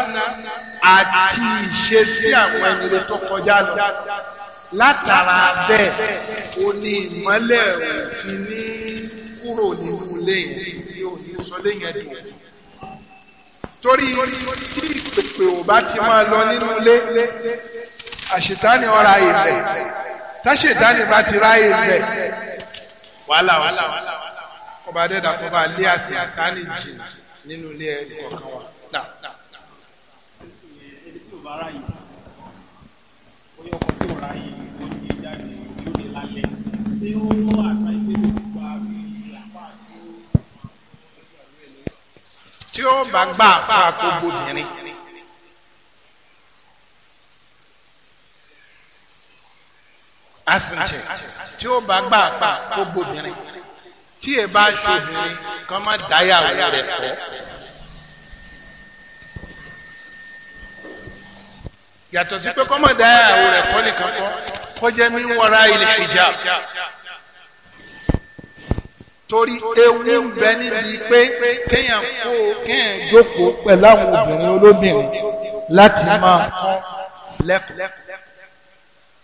àti ìṣesí àwọn ẹni tó kọjá lọ látara bẹ́ẹ̀ ó ní ìmọ́lẹ̀ òfin ní kúrò nínú ilé yẹn ní òní sọlé yẹn dùn torí tí ìpèpè ò bá ti máa lọ nínú ilé àṣetáni ọ̀ra ìbẹ̀ táṣetáni bá ti ráyè ìbẹ̀ wàhálà ọ̀sán ọba adẹ́dàkọ́ bá lé àṣẹ àtàní nínú ilé ẹ̀kọ́ kan wà bàárà yìí ó yọ ọkọ̀ tí ò ra yìí oúnjẹ jáde yóò dé lálẹ́ tí ó mú àgbà ìgbé ló ti gba àpá àti tí ó bá gbà àpá àkókò obìnrin. asinjẹ tí ó bá gbà àpá àkókò obìnrin tí ẹ bá ṣe obìnrin kan má dáyàwó rẹ̀ pọ̀. yàtọ̀ sí pé kọ́mọ̀ dá ìyàwó rẹ̀ kọ́ nìkan kọ́ kó jẹ́ mi wọra ilẹ̀ hijab torí ewu ń bẹ níbi pé kéèyàn kó kéèyàn jókòó pẹ̀lú àwọn obìnrin olóbìnrin láti máa kọ́ lẹ́kọ̀ọ́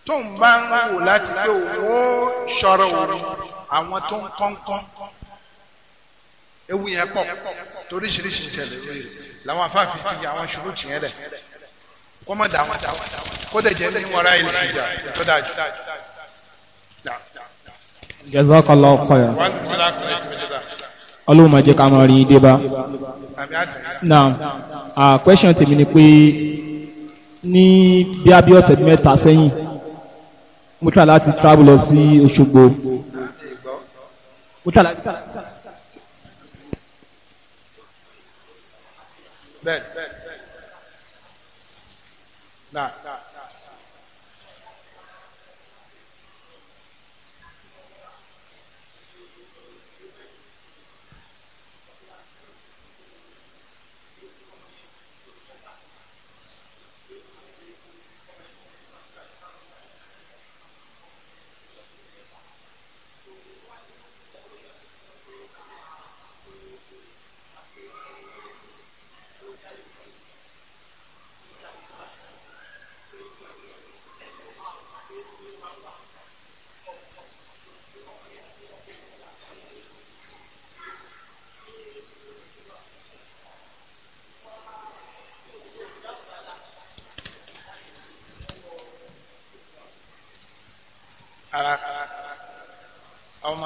tó ń bá ń wò láti pé òun ṣọ̀rọ̀ òun àwọn tó ń kọ́ńkọ́n ewu yẹn pọ̀ toríṣiríṣi ìṣẹ̀lẹ̀ rẹ̀ làwọn afáàfin ti di àwọn ṣubú tìyẹn rẹ̀ kó má dà wọ́n kó dẹ̀ jẹ́ ní wàrà ilẹ̀ ìjà tó dájú. jazakallahu khairan. ọlọ́run máa jẹ́ ká máa rí dé bá. now uh, question tèmi ni pé ní bí a bí ọ̀sẹ̀ mẹ́ta sẹ́yìn mo try láti travel lọ sí Òṣogbo mo try láti. bẹ́ẹ̀ bẹ́ẹ̀. Now,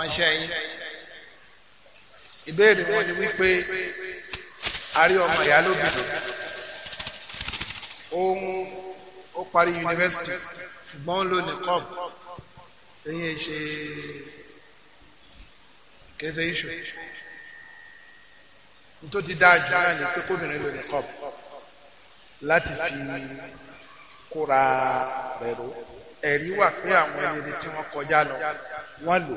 àwọn iṣẹ́ yín ìbéèrè wọn ni wípé a rí ọmọ ìyá lóbìnrin òun ó parí yunifásitì ṣùgbọ́n ó lò ní cob eyín ṣe kéṣe iṣu nítorí ti dáa jù náà ni pé kóbìnrin lò ní cob láti fi kóra rẹ̀ ro ẹ̀rí wà pé àwọn ẹni tí wọ́n kọjá lọ wọ́n lò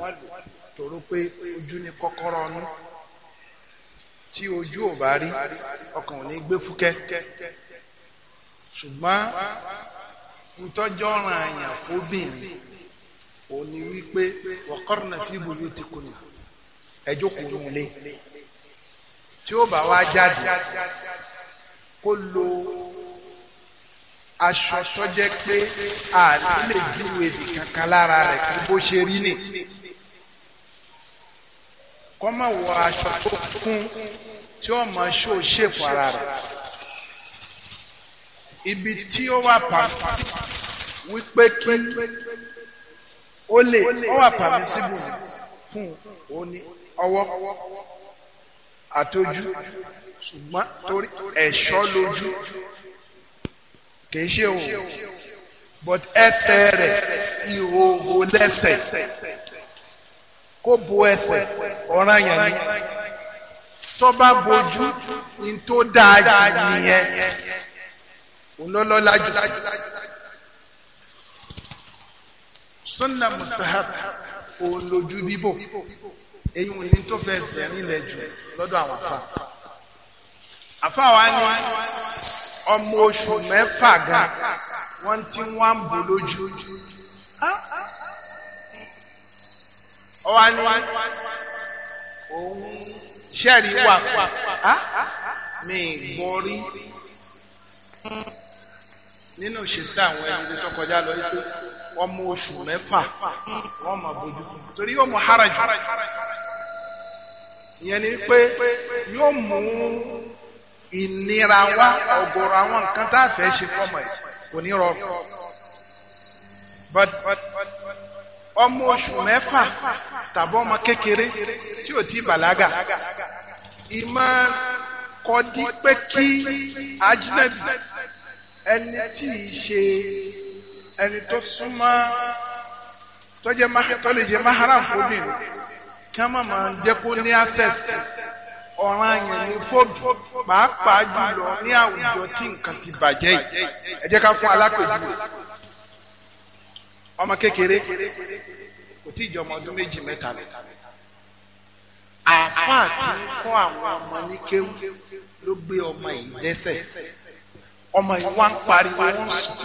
rò pé ojú ni kọ́kọ́rọ́ ọ̀nù tí ojú ò bá rí ọkàn ò ní gbé fúkẹ́ ṣùgbọ́n ntọ́jọ́ ràn àyàn fóbìnrin ò ní wípé wọ́kọ́rọ̀nà fíìbù yóò ti kùnà ẹjọ́ kò ní ilé tí ó bá wá jáde kó lo aṣọ tó pé àlè lè júwe ibì kankan lára rẹ̀ kí bó ṣe rí nìyí kọ́ máa wọ aṣọ tó kún tí ó máa ṣó ṣèpò ara rẹ̀ ibi tí ó wà pàmò wípé kí ó lè ó wà pàmò síbò fún òní ọwọ́ àtọ́jú ṣùgbọ́n torí ẹ̀ṣọ́ lójú kìí ṣe òun but ẹsẹ̀ rẹ̀ ìhòòhò lẹ́sẹ̀ kó bo ẹsẹ̀ ọ̀ràn yẹn ni tọ́ba bojú ní tó dáa jù nìyẹn olólọ́lá jù sunna mustahab olójú bíbò èyí wọn ni tó fẹ́ sẹ̀ nílẹ̀ jù lọ́dọ̀ àwọn afa afa wa ni ọmọ oṣù mẹ́fà gan wọ́n ti wá ń bo lójú ọwọ́ ni òun ṣẹ́ẹ̀rì wà fún a mi gbọ́ rí nínú ìṣesí àwọn ẹni tó kọjá lọ yìí pé wọ́n mú oṣù mẹ́fà wọ́n mọ̀ bójú fún un torí yóò mú harajù ìyẹn ni pé yóò mú ìnira wá ọ̀gọ̀rọ̀ àwọn nǹkan tá a fẹ́ ṣe fọmọ yìí kò ní rọrùn but but but ọmọ oṣù mẹ́fà tàbí ọmọ kékeré tí ò ti bàlágà ìmọ̀ kọ́dí pé kí ajínẹ́bì ẹni tí ì ṣe ẹni tó súnmọ́ tó lè jẹ́ maharam fóbìnrin kí wọ́n máa máa jẹ́ kó ní access ọ̀ràn yẹn ní fóbì pàápàá jùlọ ní àwùjọ tí nǹkan ti bàjẹ́ yìí ẹ ká fún alákòjú ọmọ kékeré kò tí ì jọ ọmọ ọdún méjì mẹ́ta mẹ́ta àáfàá tí ń kọ́ àwọn ọmọ ní kéwú ló gbé ọmọ yìí dẹ́sẹ̀ ọmọ yìí wá ń pariwo wọ́n sùn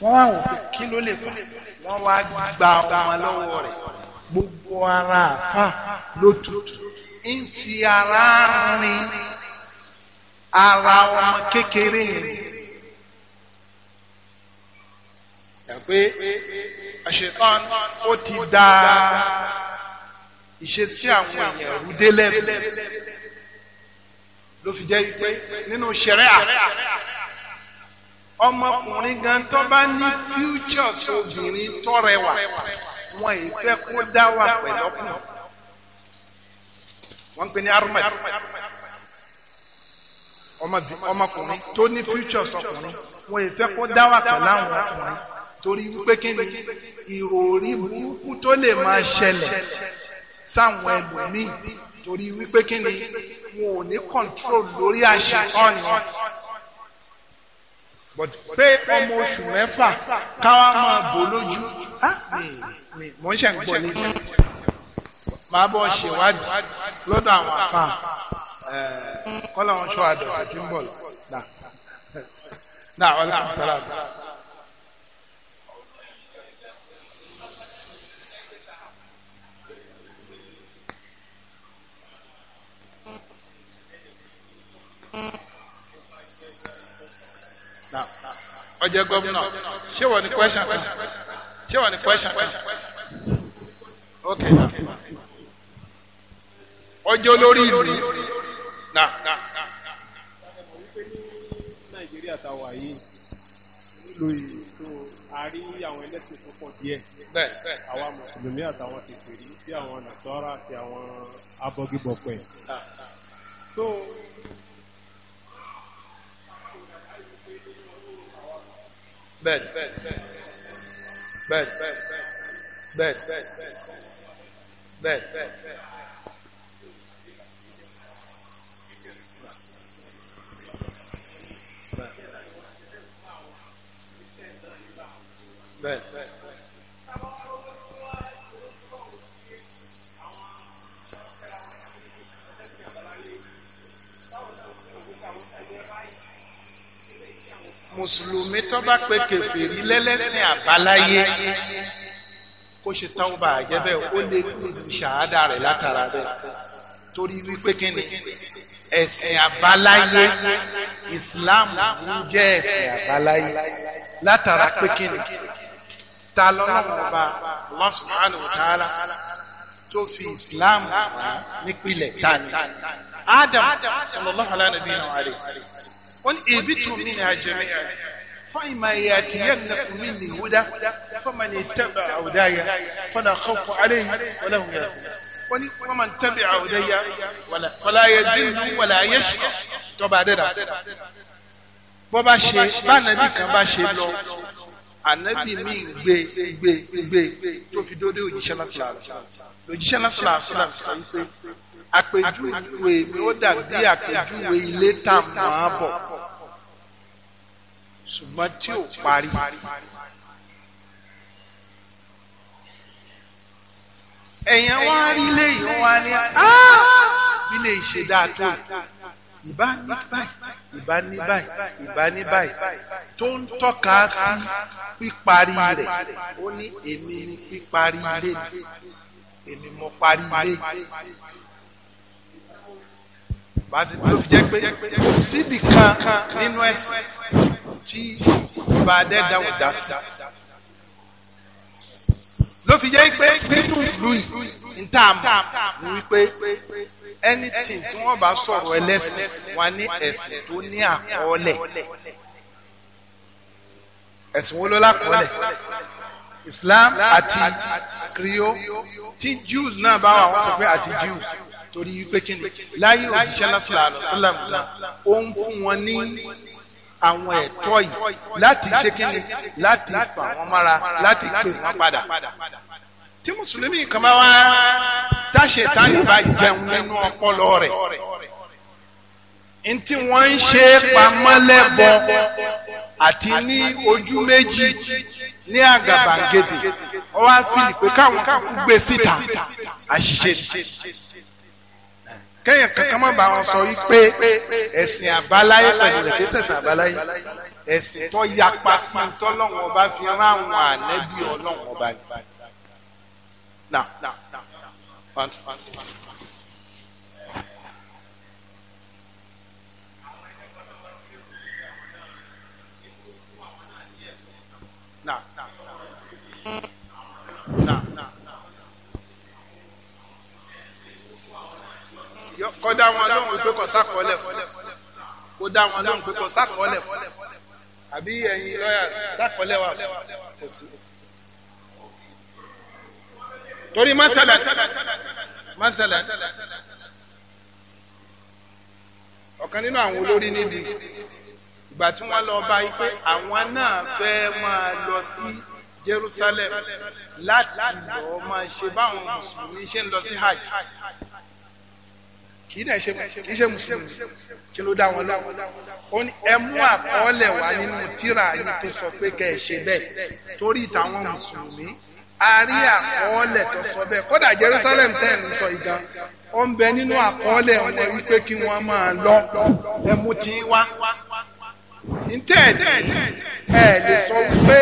wọ́n wá wò pé kí ló lè fà wọ́n wá gba ọmọ lọ́wọ́ rẹ̀ gbogbo ara àáfàá ló tutù ń fi ara rin ara ọmọ kékeré yẹn. pé àṣetán ó ti da ìṣesí àwọn èèyàn rúdé lẹ́nu ló fi jẹ́ pé nínú ṣẹ̀rẹ́ à ọmọkùnrin gan tó bá ní futures obìnrin tó wọn ì fẹ́ kó dá wà pẹ̀lú ọkùnrin wọ́n ní arúmọ̀ ọmọkùnrin tó ní futures ọkùnrin wọn ì fẹ́ kó dá wà pẹ̀lú torí wípé kí ni ìròrí burúkú tó lè máa ṣẹlẹ̀ sáwọn ẹlòmíì torí wípé kí ni wọn ò ní control lórí àṣetán ni wọn pé ọmọ oṣù mẹ́fà káwá máa bò lójú ah, mò ń ṣe ń gbọ́ ní màá bọ̀ ṣèwádìí lọ́dọ̀ àwọn afa eh, kọ́lá wọn ṣọ́ àdọ̀tí tí ń bọ̀ lọ. Náà ọlọ́run sálàmù. ọjẹ gómìnà ṣé wọ́n ní question kan ṣé question kan ok ọjọ́ lórí ìlú na. nàìjíríà ta wà yìí nílùú yìí tó a rí àwọn ẹlẹ́sìn tó pọ̀ díẹ̀ àwa mùsùlùmí àtàwọn tètè rí bí àwọn nàṣọ́ra àti àwọn abọ́gibọ̀pẹ̀. Bene, bene, bene, bene, bene, bene, bene. Bene, bene. bene. Bene, bene. mùsùlùmí tó bá pe kèfèrí lẹ́lẹ́sìn àbáláyé kó ṣe tàúbà àjẹ́bẹ̀ ó lè kúrò ṣàádà rẹ̀ látara bẹ́ẹ̀ torí wípé kí ni ẹ̀sìn àbáláyé Islam ń jẹ́ ẹ̀sìn àbáláyé látara pé kí ni ta lọ́lọ́run ọba Allah subhanahu tó fi Islam nípìnlẹ̀ tani Adam sallallahu alaihi wa wọ́n ní èbí tó mi ní àjẹmí ẹ̀ fáìmà yẹ àti yẹn nà kù mí nìyí wúdá fọmà ní tẹ́bà àwùdá yẹ fọnà kọ́kọ́ alẹ́ yìí wọlé hùn yà sí. wọ́n ní fọmà ní tẹ́bà àwùdá yẹ wọlé ayé dínú wọlé ayé sùkọ́ tọ́ba adé dà bọ́ bá ṣe bá nàbí kan bá ṣe lọ ànábì mi gbé gbé gbé tó fi dóde òjíṣẹ́ náà sílá àṣà òjíṣẹ́ náà sílá àṣà sọ wípé àpèjúwe mi ó dàbí àpèjúwe ilé tá a máa bọ̀ ṣùgbọ́n tí ò parí. ẹ̀yàn wá rí ilé yìí wá ní bí lè ṣe dáa tó ìbá ní báyìí ìbá ní báyìí ìbá ní báyìí tó ń tọ́ka sí píparí rẹ̀ ó ní èmi ní píparí ilé èmi mo parí ilé ló fi jẹ́ pé kò síbi kan nínú ẹ̀sìn tí ọba adẹ́dá ò dá sí ló fi jẹ́ pé nínú ìlú yìí ní táàmù wípé anything tí wọ́n bá sọ̀rọ̀ ẹlẹ́sìn wọn ní ẹ̀sìn tó ní àkọọ́lẹ̀ ẹ̀sìn wo ló lákọọ́lẹ̀ Islam àti krio tí Jews náà bá wà wọ́n sọ pé àti Jews torí wípé kí ni láyé òjíṣẹ́ lásìlá àlọ́sílà náà ó ń fún wọn ní àwọn ẹ̀tọ́ yìí láti ṣe kí ni láti fà wọ́n mára láti pè wọ́n padà tí mùsùlùmí kan bá wá táṣe táyà bá jẹun nínú ọpọlọ rẹ̀ ntí wọ́n ń ṣe pamọ́ àti ní ojú méjì ní àgàbàǹgẹ̀dẹ̀ ọwọ́ àfihàn pé káwọn kúkú gbé síta àṣìṣe kẹ́yìn kankan má bàa wọn sọ yìí pé ẹ̀sìn àbáláyé pẹ̀lú rẹ̀ pèsè ẹ̀sìn àbáláyé ẹ̀sìn tó yapa sí tọ́lọ́wọ́n ọba fi ráwọn ànẹ́bí ọlọ́wọ́n ọba ni. Now, now, now, now. Now, now, now. kọ́ dá wọn lóhùn pé kò sákọọ́lẹ̀ kó dá wọn lóhùn pé kò sákọọ́lẹ̀ àbí ẹ̀yin lọ́yà sákọọ́lẹ̀ wà kò sí. torí mọ́tàlá mọ́tàlá ọ̀kan nínú àwọn olórí níbi ìgbà tí wọ́n lọ bá yí pé àwọn náà fẹ́ máa lọ sí Jerusalem láti lọ́ọ́ máa ṣe báwọn mùsùlùmí ṣe ń lọ sí hajj kì í dẹ̀ ṣe kì í ṣe mùsùlùmí kí ló dá wọn lọ ó ní ẹ mú àkọọ́lẹ̀ wá nínú tírà yìí tó sọ pé kẹ́ ẹ ṣe bẹ́ẹ̀ torí ìtàwọn mùsùlùmí a rí àkọọ́lẹ̀ tó sọ bẹ́ẹ̀ kódà Jerusalem tẹ́ ẹ̀ ń sọ ìgan ó ń bẹ nínú àkọọ́lẹ̀ wọn wípé kí wọ́n máa lọ ẹ mú tí wá ntẹ́ẹ̀dì ẹ lè sọ pé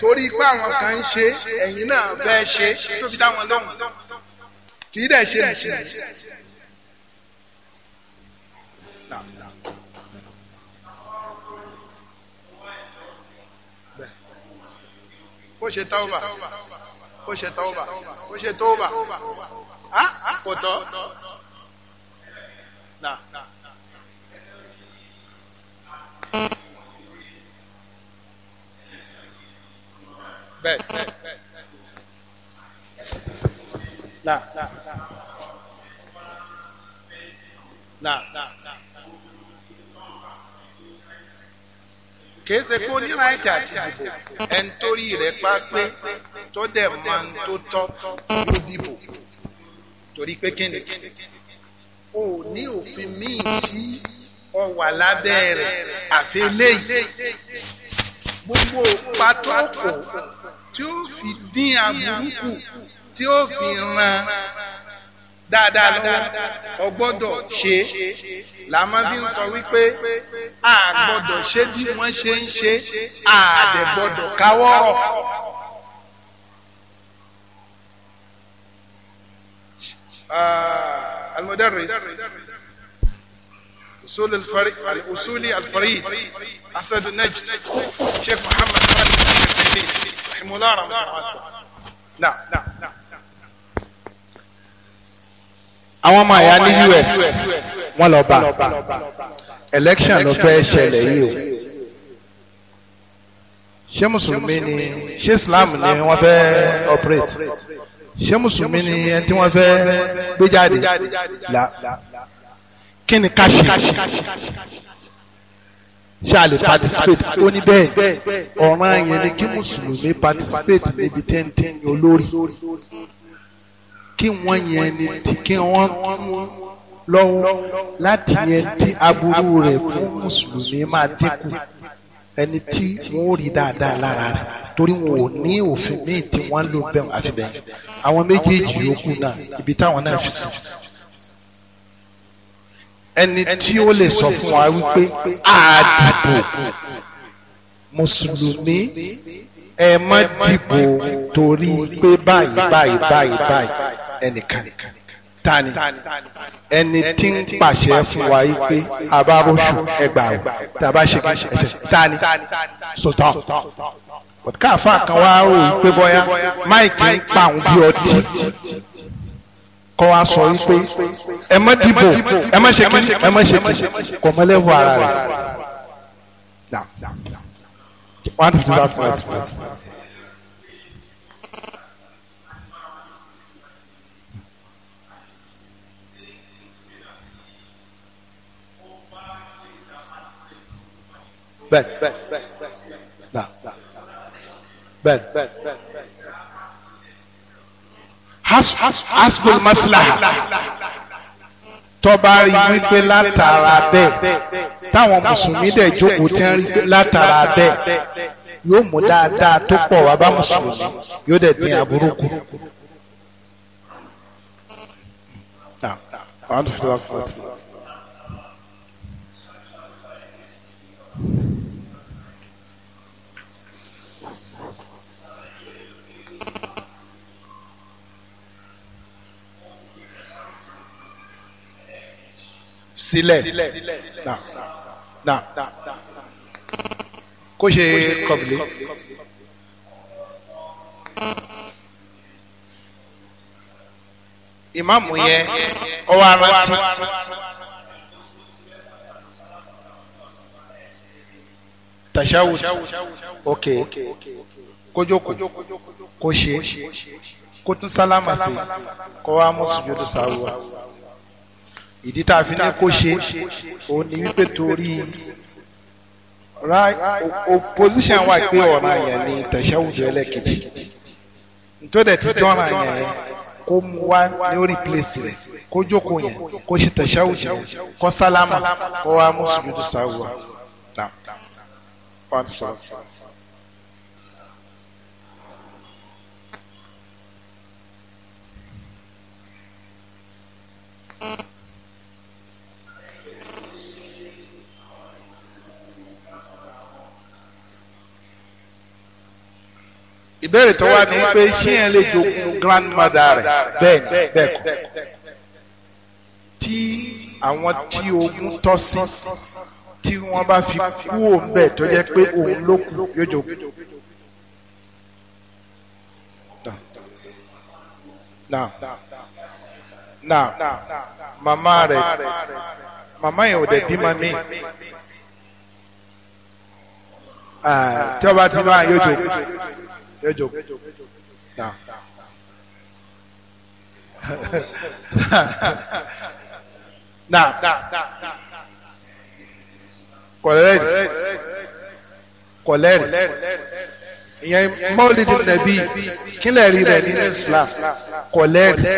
torí pé àwọn kan ń ṣe ẹ̀yin náà bẹ́ẹ̀ ṣe tó fi dá wọn lọ́hùn kì í dẹ̀ ṣe mùsùlùmí. 我写刀吧，我写刀吧，我写刀吧，啊啊，我刀，那，别别别，那那那，那那那。kìí ṣe kó ní ráìtì àti ìdìbò ẹni torí rẹ̀ pa pé tó dẹ̀ máa ń tó tọ́ ló dìbò torí pé kíni o ní òfin míì tí ọ wà lábẹ́ rẹ̀ àfi eléyìí gbogbo pátó kò tí ó fi dín aburú kù tí ó fi ran dáadáa lọ́wọ́ ó gbọ́dọ̀ ṣe la máa fi ń sọ wípé a gbọ́dọ̀ ṣe bí wọ́n ṣe ń ṣe a dẹ̀ gbọ́dọ̀ káwọ́rọ̀. المدرس أصول الفريق أصولي الفريد أسد النجد شيخ محمد صالح رحمه الله رحمه الله نعم نعم نعم àwọn ọmọ àyà ní US wọ́n lọ bá election ló fẹ́ ṣẹlẹ̀ yìí o ṣé mùsùlùmí ni ṣé Islam ni wọ́n fẹ́ operate ṣé mùsùlùmí ni ẹni tí wọ́n fẹ́ gbé jáde là kí ni ká ṣe ṣe a participate ó ní bẹ́ẹ̀ ọ̀ràn yẹn ni kí mùsùlùmí participate níbi tẹ́ntẹ́n olórí kí wọ́n yẹn ni tí kí wọ́n lọ́wọ́ láti yẹn tí aburú rẹ̀ fún mùsùlùmí máa dínkù ẹni tí wọ́n rí dáadáa lára rẹ̀ torí wọn ò ní òfin míì tí wọ́n lò bẹ́ẹ̀ àfi bẹ́ẹ̀ àwọn méjèèjì yòókù náà ibi táwọn náà fi sí ẹni tí ó lè sọ fún wa wípé àdìbò mùsùlùmí ẹ má dìbò torí pé báyìí báyìí báyìí báyìí ẹnìkan tani ẹni tí ń pàṣẹ fún wa yìí pé abaroṣu ẹgbàá tàbá ṣe ẹsẹ tani sọtàn káfa kan wá rò wípé bóyá máìkì ń pa àwọn bí ọtí kọ́ wa sọ wípé ẹ má dìbò ẹ má ṣe kí ẹ má ṣe kò mọ lẹ́wọ̀ ara rẹ̀. Ben, Ben, Ben, hasbul maslaha tọba rí wípé látara bẹ́ẹ̀ táwọn mùsùlùmí dẹ̀ jókòó tí ń rí látara bẹ́ẹ̀ yóò mú dáadáa tó pọ̀ wá bá mùsùlùmí yóò dẹ̀ dín aburú kù. I want to feel that. sílẹ̀ náà náà kó ṣe kọ̀bìlì. ìmáàmù yẹn ọwọ́ arántí. tashawud ok kojoko kó ṣe kó tún sálámà sí kó wá mú sùjúdù sáwùwà ìdí tá a fi ní kó ṣe òun ni wípé torí opposition wa pé ọ̀ràn àyàn ni tẹ̀síwájú ẹlẹ́kejì nítorí ẹ̀ ti jọ́ràn àyàn yẹn kó mu wá ní ó replace rẹ̀ kó jókòó yẹn kó ṣe tẹ̀síwájú yẹn kó sálámà kó wá mú sùdúdú sáwùwà. Thank you. ìbéèrè tó wà ní pé ṣé ẹ lè jogun grandmother rẹ bẹ́ẹ̀ ni bẹ́ẹ̀ kọ́ tí àwọn tí ogun tọ́ sí tí wọ́n bá fi kú òun bẹ́ẹ̀ tó jẹ́ pé òun ló kù yóò jogun. now now màmá rẹ màmá yẹn ò dẹ̀ bímọ mi ah, tí ọba ti bá yóò jogun ẹ jọ na na kọlẹri kọlẹri ìyẹn mọ́lìdì nàbí kílẹ̀rì rẹ̀ nínú Islam kọlẹri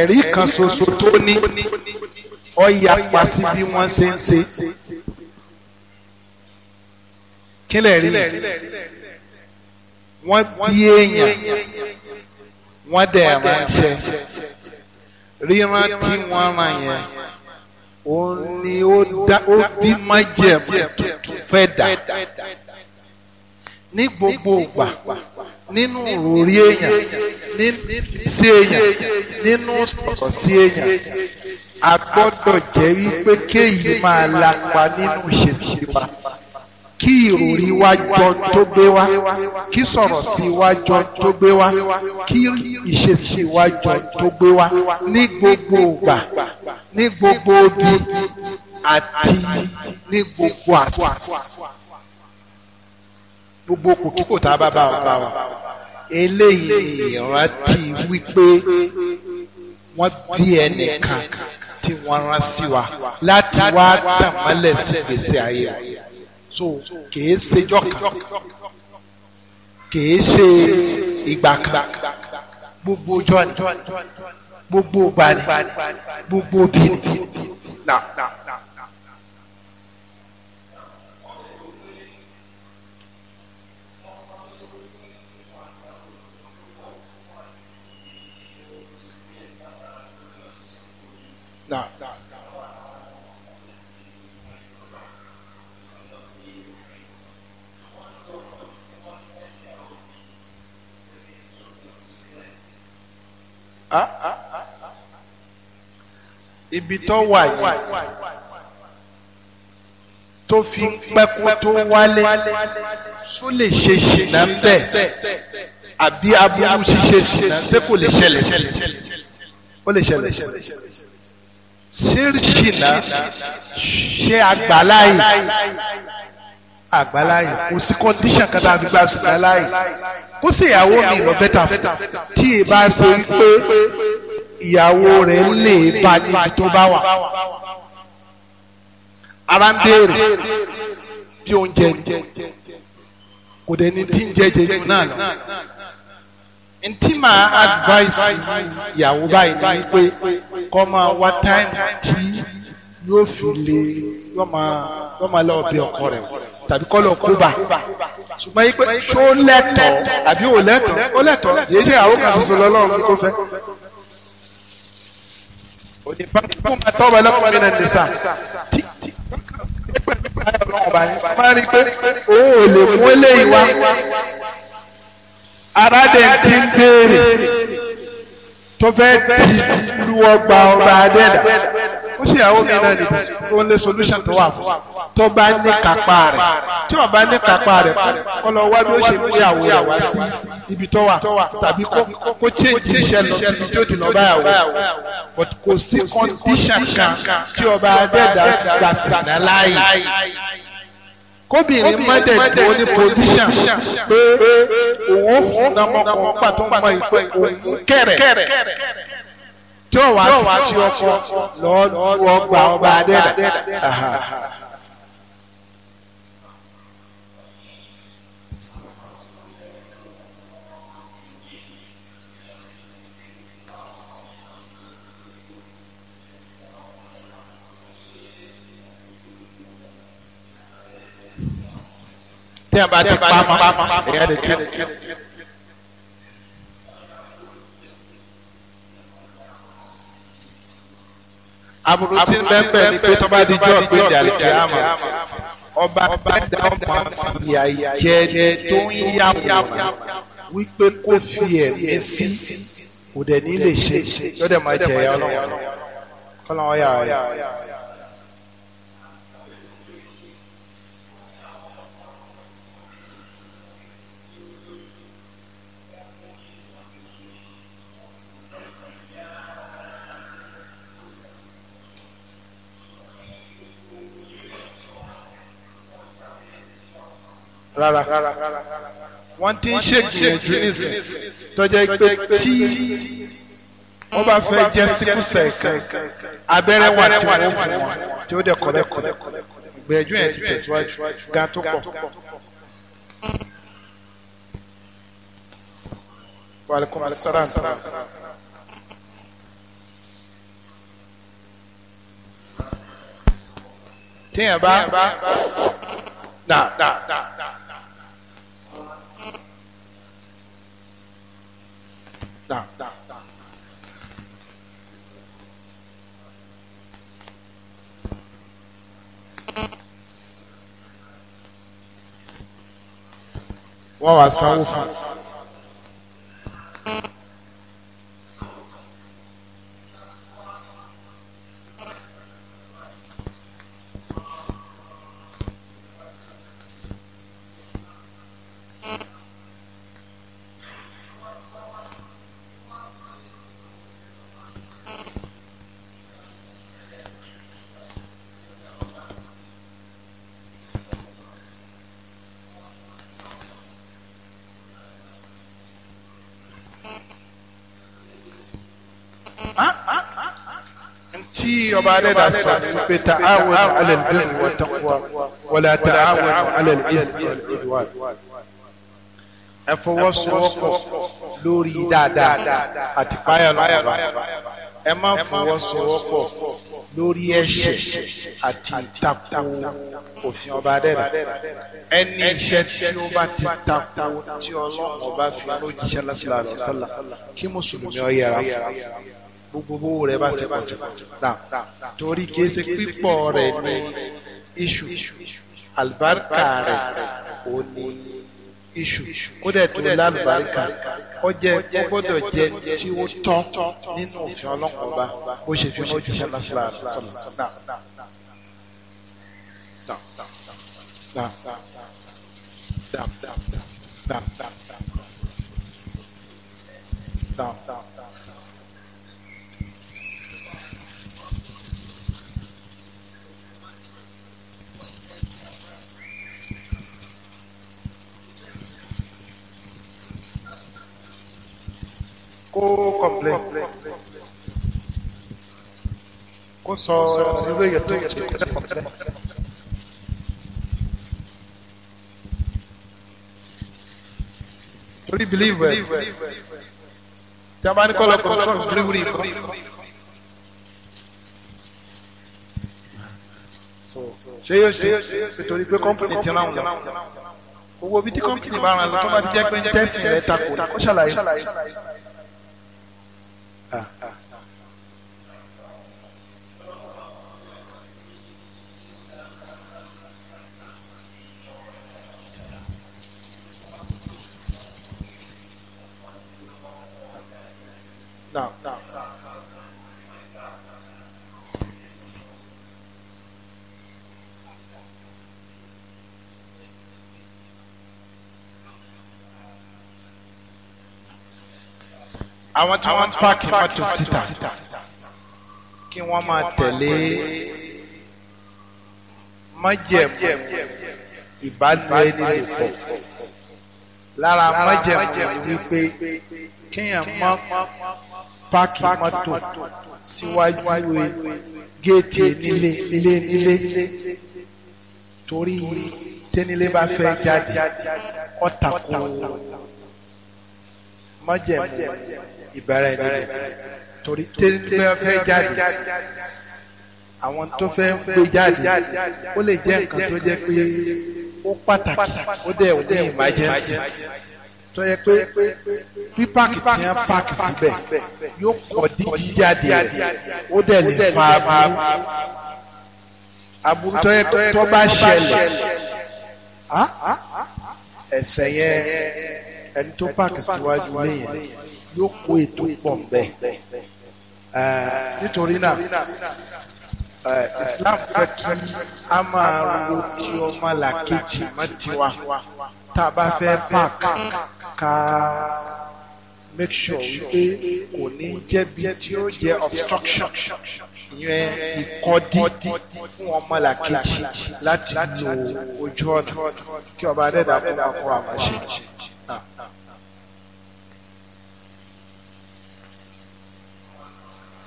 ẹ̀rí kan ṣoṣo tó ní ọ̀ya pàṣẹ bí wọ́n ṣe ń ṣe kílẹ̀rì wọ́n bí èèyàn wọ́n dẹ̀ ránṣẹ́ ríran tí wọ́n ràn yẹn òun ni ó bí májẹ̀mú tuntun fẹ́ dà ní gbogbo ìgbà nínú òrí èèyàn sí èèyàn nínú sọ̀rọ̀ sí èèyàn a gbọ́dọ̀ jẹ́ wípé kéyìí máa lapa nínú ìṣesí wa kí ìròrí wa jọ tó gbé wa kí sọ̀rọ̀ sí wa jọ tó gbé wa kí ìṣesí wa jọ tó gbé wa ní gbogbo ìgbà ní gbogbo ibi àti ní gbogbo àti gbogbo kò kí tá a bá bá wa bá wa eléyìí ìrántí wípé wọ́n bí ẹnìkan tí wọ́n rán sí wa láti wá tàmọ́lẹ̀ sí gbèsè ayé wa so kìí ṣèjọ kan kìí ṣe ìgbà kan gbogbo ọjọ́ ni gbogbo ìgbà gbogbo obìnrin ibi tó wà yìí tó fi pẹ́kú tó wálé só lè ṣe ṣìnà ń bẹ̀ àbí aburú ṣíṣe ṣìnà ṣé kò lè ṣẹlẹ̀ ó lè ṣẹlẹ̀ ṣé ṣìnà ṣé àgbáláyè àgbáláyè kò sí kọ́ndíṣàn kan tá a fi gba ṣìnà láyè kó sì ìyàwó mi lọ bẹ́tà tí ì bá ṣe pé ìyàwó rẹ̀ lè bá níbi tó bá wà ara ń béèrè bí oúnjẹ ni kò dẹ̀ ní tí ń jẹjẹ jù náà lọ ntí màá advice ìyàwó báyìí ni wípé kó máa wá time tí yóò fi lè yóò máa yóò máa lọ bí ọkọ rẹ̀ tàbí kọ́ lọ kóbá ṣùgbọ́n yí pé ṣó lẹ́tọ̀ọ́ àbí ò lẹ́tọ̀ọ́ ó lẹ́tọ̀ọ́ yìí ṣe àwọn kan ṣoṣo lọ́lọ́run tó fẹ́. onífàkùn máa tọ́ ọmọ ẹlẹ́kùn mi nàìjíríà sá tí máa rí pé òun ò lè mú eléyìí wá ara dẹ̀ ti ń béèrè tó fẹ́ ti lu ọgbà ọba adẹ́dà ó ṣe ìyàwó mi náà ní only solution tó wà fún tó bá ní kápá rẹ̀ tí ó bá ní kápá rẹ̀ kó lọ wá bí ó ṣe mú ìyàwó rẹ̀ wá sí ibi tó wà tàbí kó change iṣẹ́ lọ síbi tí ó ti lọ báyàwó but kò sí condition kan tí ọba adẹ́dá gbà sànà láàyè kóbìnrin mọ́dẹ̀ tó ní position pé òun fún ọmọkùnrin pàtó mọ́ ìpè òun kẹ̀rẹ̀ tí ó wá tí ọkọ lọ́ọ́ ọgbà ọba adẹ́dà. tí a bá ti pa mọ́ èèyàn lè kí. aburú tí bẹ́ẹ̀ ni pé tó bá di jọ́ pé jàre jẹ́ àmọ́ ọba ẹ̀dá ọmọ ìyà ìjẹ tó ń yàwó wípé kó fi ẹ̀mí sí kò dẹ̀ ní lè ṣe yọ́dẹ̀ máa jẹ̀yà ọlọ́wọ́ kọ́lọ́wọ́ yà ọ́ rárá wọ́n ti ń ṣègbìyànjú nísìn tọ́jà pé tí wọ́n bá fẹ́ jẹ́ síkúsẹ̀ kan abẹ́rẹ́ wà tí wọ́n fún wọn tí ó dẹ̀ kọ́lẹ́kọ́lẹ́ gbẹ̀jú yẹn ti tẹ̀síwájú gan tó pọ̀. Wàlúkùn asalaam. Téèyàn bá na na na. Down, down, down. wọ́n wá ọba adẹ́dà sọ ní pé ta'awanu 'ala al-birri wat-taqwa wa la ta'awanu 'ala al-ithmi wal-'udwan. ẹ fọwọ́sowọ́pọ̀ lórí dáadáa àti páyà lọ́wọ́ ẹ má fọwọ́sowọ́pọ̀ lórí ẹ̀ṣẹ̀ àti ìtakò òfin ọba adẹ́rẹ́ ẹni iṣẹ́ tí ó bá ti takò tí ọlọ́run ọba fi ló jíṣẹ́ lásìlá lọ́sàlá kí mùsùlùmí ọ yẹra fún gbogbo owó rẹ̀ bá ṣe pọ̀ sí torí kìí ṣe pípọ̀ rẹ̀ ní iṣu àlùbáríkà rẹ̀ ò ní iṣu kó dẹ̀ tó lálùbáríkà ó jẹ́ ó gbọ́dọ̀ jẹ́ tí ó tọ́ nínú òfin ọlọ́kọ̀ọ́ba ó ṣe fi mọ́jú ṣáláṣálá rẹ̀ sọ̀rọ̀. Dam, kó complain kó sọ irú èyàn tó yẹ kó jẹ́ complain. torí believe ẹ tí a bá ní kọ́lọ̀ kọ́ sọ̀rọ̀ wíríwírí ìfọ́. ṣé yóò ṣe nítorí pé company ti ràn wọ́n owó bíi tí company bá ràn lọ́tọ́ bá ti jẹ́ pé tẹ́sí rẹ̀ takò ó ṣàlàyé. No. Now, àwọn tí wọ́n ń pààkì mọ́tò síta kí wọ́n máa tẹ̀lé májẹ̀mú ìbánilẹ́nilẹ́pọ̀ lára májẹ̀mú wípé kéèyàn má pààkì mọ́tò síwájú e géètì nílé nílé nílé torí tẹ́nilé bá fẹ́ jáde ọ̀tàkùn májẹ̀mú ìbára ẹni lò torí tẹ́lifíà fẹ́ jáde àwọn tó fẹ́ gbé jáde ó lè jẹ́ nǹkan tó jẹ́ pé ó pàtàkì ó dẹ̀ ó dẹ̀ emergency tó yẹ pé pípàkì tí wọ́n pàkì síbẹ̀ yóò kọ́ díjí jáde rẹ̀ ó dẹ̀ lè fa aburú aburú tó yẹ pé tó bá ṣẹlẹ̀ ẹsẹ̀ yẹn ẹni tó pàkì síwájú lẹ́yìn yóò kó ètò pọ̀ bẹ́ẹ̀ nítorí náà eh, Islam fẹ́ kí a máa ro ti ọmọ làkejì mọ́ tiwa tá a bá fẹ́ park ká make sure wípé kò ní jẹ́ bí tí ó jẹ́ obstruction ìyẹn ìkọ́dí fún ọmọlàkejì láti lo ojú ọ̀nà kí ọba adẹ́dàá kó máa kó àmọ́ ṣe.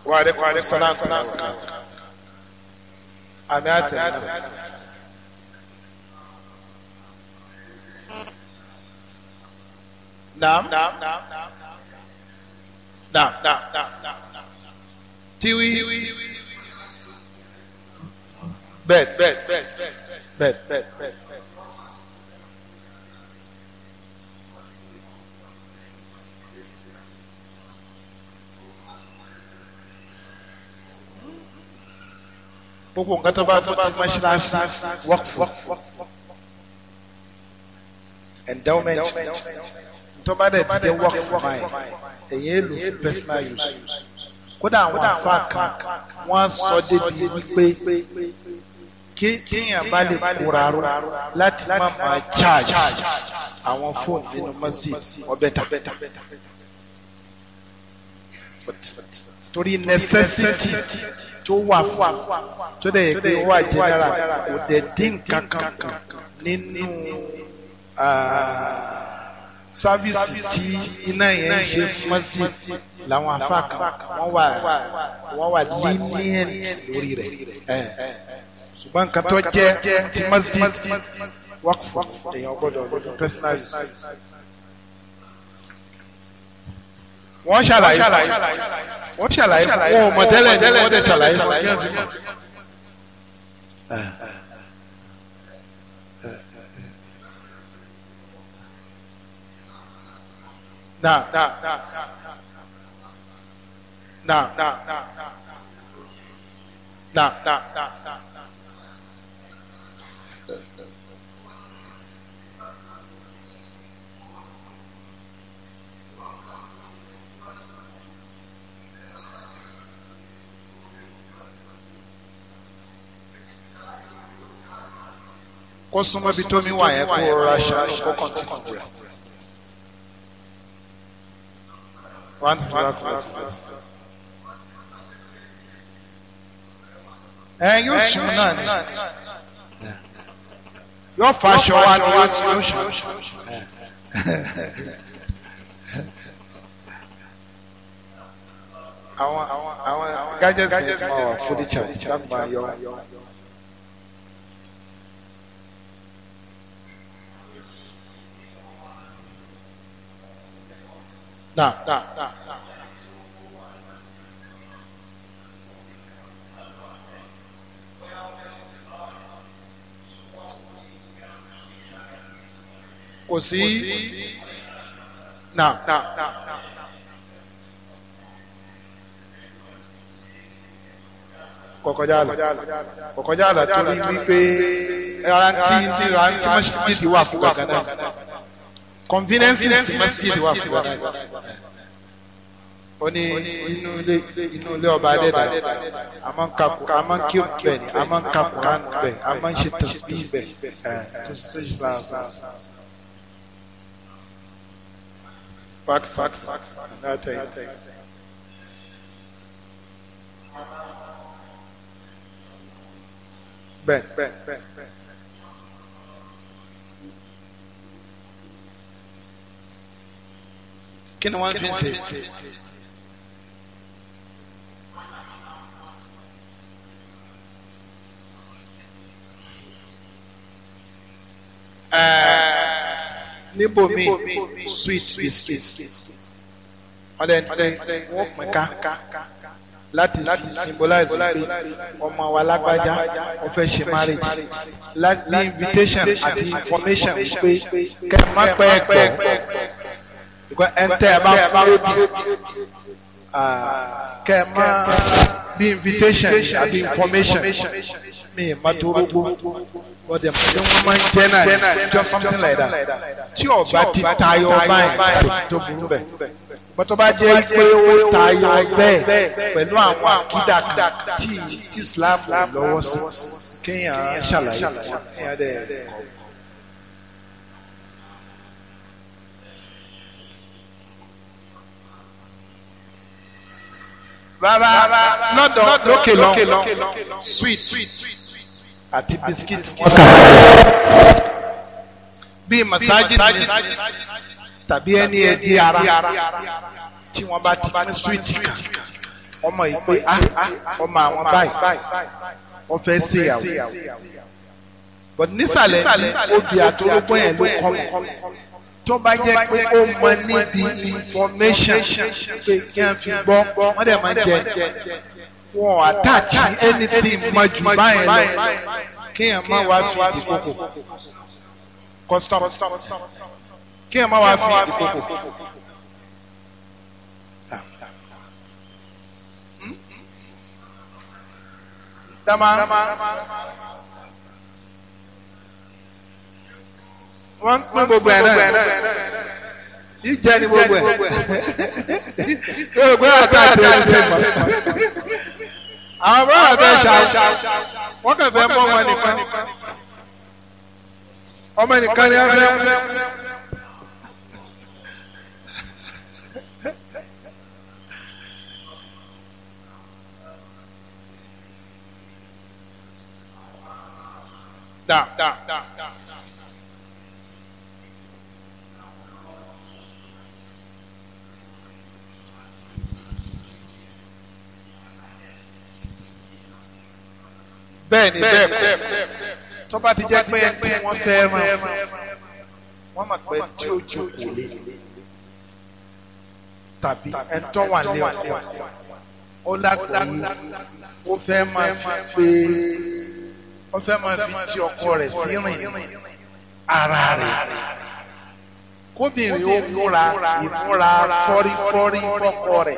wa alaikum salam wa rahmatullahi anata naam naam naam naam naam tiwi bed bed bed bed bed bed bed gbogbo nǹkan tó bá tó ti mọ́ṣáláṣí wọ́kfù endowment tó bá dẹ̀ dídé wọ́kfù máa èyí èlò fún personal use kódà àwọn àfa kan wọ́n sọ débi wípé kí kéèyàn bá lè kóra ró láti má máa charge àwọn fóònù nínú mọ́sí ọbẹ̀ ta torí necessity. necessity tó wà fún tó dẹ̀ yẹ pé wà jẹ́nẹ́ra kò dẹ̀ dín kankan kù nínú sáfíìsì tí iná yẹn ń ṣe fún masjid làwọn afa wọ́n wà wọ́n wà lenient lórí rẹ̀ ṣùgbọ́n nǹkan tó jẹ́ ti masjid work for èèyàn gbọ́dọ̀ gbọ́dọ̀ personal use. wọ́n ṣàlàyé wọ́n ṣàlàyé wọn ò mọ̀ tẹ́lẹ̀ ní wọ́n dẹ̀ ṣàlàyé wọn kí wọ́n fi mọ̀. na na na na na na na na. kó súnmọ́ bí tómi wà yẹn kó rọra ṣàánú kó kọ́ntínú rẹ̀. one hundred and ẹ yóò sùn náà ni yóò fa aṣọ wa ni wọ́n ti yóò sùn. àwọn àwọn àwọn gadgets yẹn ti máa wà fully charged lágbàá yọ. náà. kò sí náà. kọkọjá àlà kọkọjá àlà torí wípé rántí rántí mọ́ṣíṣíṣì wà fún gbàgádà conveniences ti masjid wà fún wa ó ní inú ilé inú ilé ọba adẹ́dà a máa ń ka kó a máa ń kírun bẹ́ẹ̀ ni a máa ń ka Quran bẹ́ẹ̀ a máa ń ṣe tasbih bẹ́ẹ̀ tó tó islam pakistan nata yi. bẹ́ẹ̀ kí ni wọ́n fi ń ṣe. sweet eh, sweet biscuit ọdẹ wọn pín ká láti symbolize pé ọmọ wa lágbájá ó fẹ́ ṣe marriage ní invitation àti information pé kẹ́ ẹ má pẹ́ pẹ́ pẹ́ ẹ̀ńtẹ́ ẹ̀ bá ń fún invitation àbí information mi ì má tó rógbó wọ́n dẹ̀ mọ̀ just something like that tí ọba ti tayọ báyìí kò sí tó burú bẹ́ẹ̀ bọ́tọ́ bá jẹ́ pé ó tayọ bẹ́ẹ̀ pẹ̀lú àwọn àkídà kan tí Islam lọ́wọ́ sí kéèyàn ṣàlàyé kéèyàn dẹ̀ kọ̀ọ̀kan. rárá lọ́dọ̀ lókè lọ sweet àti biscuit wọ́n kà bíi masajid tàbí ẹni ẹdí ara tí wọ́n bá ti ní sweet kan ọmọ yìí pé ah, ọmọ àwọn báyìí wọ́n fẹ́ ṣe ìyàwó but nísàlẹ̀ obì àtológbó yẹn ló kọ́ mọ́ tó bá jẹ́ pé ó mọ níbi information pé kí n fi gbọ́ wọ́n dẹ̀ máa jẹ wọn attach anything mọ jù báyẹn lọ kéèyàn má wá fi ìdìkòkò custom kéèyàn má wá fi ìdìkòkò. Dama. Dama. wọ́n ń pín gbogbo ẹ̀ náà ìjẹ ni gbogbo ẹ̀ gbogbo ẹ̀ tá a ti rẹ̀ ṣe mọ́. àwọn bá wà fẹ́ ṣá wọ́n kàn fẹ́ mọ́ wọn nìkan ọmọ nìkan ni wọ́n fẹ́. da da da da bẹ́ẹ̀ ni bẹ́ẹ̀ kọ́ tọ́ba ti jẹ́ pé tí wọ́n fẹ́ ràn fún wọ́n mọ̀ pé tí ó jókòó lé tàbí ẹ̀tọ́ wà lé ọ̀ ó lágbàáyé ó fẹ́ máa fi pé ó fẹ́ máa fi ti ọkọ rẹ̀ sí rìn ara rẹ̀ kóbìnrin ó múra ìmúra fọ́rífọ́rí kọ́kọ rẹ̀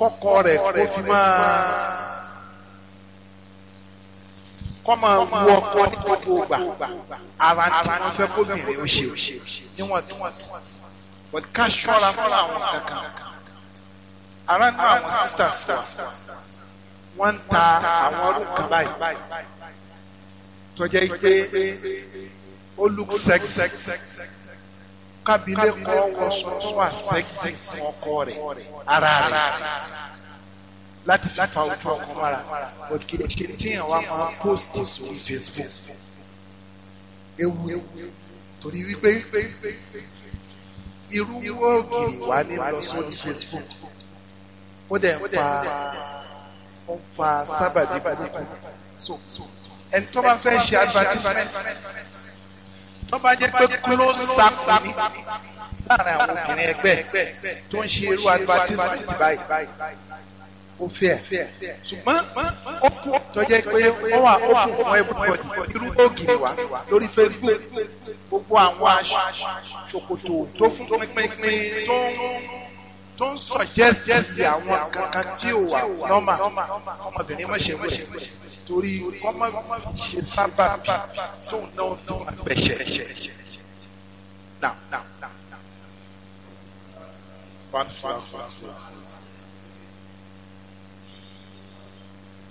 kọ́kọ rẹ̀ kó fi máa kọ́ máa wú ọkọ ní gbogbo gbà ara tí wọ́n fẹ́ kóbìnrin ó ṣe níwọ̀n tí wọ́n sì wọ́n ká ṣọ́ra fún àwọn kankan ara nínú àwọn sisters wa wọ́n ń ta àwọn ọdún kan báyìí tọ́jà ìgbé ó look sexy kábílẹ̀ kọ́ wọ́n sọ́sọ́ àsẹ́kì ọkọ rẹ̀ ara rẹ̀ láti fi fa ojú ọkọ mára but kì í ṣe tíyàn wá máa post sórí Facebook ewu torí wípé irú ògiri wà ní lọ sórí Facebook ó dẹ̀ ń fa ó ń fa sábàbí burúkú so ẹni tó bá fẹ́ ṣe advertisement tó bá jẹ́ pé close circle ní láàrin àwọn obìnrin ẹgbẹ́ tó ń ṣe irú advertisement báyìí ó fẹ́ ẹ̀ ṣùgbọ́n ó kú tọ́jẹ́ pé ó wà ó kù fún everybody irú ògiri wa lórí Facebook gbogbo àwọn aṣọ ṣòkòtò tó fún pínpín tó ń tó ń suggest di àwọn kankan tí ò wà nọ́mà ọmọbìnrin mọ̀ṣẹ̀mọ̀ṣẹ̀ torí ọmọ ṣe sábà bí tó ń náwó tó ń gbẹ̀ṣẹ̀. Now, now, now, now. One, one, one, one, one.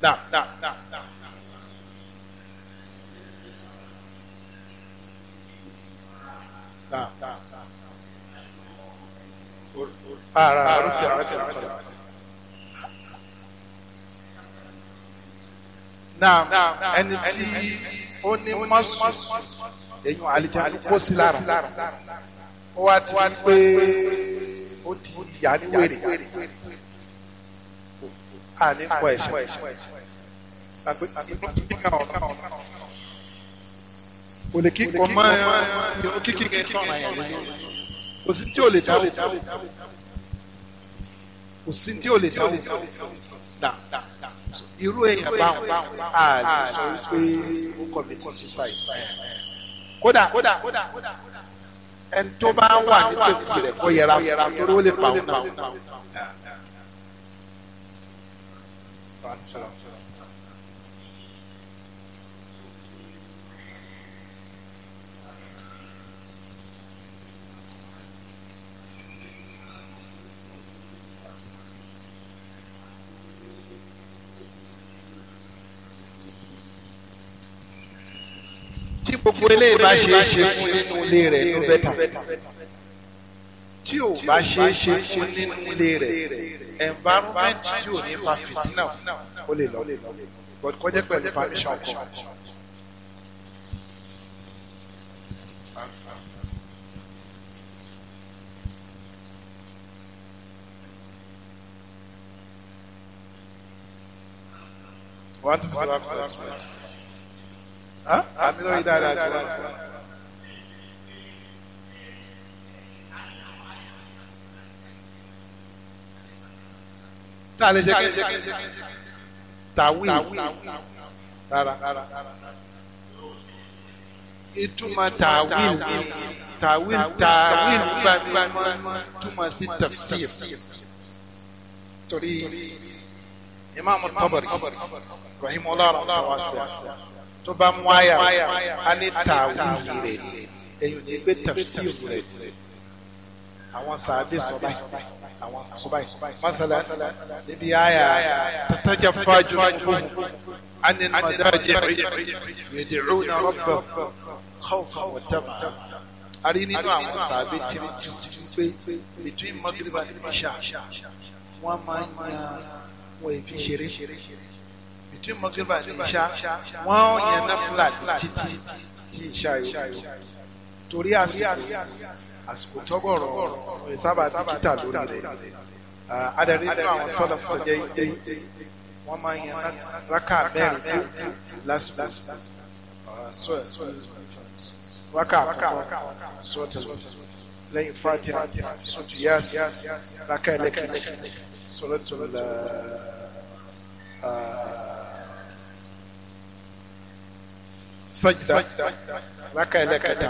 Now, now, now, now. نعم نعم نعم رفع رفع naam ẹni tí ó ní mọ́sù èyàn àlìjáde kó sí lára ó wá ti pé ó ti yà ní wèrè àní kọ ẹ̀ṣẹ̀ kò lè kí kò mọ irun kíkí kẹ tọ́ra yẹn lórí kò sí tí ò lè dáwọ́ kò sí tí ò lè dáwọ́ dà irú èèyàn báwọn a lè sọ wípé ó kọ̀mìtì suicide kódà ẹni tó bá wà nítòsí rẹ̀ kó yẹra fún un torí ó lè pa òun náà. والسلام tí gbogbo eléyìí bá ṣe é ṣe fún nínú ilé rẹ̀ ló bẹ́tà tí ò bá ṣe é ṣe fún nínú ilé rẹ̀ environment tí ò ní fa fìtínà ó lè lọ but kọjá pẹ̀lú permission ọkọ. Wọ́n tún fi wá kọ́ ọ́. Àmì lórí dáadáa jù tá a lè ṣe kí tàwí rárá ìtumọ̀ tàwí tàwí tàwí gbàgbà tafsir torí imam tabari rahim ọlọ́run tó wá sí tó bá mú àyà á ní tàwí rẹ̀ èyí tafsir rẹ̀ àwọn sàbẹ̀ sọ báyìí àwọn àkókò báyìí masala níbi àyà tatajafa junubuhum عن المضاجع يدعون ربهم خوفا وطمعا ari nínú àwọn sàbẹ tìrìtì sí pé between Maghrib and Isha wọn máa ń yan wọn èfi ṣeré between Maghrib and Isha wọn yan náfìlà títí tí ìṣá torí àsìkò àsìkò tọ́gọ̀rọ̀ ọ̀rọ̀ sábà dókítà lórí rẹ̀ adarí nínú àwọn sọ́lá sọ́jẹ́ ìdè wọ́n máa ń yan rákà mẹ́rin tó lásìkò rákà àkọ́kọ́ sọ́tò lẹ́yìn fatiha sọ́tò yáàsì rákà ẹlẹ́kẹ̀ẹ́lẹ́ sọ́tò sajda rákà ẹlẹ́kẹ̀ẹ́ta.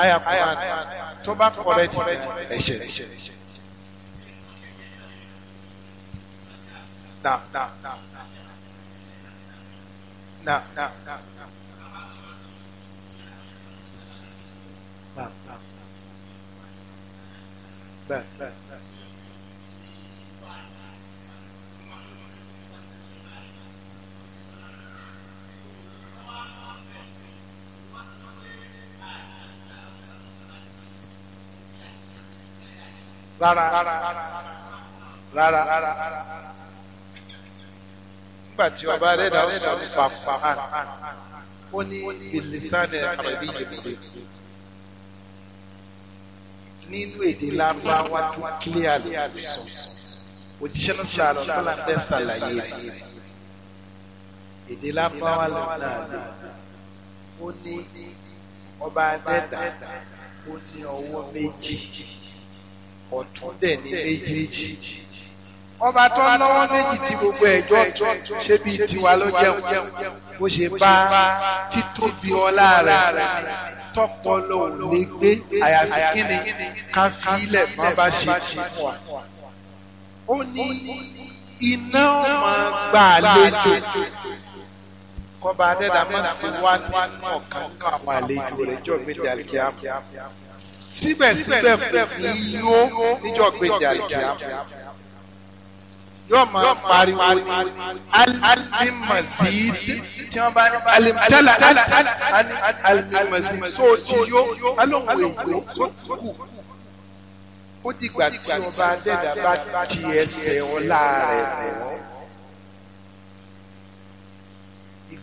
àyà Quran tó bá kọ̀rẹ́tì ẹ̀ṣẹ̀. na na na na na na na na rárá rárá nígbà tí ọba rẹ̀dá sọ pàpà ó ní bilisane àbẹ̀bí yìí nínú èdè lárúbáwá tó kílíà lè sọ òjíṣẹ́ náà ṣe àlọ́ sọ́lá ń bẹ́ ṣàlàyé èdè lárúbáwá lọ́nà àlè ó ní ọba adẹ́dà ó ní ọwọ́ méjì ọ̀tún dẹ̀ ní méjèèjì ọba tó ń lọ́wọ́ méjì tí gbogbo ẹ̀jọ́ ṣe bí tiwa ló jẹun bó ṣe bá títóbi ọlá rẹ̀ tọpọlọ ò lè gbé àyàfi kíni ká fi ilẹ̀ má bá ṣe fún wa. ó ní iná máa gbà àlejò kọba adẹ́dàá wá ní ọ̀kan náà àwọn àlejò rẹ̀ jọ̀ọ́ méjì àlùkìyàmù síbẹ̀síbẹ̀ kò ní yó níjọ́ gbèdé àlùkìá yóò máa pariwo alimazid tí wọ́n bá ní alimtala alimazid so ti yó alóhùn èyí tó kù ó dìgbà tí wọ́n bá dẹ́dà bá ti ẹsẹ̀ ọlá rẹ̀ lọ́wọ́.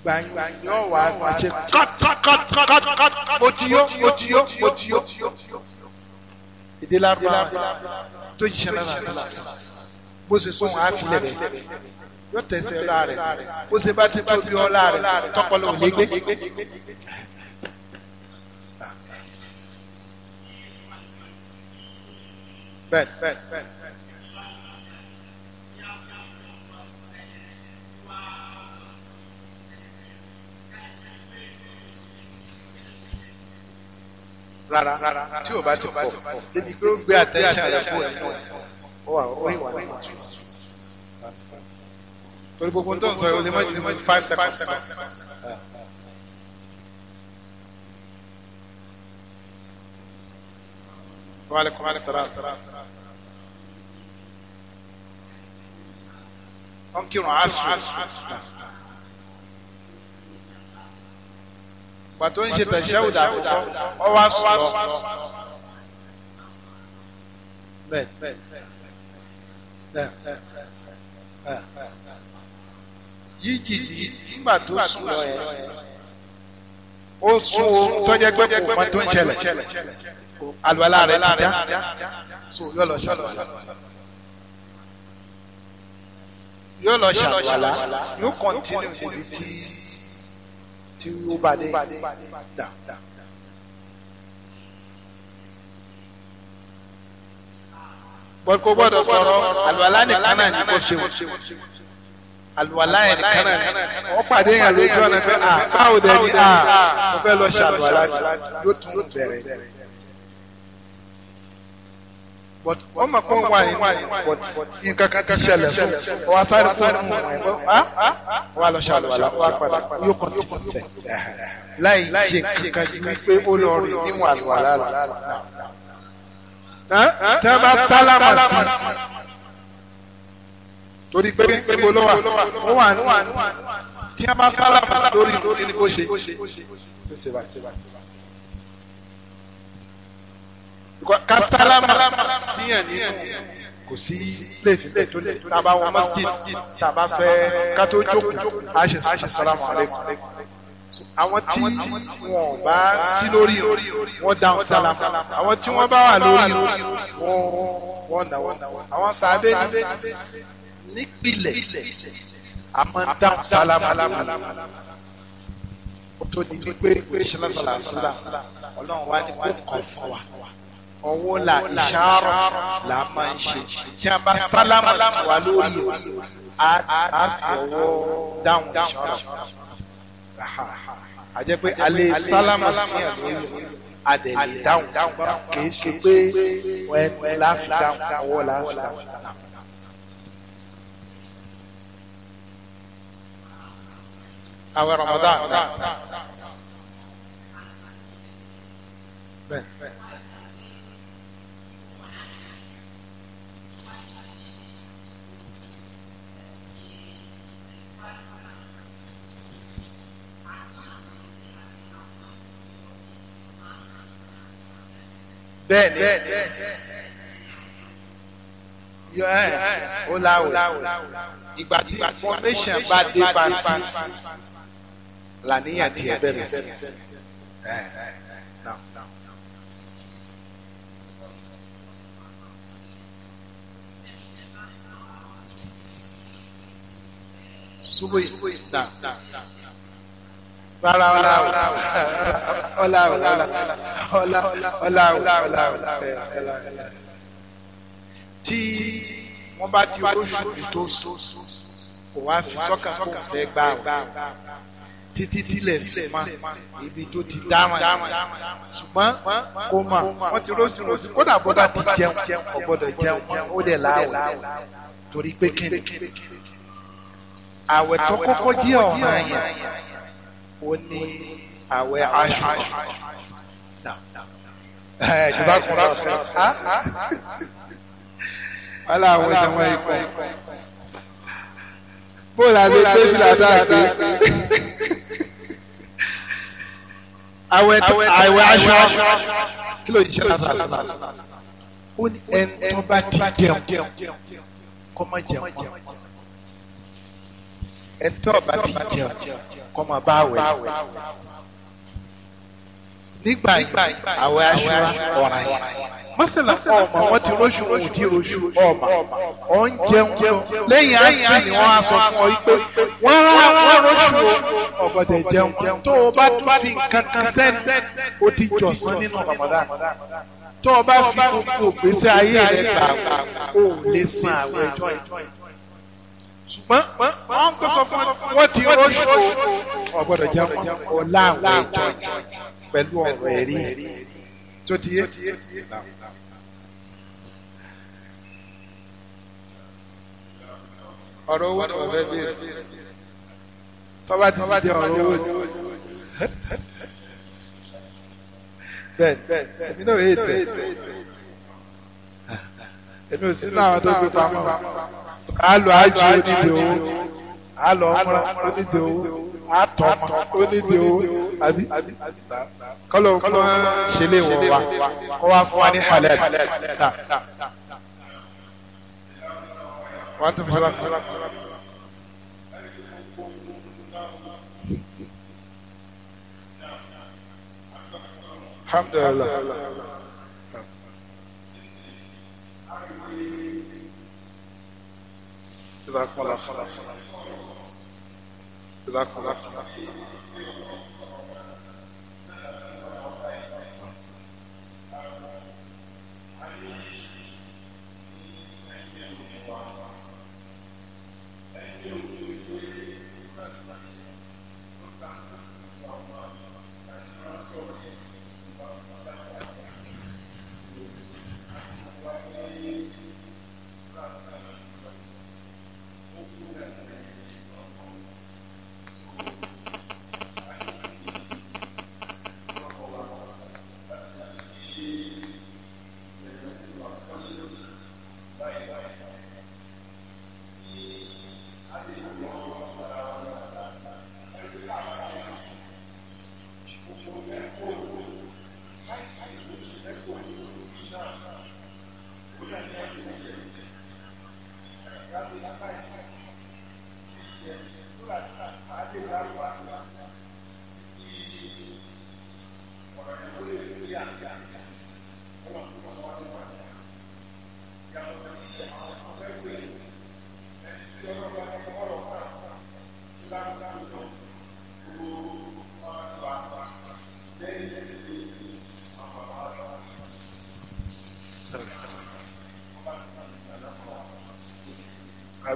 gbàyàn yóò wá àgbàjẹ kọtkọtkọtkọt mo ti yó mo ti yó mo ti yó èdè lábàá tó yíṣẹ́ náà sílá bó ṣe sún àáfin lẹ̀ yóò tẹ̀sẹ̀ ọlá rẹ̀ rárá tí o bá ti pọ̀ débi pé ó gbé attention rẹ̀ kúrò nínú ẹ̀ ó wà ó ìwà nínú ẹ̀ torí gbogbo tó ń sọ yìí ó lè mọ́ ju five seconds. وعليكم السلام ممكن عصر pàtó ń ṣe tẹ̀síẹ́wùdà ọwọ́ sọ̀rọ̀ bẹ́ẹ̀ bẹ́ẹ̀ bẹ́ẹ̀ bẹ́ẹ̀ yìí jìdí nígbà tó sùn lọ yẹn ó sún o tọ́jẹ́ pé kò mọ tó ń ṣẹlẹ̀ àlùwalá rẹ̀ ti dá so yóò lọ ṣọlọ yóò lọ ṣàlùwalá yóò kọ́ntínú níbi tí tí ó bá dé dà dà. bọ́n kò gbọ́dọ̀ sọ̀rọ̀ àlùwàlá nìkan náà ní kò ṣe wọ́n àlùwàlá yẹn nìkan náà ni wọ́n pàdé yẹn lójú ọ̀nà pé báwo dẹ̀ ni mo fẹ́ lọ ṣàlùwàlá yóò tún bẹ̀rẹ̀ wọ́n mọ̀ pé wà yín nǹkan kan kan ṣẹlẹ̀ fún wa sáré fún un wa lọ ṣàlùwàlà wa padà yóò kọ́ tó tẹ̀ láì ṣe kankan ju pé ó lọ rìn nínú àlùwàlà rẹ̀. tí wọ́n bá sálámà sí torí pé gbogbo ló wà ó wà nù tí wọ́n bá sálámà lórí lórí ni kò ṣe kásálámà síyàn nínú kò sí lẹ́ẹ̀fílẹ̀ tó lè taba wọn masjid tàbá fẹ́ kátó jókòó àṣẹ assalamu alaikum àwọn tí wọn bá sí lórí wọn dáhùn sálámù àwọn tí wọn bá wà lórí wọn wọn náwó àwọn sàbẹ nípìlẹ̀ àmọ́ dáhùn sálámù tó di pé pé ṣẹlẹ̀ sàlàsílà Ọlọ́run wa ni kò kọ fún wa ọwọ́ la ìṣàárọ̀ la máa ń ṣe tí a bá sálámà sí wa lórí o a fi ọwọ́ dáhùn ìṣàárọ̀ a jẹ́ pé a lè sálámà sí ẹ̀ lórí a dẹ̀ lè dáhùn kì í ṣe pé ẹnu la fi dáhùn ọwọ́ la fi dáhùn. àwẹ̀ Ramadan bẹ́ẹ̀ ni yọ ẹ ó láwẹ̀ ìgbà tí information bá dé pàṣẹ làníyàn tiẹ̀ bẹ̀rẹ̀ sí ẹ ẹ náà. subuhi na rárá ọlá ọlá ọlá ọlá ọlá ọlá ọlá ọlá tí wọ́n bá ti olóṣù tó so kò wá fi sọ́kà kó fẹ́ gbà wá títí tílẹ̀ sílẹ̀ mọ́ ibi tó ti dáhùn ṣùgbọ́n kò mọ̀ wọ́n ti lóṣù lóṣù kódà bó bá ti jẹun kò gbọ́dọ̀ jẹun ó dẹ̀ láàwọ̀ torí pé kíni àwẹ̀ tó kọ́kọ́ jẹ́ ọ̀ràn yẹn ó ní àwẹ̀ aṣọ jùlọ kúrò ọ̀sẹ̀ wàhálà àwọn ìjọba ikọ̀ bóòlù àti gbèsè àti àgbè àwẹ̀ aṣọ kí ló yíṣẹ́ láti àṣà ó ní ẹni tó bá ti jẹun kọ́ mọ́ jẹun tó bá ti jẹun kọ́ máa bá àwẹ̀ nígbà yìí àwẹ̀ aṣọra ọ̀ràn yẹn mọ́tàlá ọmọ wọn ti roṣù òun ti roṣù ọmọ ọ ń jẹun lẹ́yìn àṣì ni wọ́n á sọ fún ọ pé wọ́n rà wọ́n roṣù ọ̀gọ̀dẹ̀ jẹun tó o bá fi nǹkan kan sẹ́ni o ti jọ̀sán nínú Ramadan tó o bá fi gbogbo ìgbésí ayé rẹ̀ gbà o lè sin àwọn ẹjọ́ yìí ṣùgbọ́n wọ́n kò sọ fún wọ́n ti rọ́ṣọ́ ọ̀gbọ́dọ̀ jẹ́ ọ̀la àwọn ètò pẹ̀lú ọ̀rọ̀ ẹ̀rí tó ti yé. ọ̀rọ̀ owó ni wọ́n fẹ́ bí tọ́ba ti di ọ̀rọ̀ owó ni bẹ́ẹ̀ èmi náà yé tẹ̀ èmi ò sí náà tó pamọ́ alò àjò onídìí o alò ọmọra onídìí o àtọmọ onídìí o àbí kọlọ kọlọ ṣẹlẹ̀ wọ wa kọ wa fún wa ní halal ta wọn tún fọlá fọlá fọlá. alhamdulillah. C'est la fondation nationale. la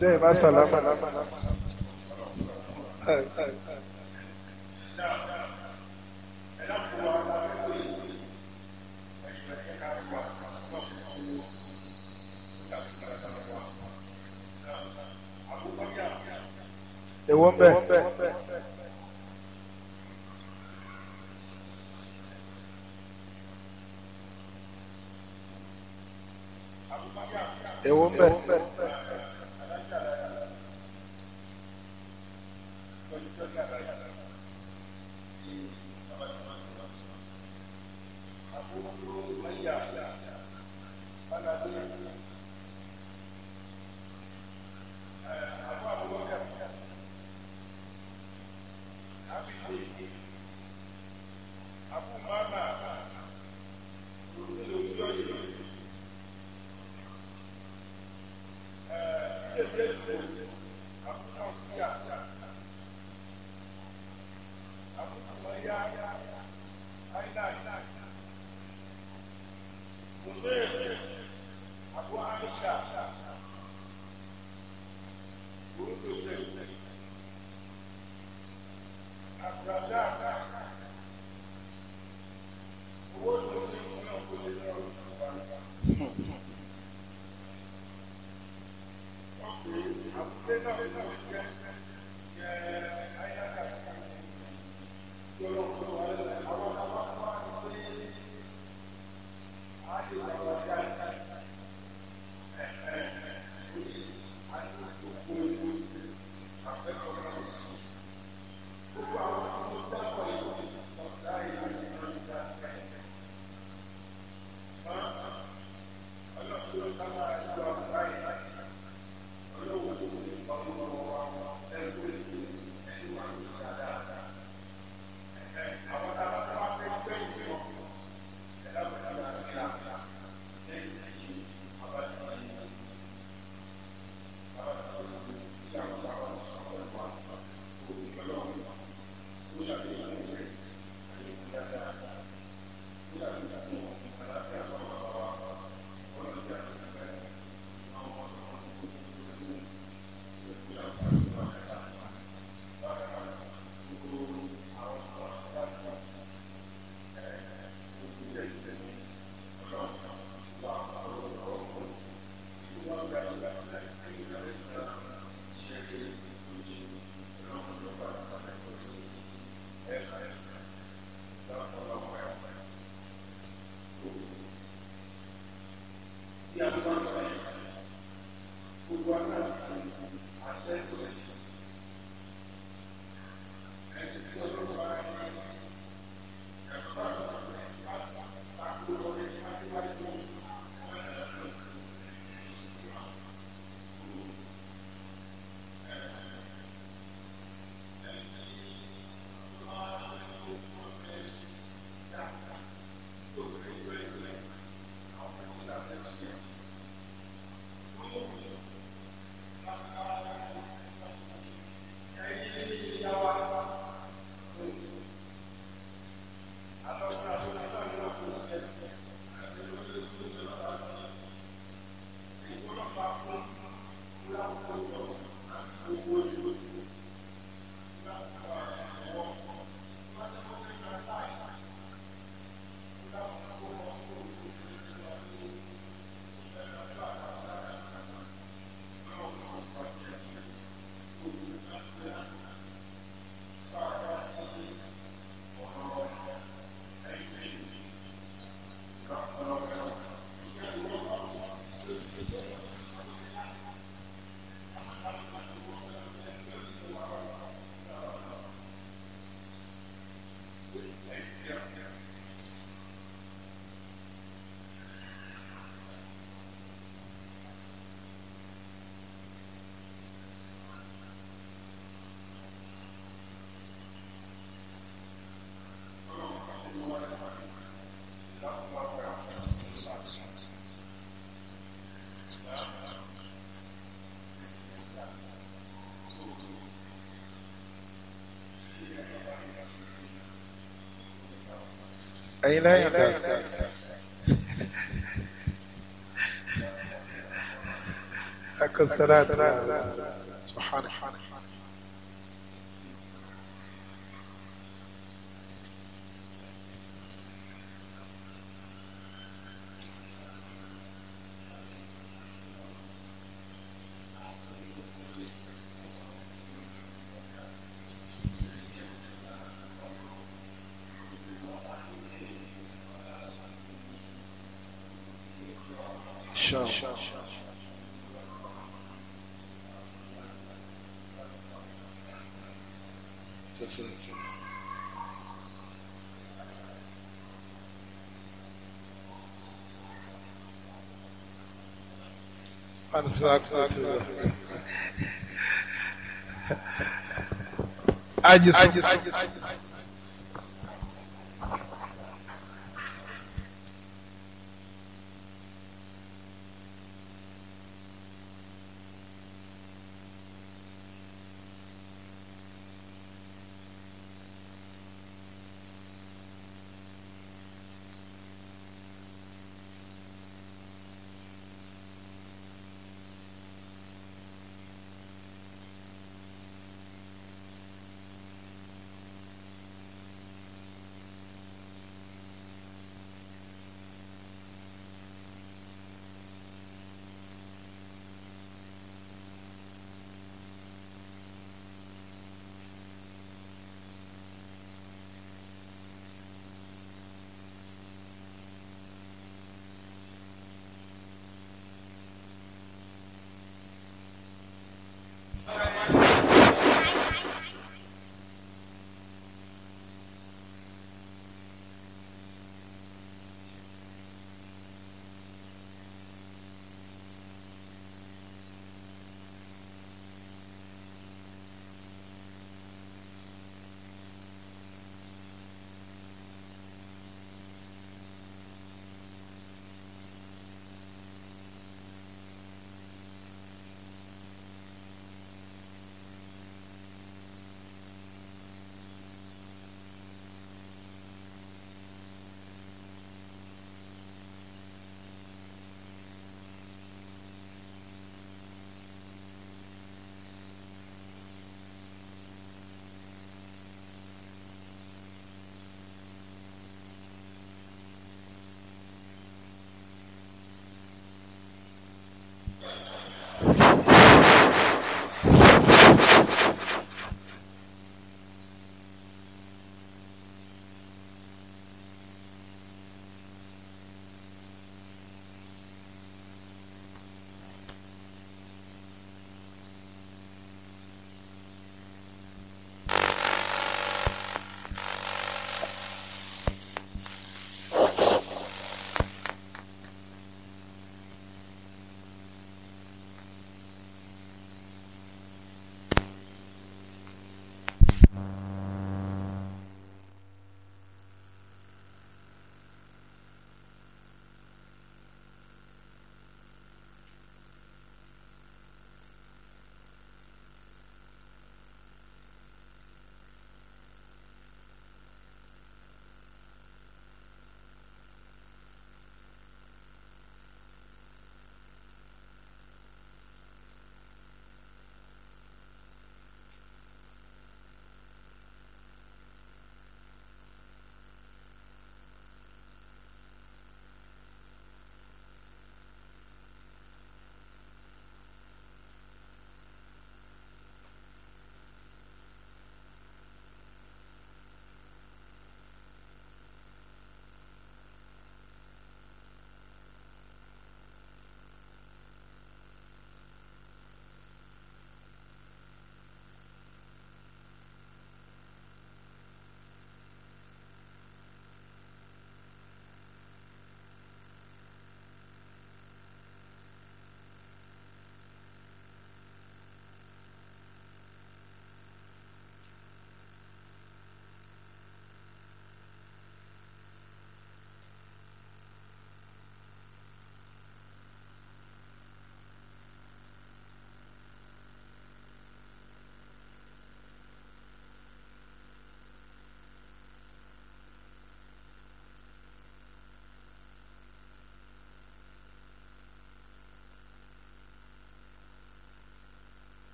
tẹ́ ẹ bá sàlámà. Ewo ń bẹ. Ewo ń bẹ. ẹ̀yin lẹ́yìn kan. akọsọlá tó náà. Jazakallah. Adição, adição, adição.